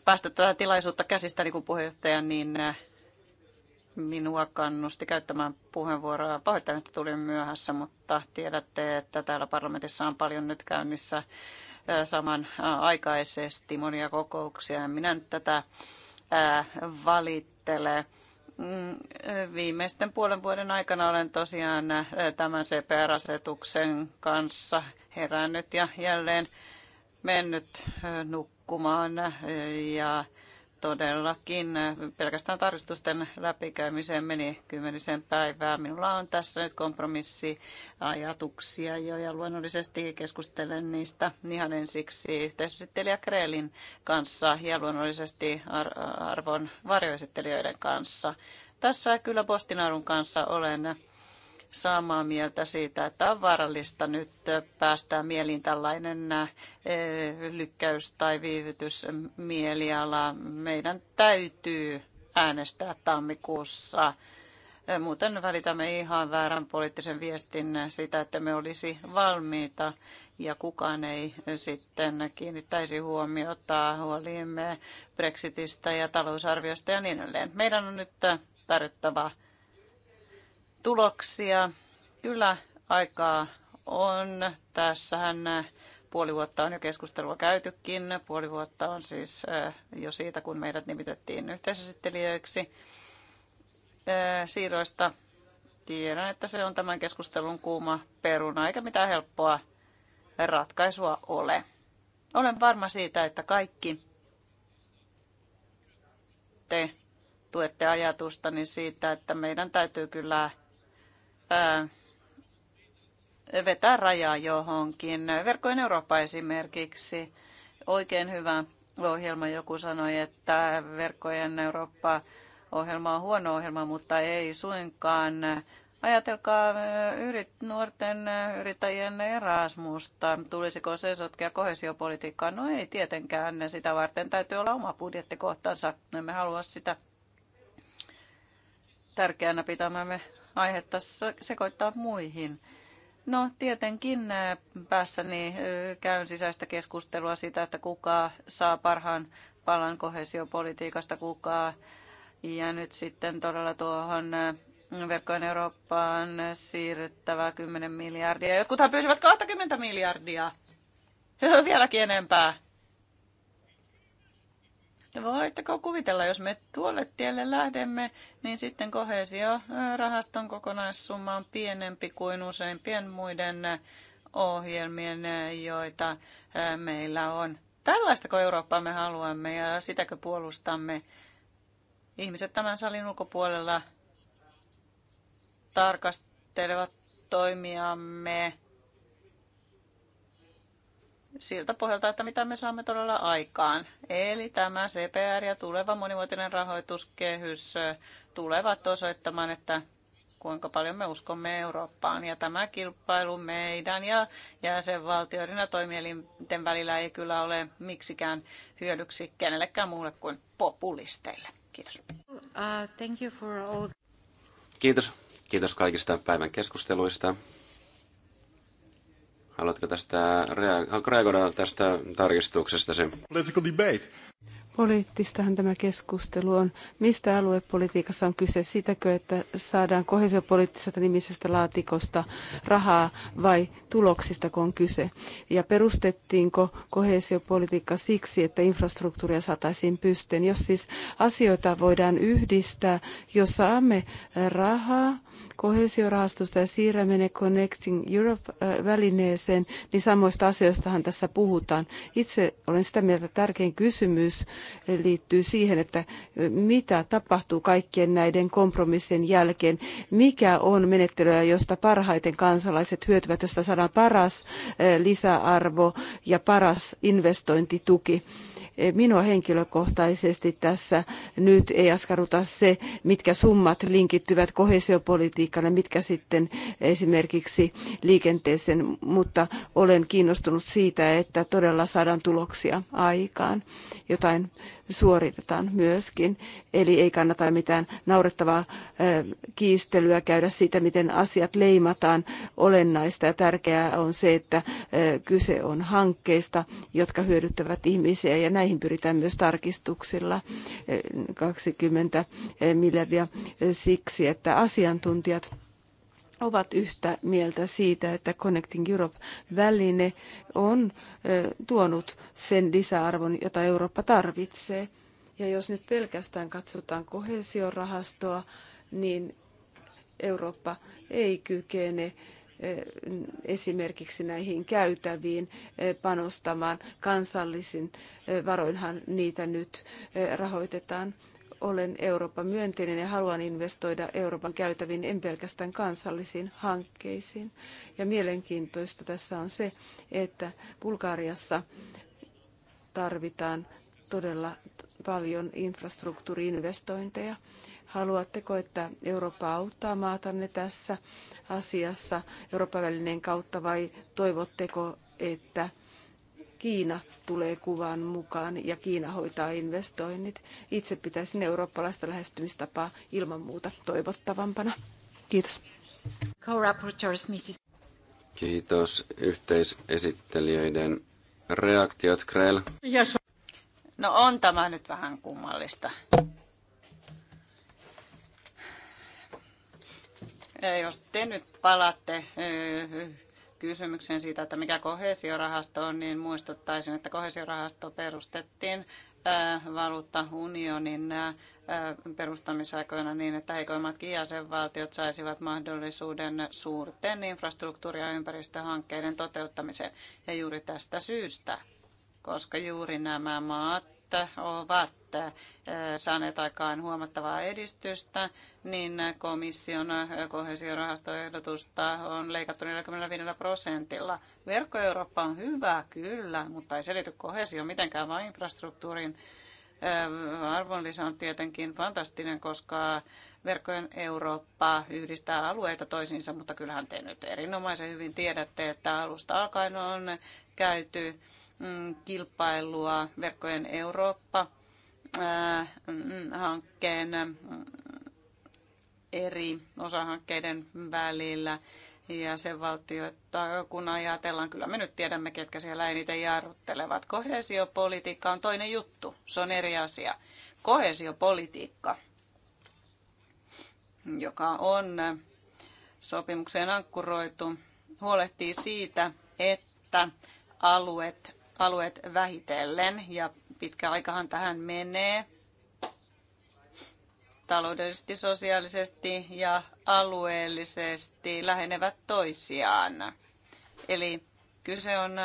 päästä tätä tilaisuutta käsistä, niin kuin puheenjohtaja niin minua kannusti käyttämään puheenvuoroa. Pahoittelen, että tulin myöhässä, mutta tiedätte, että täällä parlamentissa on paljon nyt käynnissä samanaikaisesti monia kokouksia. Minä nyt tätä valittele. Mm, viimeisten puolen vuoden aikana olen tosiaan tämän CPR-asetuksen kanssa herännyt ja jälleen mennyt nukkumaan ja todellakin pelkästään tarkistusten läpikäymiseen meni kymmenisen päivää. Minulla on tässä nyt kompromissiajatuksia jo ja luonnollisesti keskustelen niistä ihan ensiksi yhteisesittelijä Kreelin kanssa ja luonnollisesti arvon varjoesittelijöiden kanssa. Tässä kyllä postinaurun kanssa olen samaa mieltä siitä, että on vaarallista nyt päästää mieliin tällainen äh, lykkäys- tai viivytysmieliala. Meidän täytyy äänestää tammikuussa. Äh, muuten välitämme ihan väärän poliittisen viestin sitä, että me olisi valmiita ja kukaan ei sitten kiinnittäisi huomiota huoliimme Brexitistä ja talousarviosta ja niin edelleen. Meidän on nyt äh, tarjottava tuloksia. Kyllä aikaa on. Tässähän äh, puoli vuotta on jo keskustelua käytykin. Puoli vuotta on siis äh, jo siitä, kun meidät nimitettiin yhteisesittelijöiksi äh, siirroista. Tiedän, että se on tämän keskustelun kuuma peruna, eikä mitään helppoa ratkaisua ole. Olen varma siitä, että kaikki te tuette ajatustani niin siitä, että meidän täytyy kyllä vetää rajaa johonkin. Verkkojen Eurooppa esimerkiksi, oikein hyvä ohjelma. Joku sanoi, että Verkkojen Eurooppa-ohjelma on huono ohjelma, mutta ei suinkaan. Ajatelkaa yrit, nuorten yrittäjien Erasmusta. Tulisiko se sotkea kohesiopolitiikkaan? No ei tietenkään. Sitä varten täytyy olla oma budjettikohtansa. Emme halua sitä tärkeänä pitämämme aihetta sekoittaa muihin. No tietenkin äh, päässäni äh, käyn sisäistä keskustelua siitä, että kuka saa parhaan palan kohesiopolitiikasta, kuka ja nyt sitten todella tuohon äh, verkkojen Eurooppaan siirrettävää 10 miljardia. Jotkuthan pyysivät 20 miljardia. Vieläkin enempää. Voitteko kuvitella, jos me tuolle tielle lähdemme, niin sitten rahaston kokonaissumma on pienempi kuin useimpien muiden ohjelmien, joita meillä on. Tällaistako Eurooppaa me haluamme ja sitäkö puolustamme? Ihmiset tämän salin ulkopuolella tarkastelevat toimiamme siltä pohjalta, että mitä me saamme todella aikaan. Eli tämä CPR ja tuleva monivuotinen rahoituskehys tulevat osoittamaan, että kuinka paljon me uskomme Eurooppaan. Ja tämä kilpailu meidän ja jäsenvaltioiden ja toimielinten välillä ei kyllä ole miksikään hyödyksi kenellekään muulle kuin populisteille. Kiitos. Uh, thank you for all... Kiitos. Kiitos kaikista päivän keskusteluista. Haluatko, tästä rea- haluatko reagoida tästä tarkistuksesta? Political debate. Poliittistahan tämä keskustelu on. Mistä aluepolitiikassa on kyse? Sitäkö, että saadaan kohesiopoliittisesta nimisestä laatikosta rahaa vai tuloksista, kun on kyse? Ja perustettiinko kohesiopolitiikka siksi, että infrastruktuuria saataisiin pysteen? Jos siis asioita voidaan yhdistää, jos saamme rahaa kohesiorahastosta ja siirrämme ne Connecting Europe-välineeseen, äh, niin samoista asioistahan tässä puhutaan. Itse olen sitä mieltä, että tärkein kysymys liittyy siihen, että mitä tapahtuu kaikkien näiden kompromissien jälkeen, mikä on menettelyä, josta parhaiten kansalaiset hyötyvät, josta saadaan paras lisäarvo ja paras investointituki. Minua henkilökohtaisesti tässä nyt ei askarruta se, mitkä summat linkittyvät kohesiopolitiikalle, mitkä sitten esimerkiksi liikenteeseen, mutta olen kiinnostunut siitä, että todella saadaan tuloksia aikaan. Jotain suoritetaan myöskin. Eli ei kannata mitään naurettavaa kiistelyä käydä siitä, miten asiat leimataan. Olennaista ja tärkeää on se, että kyse on hankkeista, jotka hyödyttävät ihmisiä ja näihin Näihin pyritään myös tarkistuksilla 20 miljardia siksi, että asiantuntijat ovat yhtä mieltä siitä, että Connecting Europe-väline on tuonut sen lisäarvon, jota Eurooppa tarvitsee. Ja jos nyt pelkästään katsotaan kohesiorahastoa, niin Eurooppa ei kykene Eh, esimerkiksi näihin käytäviin eh, panostamaan. Kansallisin eh, varoinhan niitä nyt rahoitetaan olen Euroopan myönteinen ja haluan investoida Euroopan käytäviin, en pelkästään kansallisiin hankkeisiin. Ja mielenkiintoista tässä on se, että Bulgariassa tarvitaan todella paljon infrastruktuuriinvestointeja. investointeja Haluatteko, että Eurooppa auttaa maatanne tässä asiassa Euroopan välinen kautta vai toivotteko, että Kiina tulee kuvan mukaan ja Kiina hoitaa investoinnit? Itse pitäisin eurooppalaista lähestymistapaa ilman muuta toivottavampana. Kiitos. Co-rapporteurs, Mrs. Kiitos yhteisesittelijöiden reaktiot, Krell. Yes. No on tämä nyt vähän kummallista. Eh, jos te nyt palatte eh, kysymykseen siitä, että mikä kohesiorahasto on, niin muistuttaisin, että kohesiorahasto perustettiin eh, valuuttaunionin perustamisaikoina niin, että heikoimmatkin jäsenvaltiot saisivat mahdollisuuden suurten infrastruktuuri- ja ympäristöhankkeiden toteuttamiseen. Ja juuri tästä syystä, koska juuri nämä maat ovat saaneet aikaan huomattavaa edistystä, niin komission kohesiorahastoehdotusta on leikattu 45 prosentilla. Verkko Eurooppa on hyvä kyllä, mutta ei selity kohesio mitenkään, vain infrastruktuurin arvonlisä on tietenkin fantastinen, koska verkkojen Eurooppa yhdistää alueita toisiinsa, mutta kyllähän te nyt erinomaisen hyvin tiedätte, että alusta alkaen on käyty Mm, kilpailua verkkojen Eurooppa-hankkeen äh, mm, äh, eri osahankkeiden välillä että kun ajatellaan, kyllä me nyt tiedämme, ketkä siellä eniten jarruttelevat. Kohesiopolitiikka on toinen juttu, se on eri asia. Kohesiopolitiikka, joka on sopimukseen ankkuroitu, huolehtii siitä, että alueet alueet vähitellen ja pitkä aikahan tähän menee taloudellisesti, sosiaalisesti ja alueellisesti lähenevät toisiaan. Eli kyse on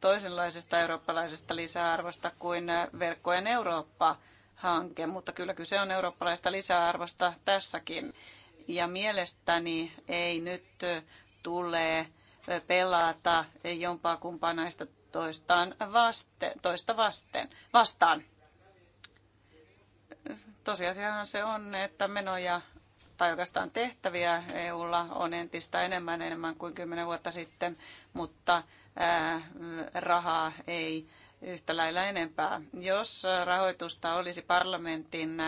toisenlaisesta eurooppalaisesta lisäarvosta kuin verkkojen Eurooppa-hanke, mutta kyllä kyse on eurooppalaisesta lisäarvosta tässäkin. Ja mielestäni ei nyt tule pelata jompaa kumpaa näistä toistaan vasten, toista vasten, vastaan. Tosiasiahan se on, että menoja tai oikeastaan tehtäviä EUlla on entistä enemmän enemmän kuin kymmenen vuotta sitten, mutta ää, rahaa ei yhtä lailla enempää. Jos rahoitusta olisi parlamentin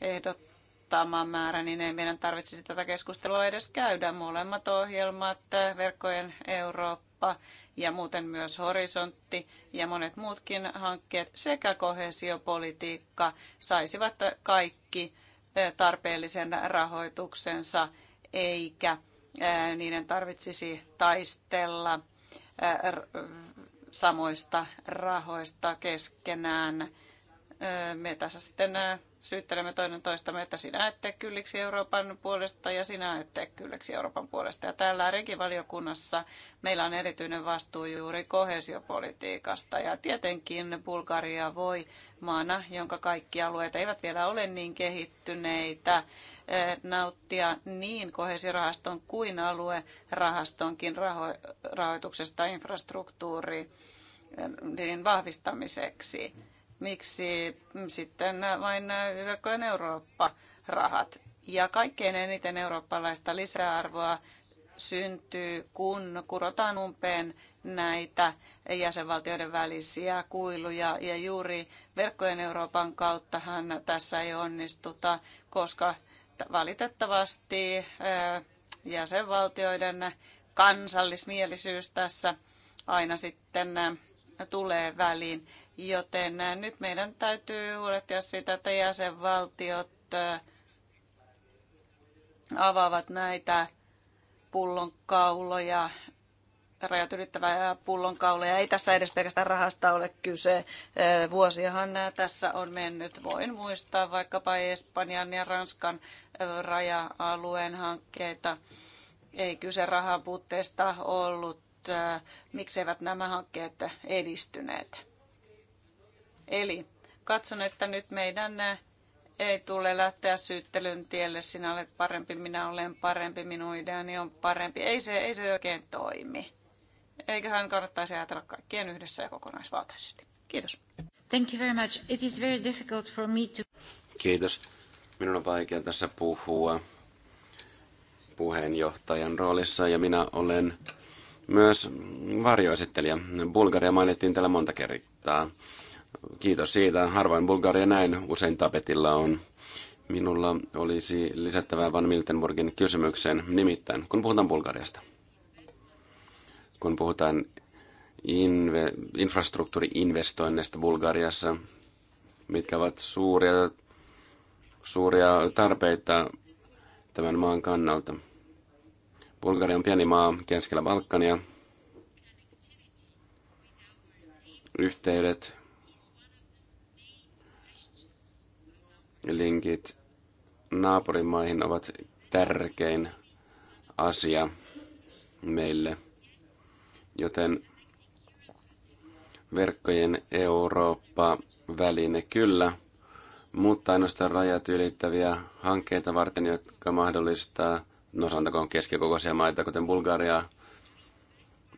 ehdot saavuttamaan määrä, niin ei meidän tarvitsisi tätä keskustelua edes käydä. Molemmat ohjelmat, verkkojen Eurooppa ja muuten myös horisontti ja monet muutkin hankkeet sekä kohesiopolitiikka saisivat kaikki eh, tarpeellisen rahoituksensa eikä eh, niiden tarvitsisi taistella eh, samoista rahoista keskenään. Me tässä sitten syyttelemme toinen toista että sinä et tee kylliksi Euroopan puolesta ja sinä et tee kylliksi Euroopan puolesta. Ja täällä regivaliokunnassa meillä on erityinen vastuu juuri kohesiopolitiikasta. Ja tietenkin Bulgaria voi maana, jonka kaikki alueet eivät vielä ole niin kehittyneitä, eh, nauttia niin kohesirahaston kuin aluerahastonkin raho- rahoituksesta infrastruktuuriin eh, niin vahvistamiseksi miksi sitten vain verkkojen Eurooppa-rahat. Ja kaikkein eniten eurooppalaista lisäarvoa syntyy, kun kurotaan umpeen näitä jäsenvaltioiden välisiä kuiluja. Ja juuri verkkojen Euroopan kauttahan tässä ei onnistuta, koska valitettavasti eh, jäsenvaltioiden kansallismielisyys tässä aina sitten eh, tulee väliin. Joten äh, nyt meidän täytyy huolehtia siitä, että jäsenvaltiot äh, avaavat näitä pullonkauloja, rajat ylittävää pullonkauloja. Ei tässä edes pelkästään rahasta ole kyse. Äh, vuosiahan tässä on mennyt. Voin muistaa vaikkapa Espanjan ja Ranskan raja-alueen hankkeita. Ei kyse rahan puutteesta ollut. Mikseivät nämä hankkeet edistyneet? Eli katson, että nyt meidän eh, ei tule lähteä syyttelyn tielle, sinä olet parempi, minä olen parempi, minun ideani on parempi. Ei se, ei se oikein toimi. Eiköhän kannattaisi ajatella kaikkien yhdessä ja kokonaisvaltaisesti. Kiitos. Thank you very much. It is very difficult for me to... Kiitos. Minun on vaikea tässä puhua puheenjohtajan roolissa ja minä olen myös varjoesittelijä. Bulgaria mainittiin täällä monta kertaa. Kiitos siitä. Harvoin Bulgaria näin usein tapetilla on. Minulla olisi lisättävää Van Miltenburgin kysymykseen, nimittäin kun puhutaan Bulgariasta, kun puhutaan inve, infrastruktuuriinvestoinneista Bulgariassa, mitkä ovat suuria, suuria tarpeita tämän maan kannalta. Bulgaria on pieni maa keskellä Balkania. Yhteydet linkit naapurimaihin ovat tärkein asia meille. Joten verkkojen Eurooppa-väline kyllä, mutta ainoastaan rajat ylittäviä hankkeita varten, jotka mahdollistaa, no sanotaanko keskikokoisia maita, kuten Bulgaria,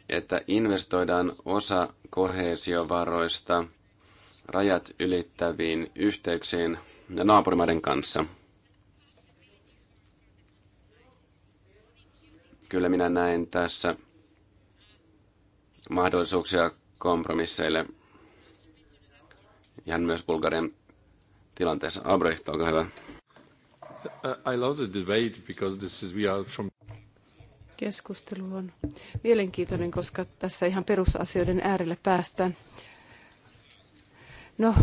että investoidaan osa kohesiovaroista rajat ylittäviin yhteyksiin naapurimaiden kanssa. Kyllä minä näen tässä mahdollisuuksia kompromisseille ihan myös Bulgarian tilanteessa. Albrecht, olkaa hyvä. I love the debate because this is we are from Keskustelu on mielenkiintoinen, koska tässä ihan perusasioiden äärelle päästään. No,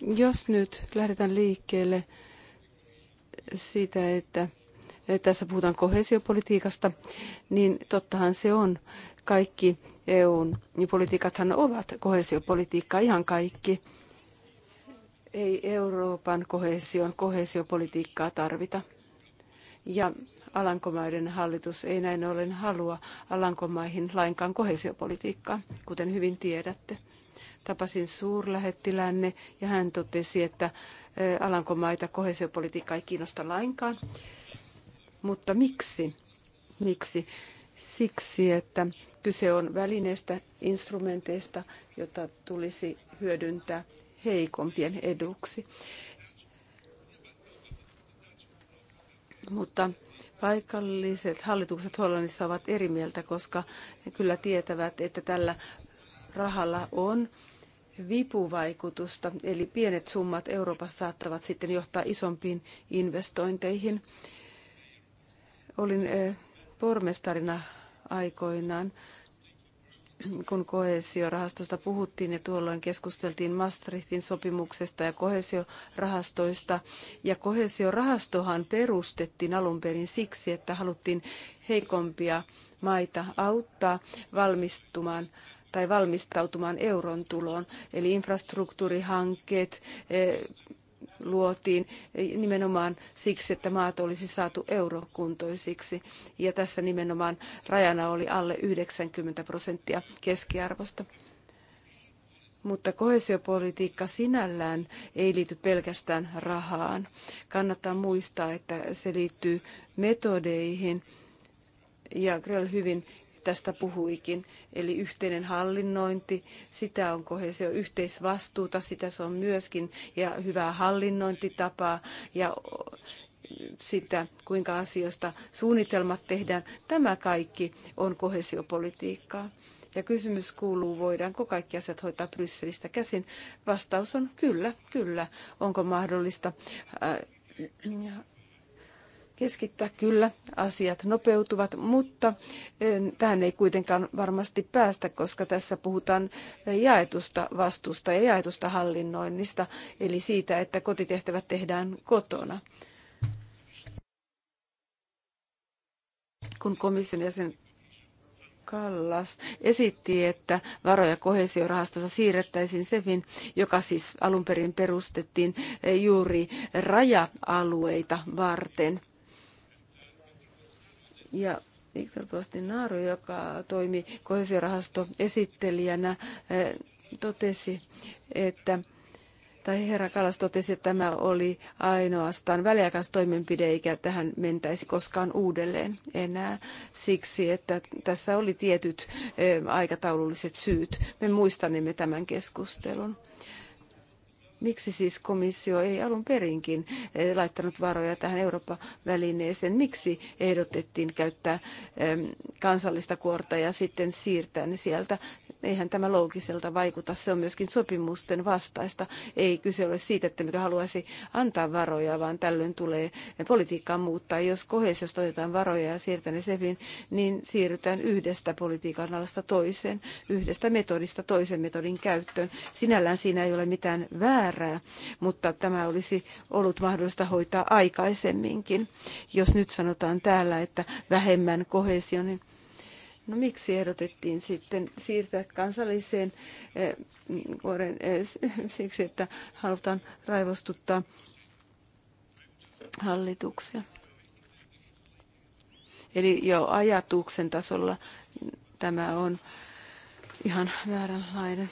jos nyt lähdetään liikkeelle siitä, että tässä puhutaan kohesiopolitiikasta, niin tottahan se on. Kaikki EUn politiikathan ovat kohesiopolitiikkaa, ihan kaikki. Ei Euroopan kohesion kohesiopolitiikkaa tarvita. Ja Alankomaiden hallitus ei näin ollen halua Alankomaihin lainkaan kohesiopolitiikkaa, kuten hyvin tiedätte. Tapasin suurlähettilänne ja hän totesi, että Alankomaita kohesiopolitiikka ei kiinnosta lainkaan. Mutta miksi? Miksi? Siksi, että kyse on välineestä, instrumenteista, jota tulisi hyödyntää heikompien eduksi. Mutta paikalliset hallitukset Hollannissa ovat eri mieltä, koska ne kyllä tietävät, että tällä rahalla on vipuvaikutusta, eli pienet summat Euroopassa saattavat sitten johtaa isompiin investointeihin. Olin pormestarina aikoinaan, kun kohesiorahastosta puhuttiin ja tuolloin keskusteltiin Maastrichtin sopimuksesta ja kohesiorahastoista. Ja kohesiorahastohan perustettiin alun perin siksi, että haluttiin heikompia maita auttaa valmistumaan tai valmistautumaan euron tuloon, eli infrastruktuurihankkeet eh, luotiin nimenomaan siksi, että maat olisi saatu eurokuntoisiksi. Ja tässä nimenomaan rajana oli alle 90 prosenttia keskiarvosta mutta kohesiopolitiikka sinällään ei liity pelkästään rahaan. Kannattaa muistaa, että se liittyy metodeihin ja Grell hyvin tästä puhuikin. Eli yhteinen hallinnointi, sitä on kohesio yhteisvastuuta, sitä se on myöskin, ja hyvää hallinnointitapaa ja sitä, kuinka asioista suunnitelmat tehdään. Tämä kaikki on kohesiopolitiikkaa. Ja kysymys kuuluu, voidaanko kaikki asiat hoitaa Brysselistä käsin? Vastaus on kyllä, kyllä. Onko mahdollista äh, keskittää. Kyllä, asiat nopeutuvat, mutta eh, tähän ei kuitenkaan varmasti päästä, koska tässä puhutaan jaetusta vastuusta ja jaetusta hallinnoinnista, eli siitä, että kotitehtävät tehdään kotona. Kun komission jäsen Kallas esitti, että varoja kohesiorahastossa siirrettäisiin SEVin, joka siis alun perin perustettiin eh, juuri raja-alueita varten. Ja Viktor Postinaaru, joka toimi kohesiorahasto esittelijänä, eh, totesi, että tai herra Kalas totesi, että tämä oli ainoastaan väliaikaistoimenpide, eikä tähän mentäisi koskaan uudelleen enää siksi, että tässä oli tietyt eh, aikataululliset syyt. Me muistanemme tämän keskustelun. Miksi siis komissio ei alun perinkin eh, laittanut varoja tähän Eurooppa-välineeseen? Miksi ehdotettiin käyttää kansallista kuorta ja sitten siirtää ne sieltä eihän tämä loogiselta vaikuta. Se on myöskin sopimusten vastaista. Ei kyse ole siitä, että mikä haluaisi antaa varoja, vaan tällöin tulee politiikkaa muuttaa. Jos kohesiosta otetaan varoja ja siirretään ne SEFin, niin siirrytään yhdestä politiikan alasta toiseen, yhdestä metodista toisen metodin käyttöön. Sinällään siinä ei ole mitään väärää, mutta tämä olisi ollut mahdollista hoitaa aikaisemminkin. Jos nyt sanotaan täällä, että vähemmän kohesio, niin No miksi ehdotettiin sitten siirtää kansalliseen eh, vuoden eh, siksi, että halutaan raivostuttaa hallituksia? Eli jo ajatuksen tasolla tämä on ihan vääränlainen.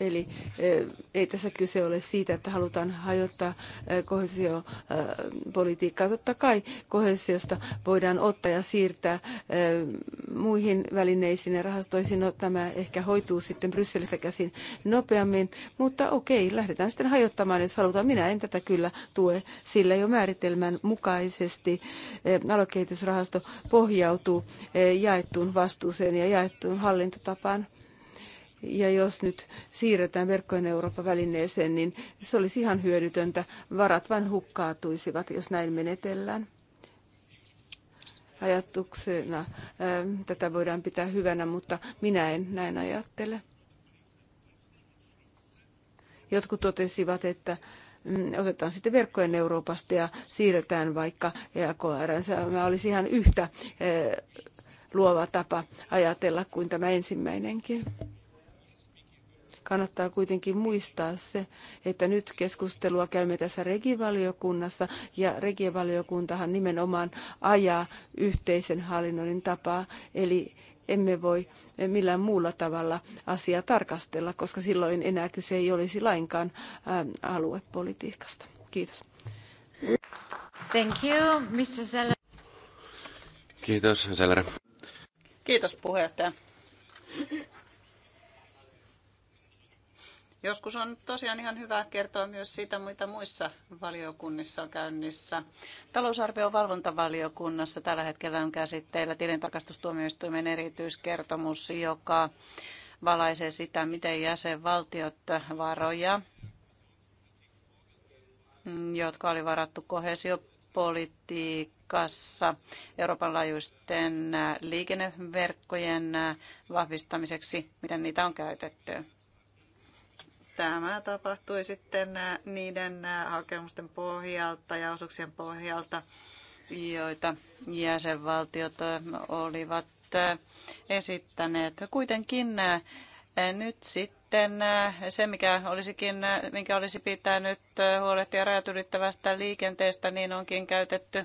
Eli eh, ei tässä kyse ole siitä, että halutaan hajottaa eh, kohesiopolitiikkaa. Totta kai kohesiosta voidaan ottaa ja siirtää eh, muihin välineisiin ja rahastoisiin. No, tämä ehkä hoituu sitten Brysselistä käsin nopeammin, mutta okei, lähdetään sitten hajottamaan, jos halutaan. Minä en tätä kyllä tue, sillä jo määritelmän mukaisesti alokehitysrahasto pohjautuu jaettuun vastuuseen ja jaettuun hallintotapaan. Ja jos nyt siirretään verkkojen Eurooppa-välineeseen, niin se olisi ihan hyödytöntä. Varat vain hukkaatuisivat, jos näin menetellään. Ajatuksena ähm, tätä voidaan pitää hyvänä, mutta minä en näin ajattele. Jotkut totesivat, että mm, otetaan sitten verkkojen Euroopasta ja siirretään vaikka EAKR. Se olisi ihan yhtä äh, luova tapa ajatella kuin tämä ensimmäinenkin. Kannattaa kuitenkin muistaa se, että nyt keskustelua käymme tässä regivaliokunnassa ja regivaliokuntahan nimenomaan ajaa yhteisen hallinnoinnin tapaa, eli emme voi millään muulla tavalla asiaa tarkastella, koska silloin enää kyse ei olisi lainkaan aluepolitiikasta. Kiitos. Thank you, Mr. Zeller. Kiitos, Zeller. Kiitos puheenjohtaja. Joskus on tosiaan ihan hyvä kertoa myös siitä, mitä muissa valiokunnissa on käynnissä. Talousarvion valvontavaliokunnassa tällä hetkellä on käsitteillä tilintarkastustuomioistuimen erityiskertomus, joka valaisee sitä, miten jäsenvaltiot varoja, jotka oli varattu kohesiopolitiikassa Euroopan laajuisten liikenneverkkojen vahvistamiseksi, miten niitä on käytetty. Tämä tapahtui sitten niiden hakemusten pohjalta ja osuuksien pohjalta, joita jäsenvaltiot olivat esittäneet. Kuitenkin nyt sitten se, mikä, olisikin, mikä olisi pitänyt huolehtia rajat ylittävästä liikenteestä, niin onkin käytetty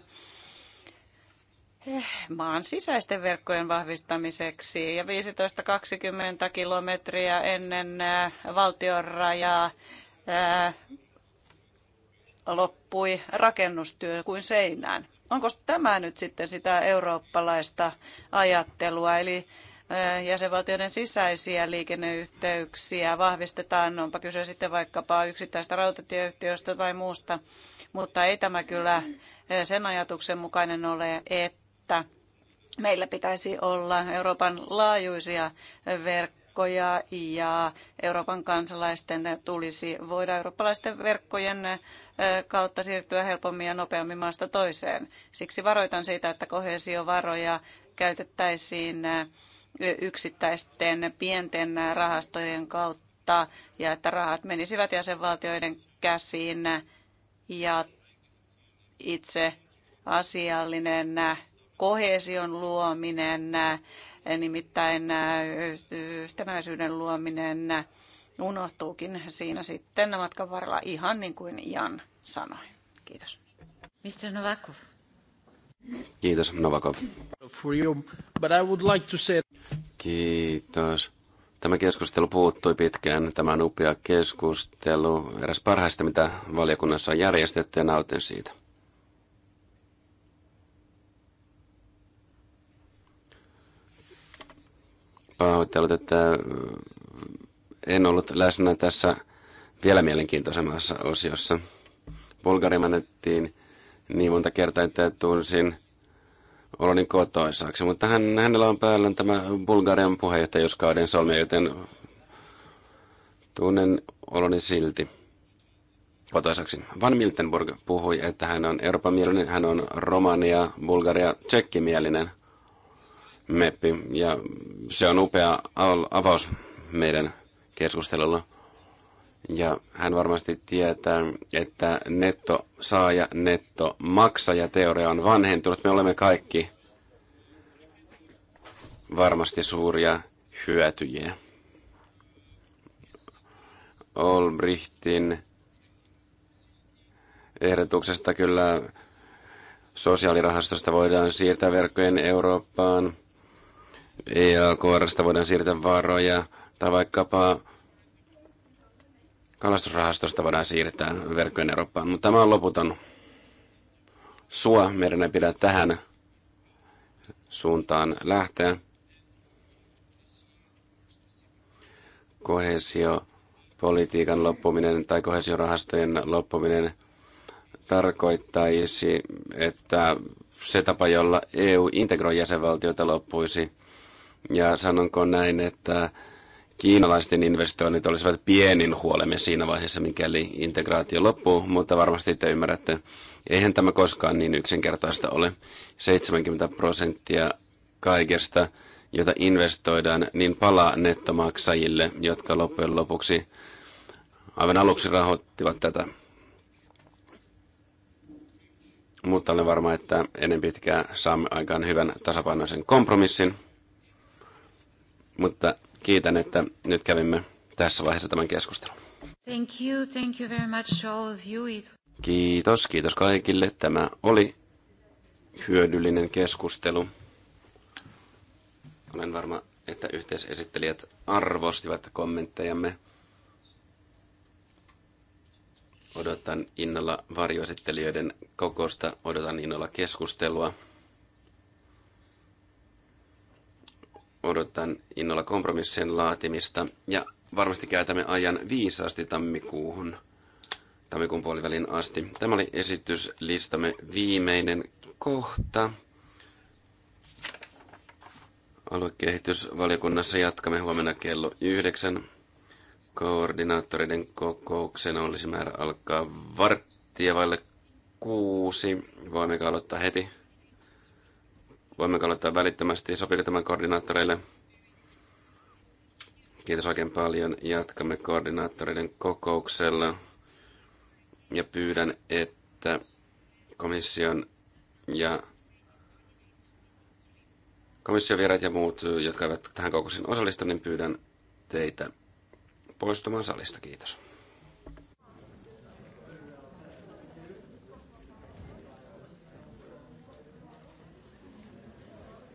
maan sisäisten verkkojen vahvistamiseksi ja 15-20 kilometriä ennen äh, valtion rajaa äh, loppui rakennustyö kuin seinään. Onko tämä nyt sitten sitä eurooppalaista ajattelua, eli äh, jäsenvaltioiden sisäisiä liikenneyhteyksiä vahvistetaan, onpa kyse sitten vaikkapa yksittäistä rautatieyhtiöstä tai muusta, mutta ei tämä kyllä sen ajatuksen mukainen ole, että että meillä pitäisi olla Euroopan laajuisia verkkoja ja Euroopan kansalaisten tulisi voida eurooppalaisten verkkojen kautta siirtyä helpommin ja nopeammin maasta toiseen. Siksi varoitan siitä, että kohesiovaroja käytettäisiin yksittäisten pienten rahastojen kautta ja että rahat menisivät jäsenvaltioiden käsiin ja itse asiallinen kohesion luominen, nimittäin äh, yhtenäisyyden luominen unohtuukin siinä sitten matkan varrella ihan niin kuin Jan sanoi. Kiitos. Mr. Novakov. Kiitos, Novakov. For you, but I would like to say... Kiitos. Tämä keskustelu puuttui pitkään. Tämä on upea keskustelu, eräs parhaista, mitä valiokunnassa on järjestetty, ja nautin siitä. Pahoittelut, että äh, en ollut läsnä tässä vielä mielenkiintoisemmassa osiossa. Bulgari menettiin niin monta kertaa, että tunsin oloni kotoisaksi, mutta hän, hänellä on päällä tämä Bulgarian puheenjohtajuuskauden solmi, joten tunnen oloni silti kotoisaksi. Van Miltenburg puhui, että hän on Euroopan mielinen, hän on romania, bulgaria, tsekkimielinen – meppi ja se on upea avaus meidän keskustelulla. Ja hän varmasti tietää, että netto saaja, netto maksaja teoria on vanhentunut. Me olemme kaikki varmasti suuria hyötyjiä. Olbrichtin ehdotuksesta kyllä sosiaalirahastosta voidaan siirtää verkkojen Eurooppaan – EAKRsta voidaan siirtää varoja tai vaikkapa kalastusrahastosta voidaan siirtää verkkojen Eurooppaan, mutta tämä on loputon sua. Meidän ei pidä tähän suuntaan lähteä. Kohesiopolitiikan loppuminen tai kohesiorahastojen loppuminen tarkoittaisi, että se tapa, jolla EU integroi jäsenvaltioita, loppuisi – ja sanonko näin, että kiinalaisten investoinnit olisivat pienin huolemme siinä vaiheessa, mikäli integraatio loppuu, mutta varmasti te ymmärrätte, eihän tämä koskaan niin yksinkertaista ole. 70 prosenttia kaikesta, jota investoidaan, niin palaa nettomaksajille, jotka loppujen lopuksi aivan aluksi rahoittivat tätä. Mutta olen varma, että ennen pitkää saamme aikaan hyvän tasapainoisen kompromissin. Mutta kiitän, että nyt kävimme tässä vaiheessa tämän keskustelun. Thank you, thank you very much all of you. It... Kiitos, kiitos kaikille. Tämä oli hyödyllinen keskustelu. Olen varma, että yhteisesittelijät arvostivat kommenttejamme. Odotan innolla varjoesittelijöiden kokousta, odotan innolla keskustelua. odotan innolla kompromissien laatimista ja varmasti käytämme ajan viisaasti tammikuuhun, tammikuun puolivälin asti. Tämä oli esityslistamme viimeinen kohta. Aluekehitysvaliokunnassa jatkamme huomenna kello yhdeksän. Koordinaattoreiden kokouksen olisi määrä alkaa varttia vaille kuusi. Voimmeko aloittaa heti? Voimme aloittaa välittömästi. Sopiiko tämän koordinaattoreille? Kiitos oikein paljon. Jatkamme koordinaattoreiden kokouksella. Ja pyydän, että komission ja komission ja muut, jotka eivät tähän kokoukseen osallistu, niin pyydän teitä poistumaan salista. Kiitos.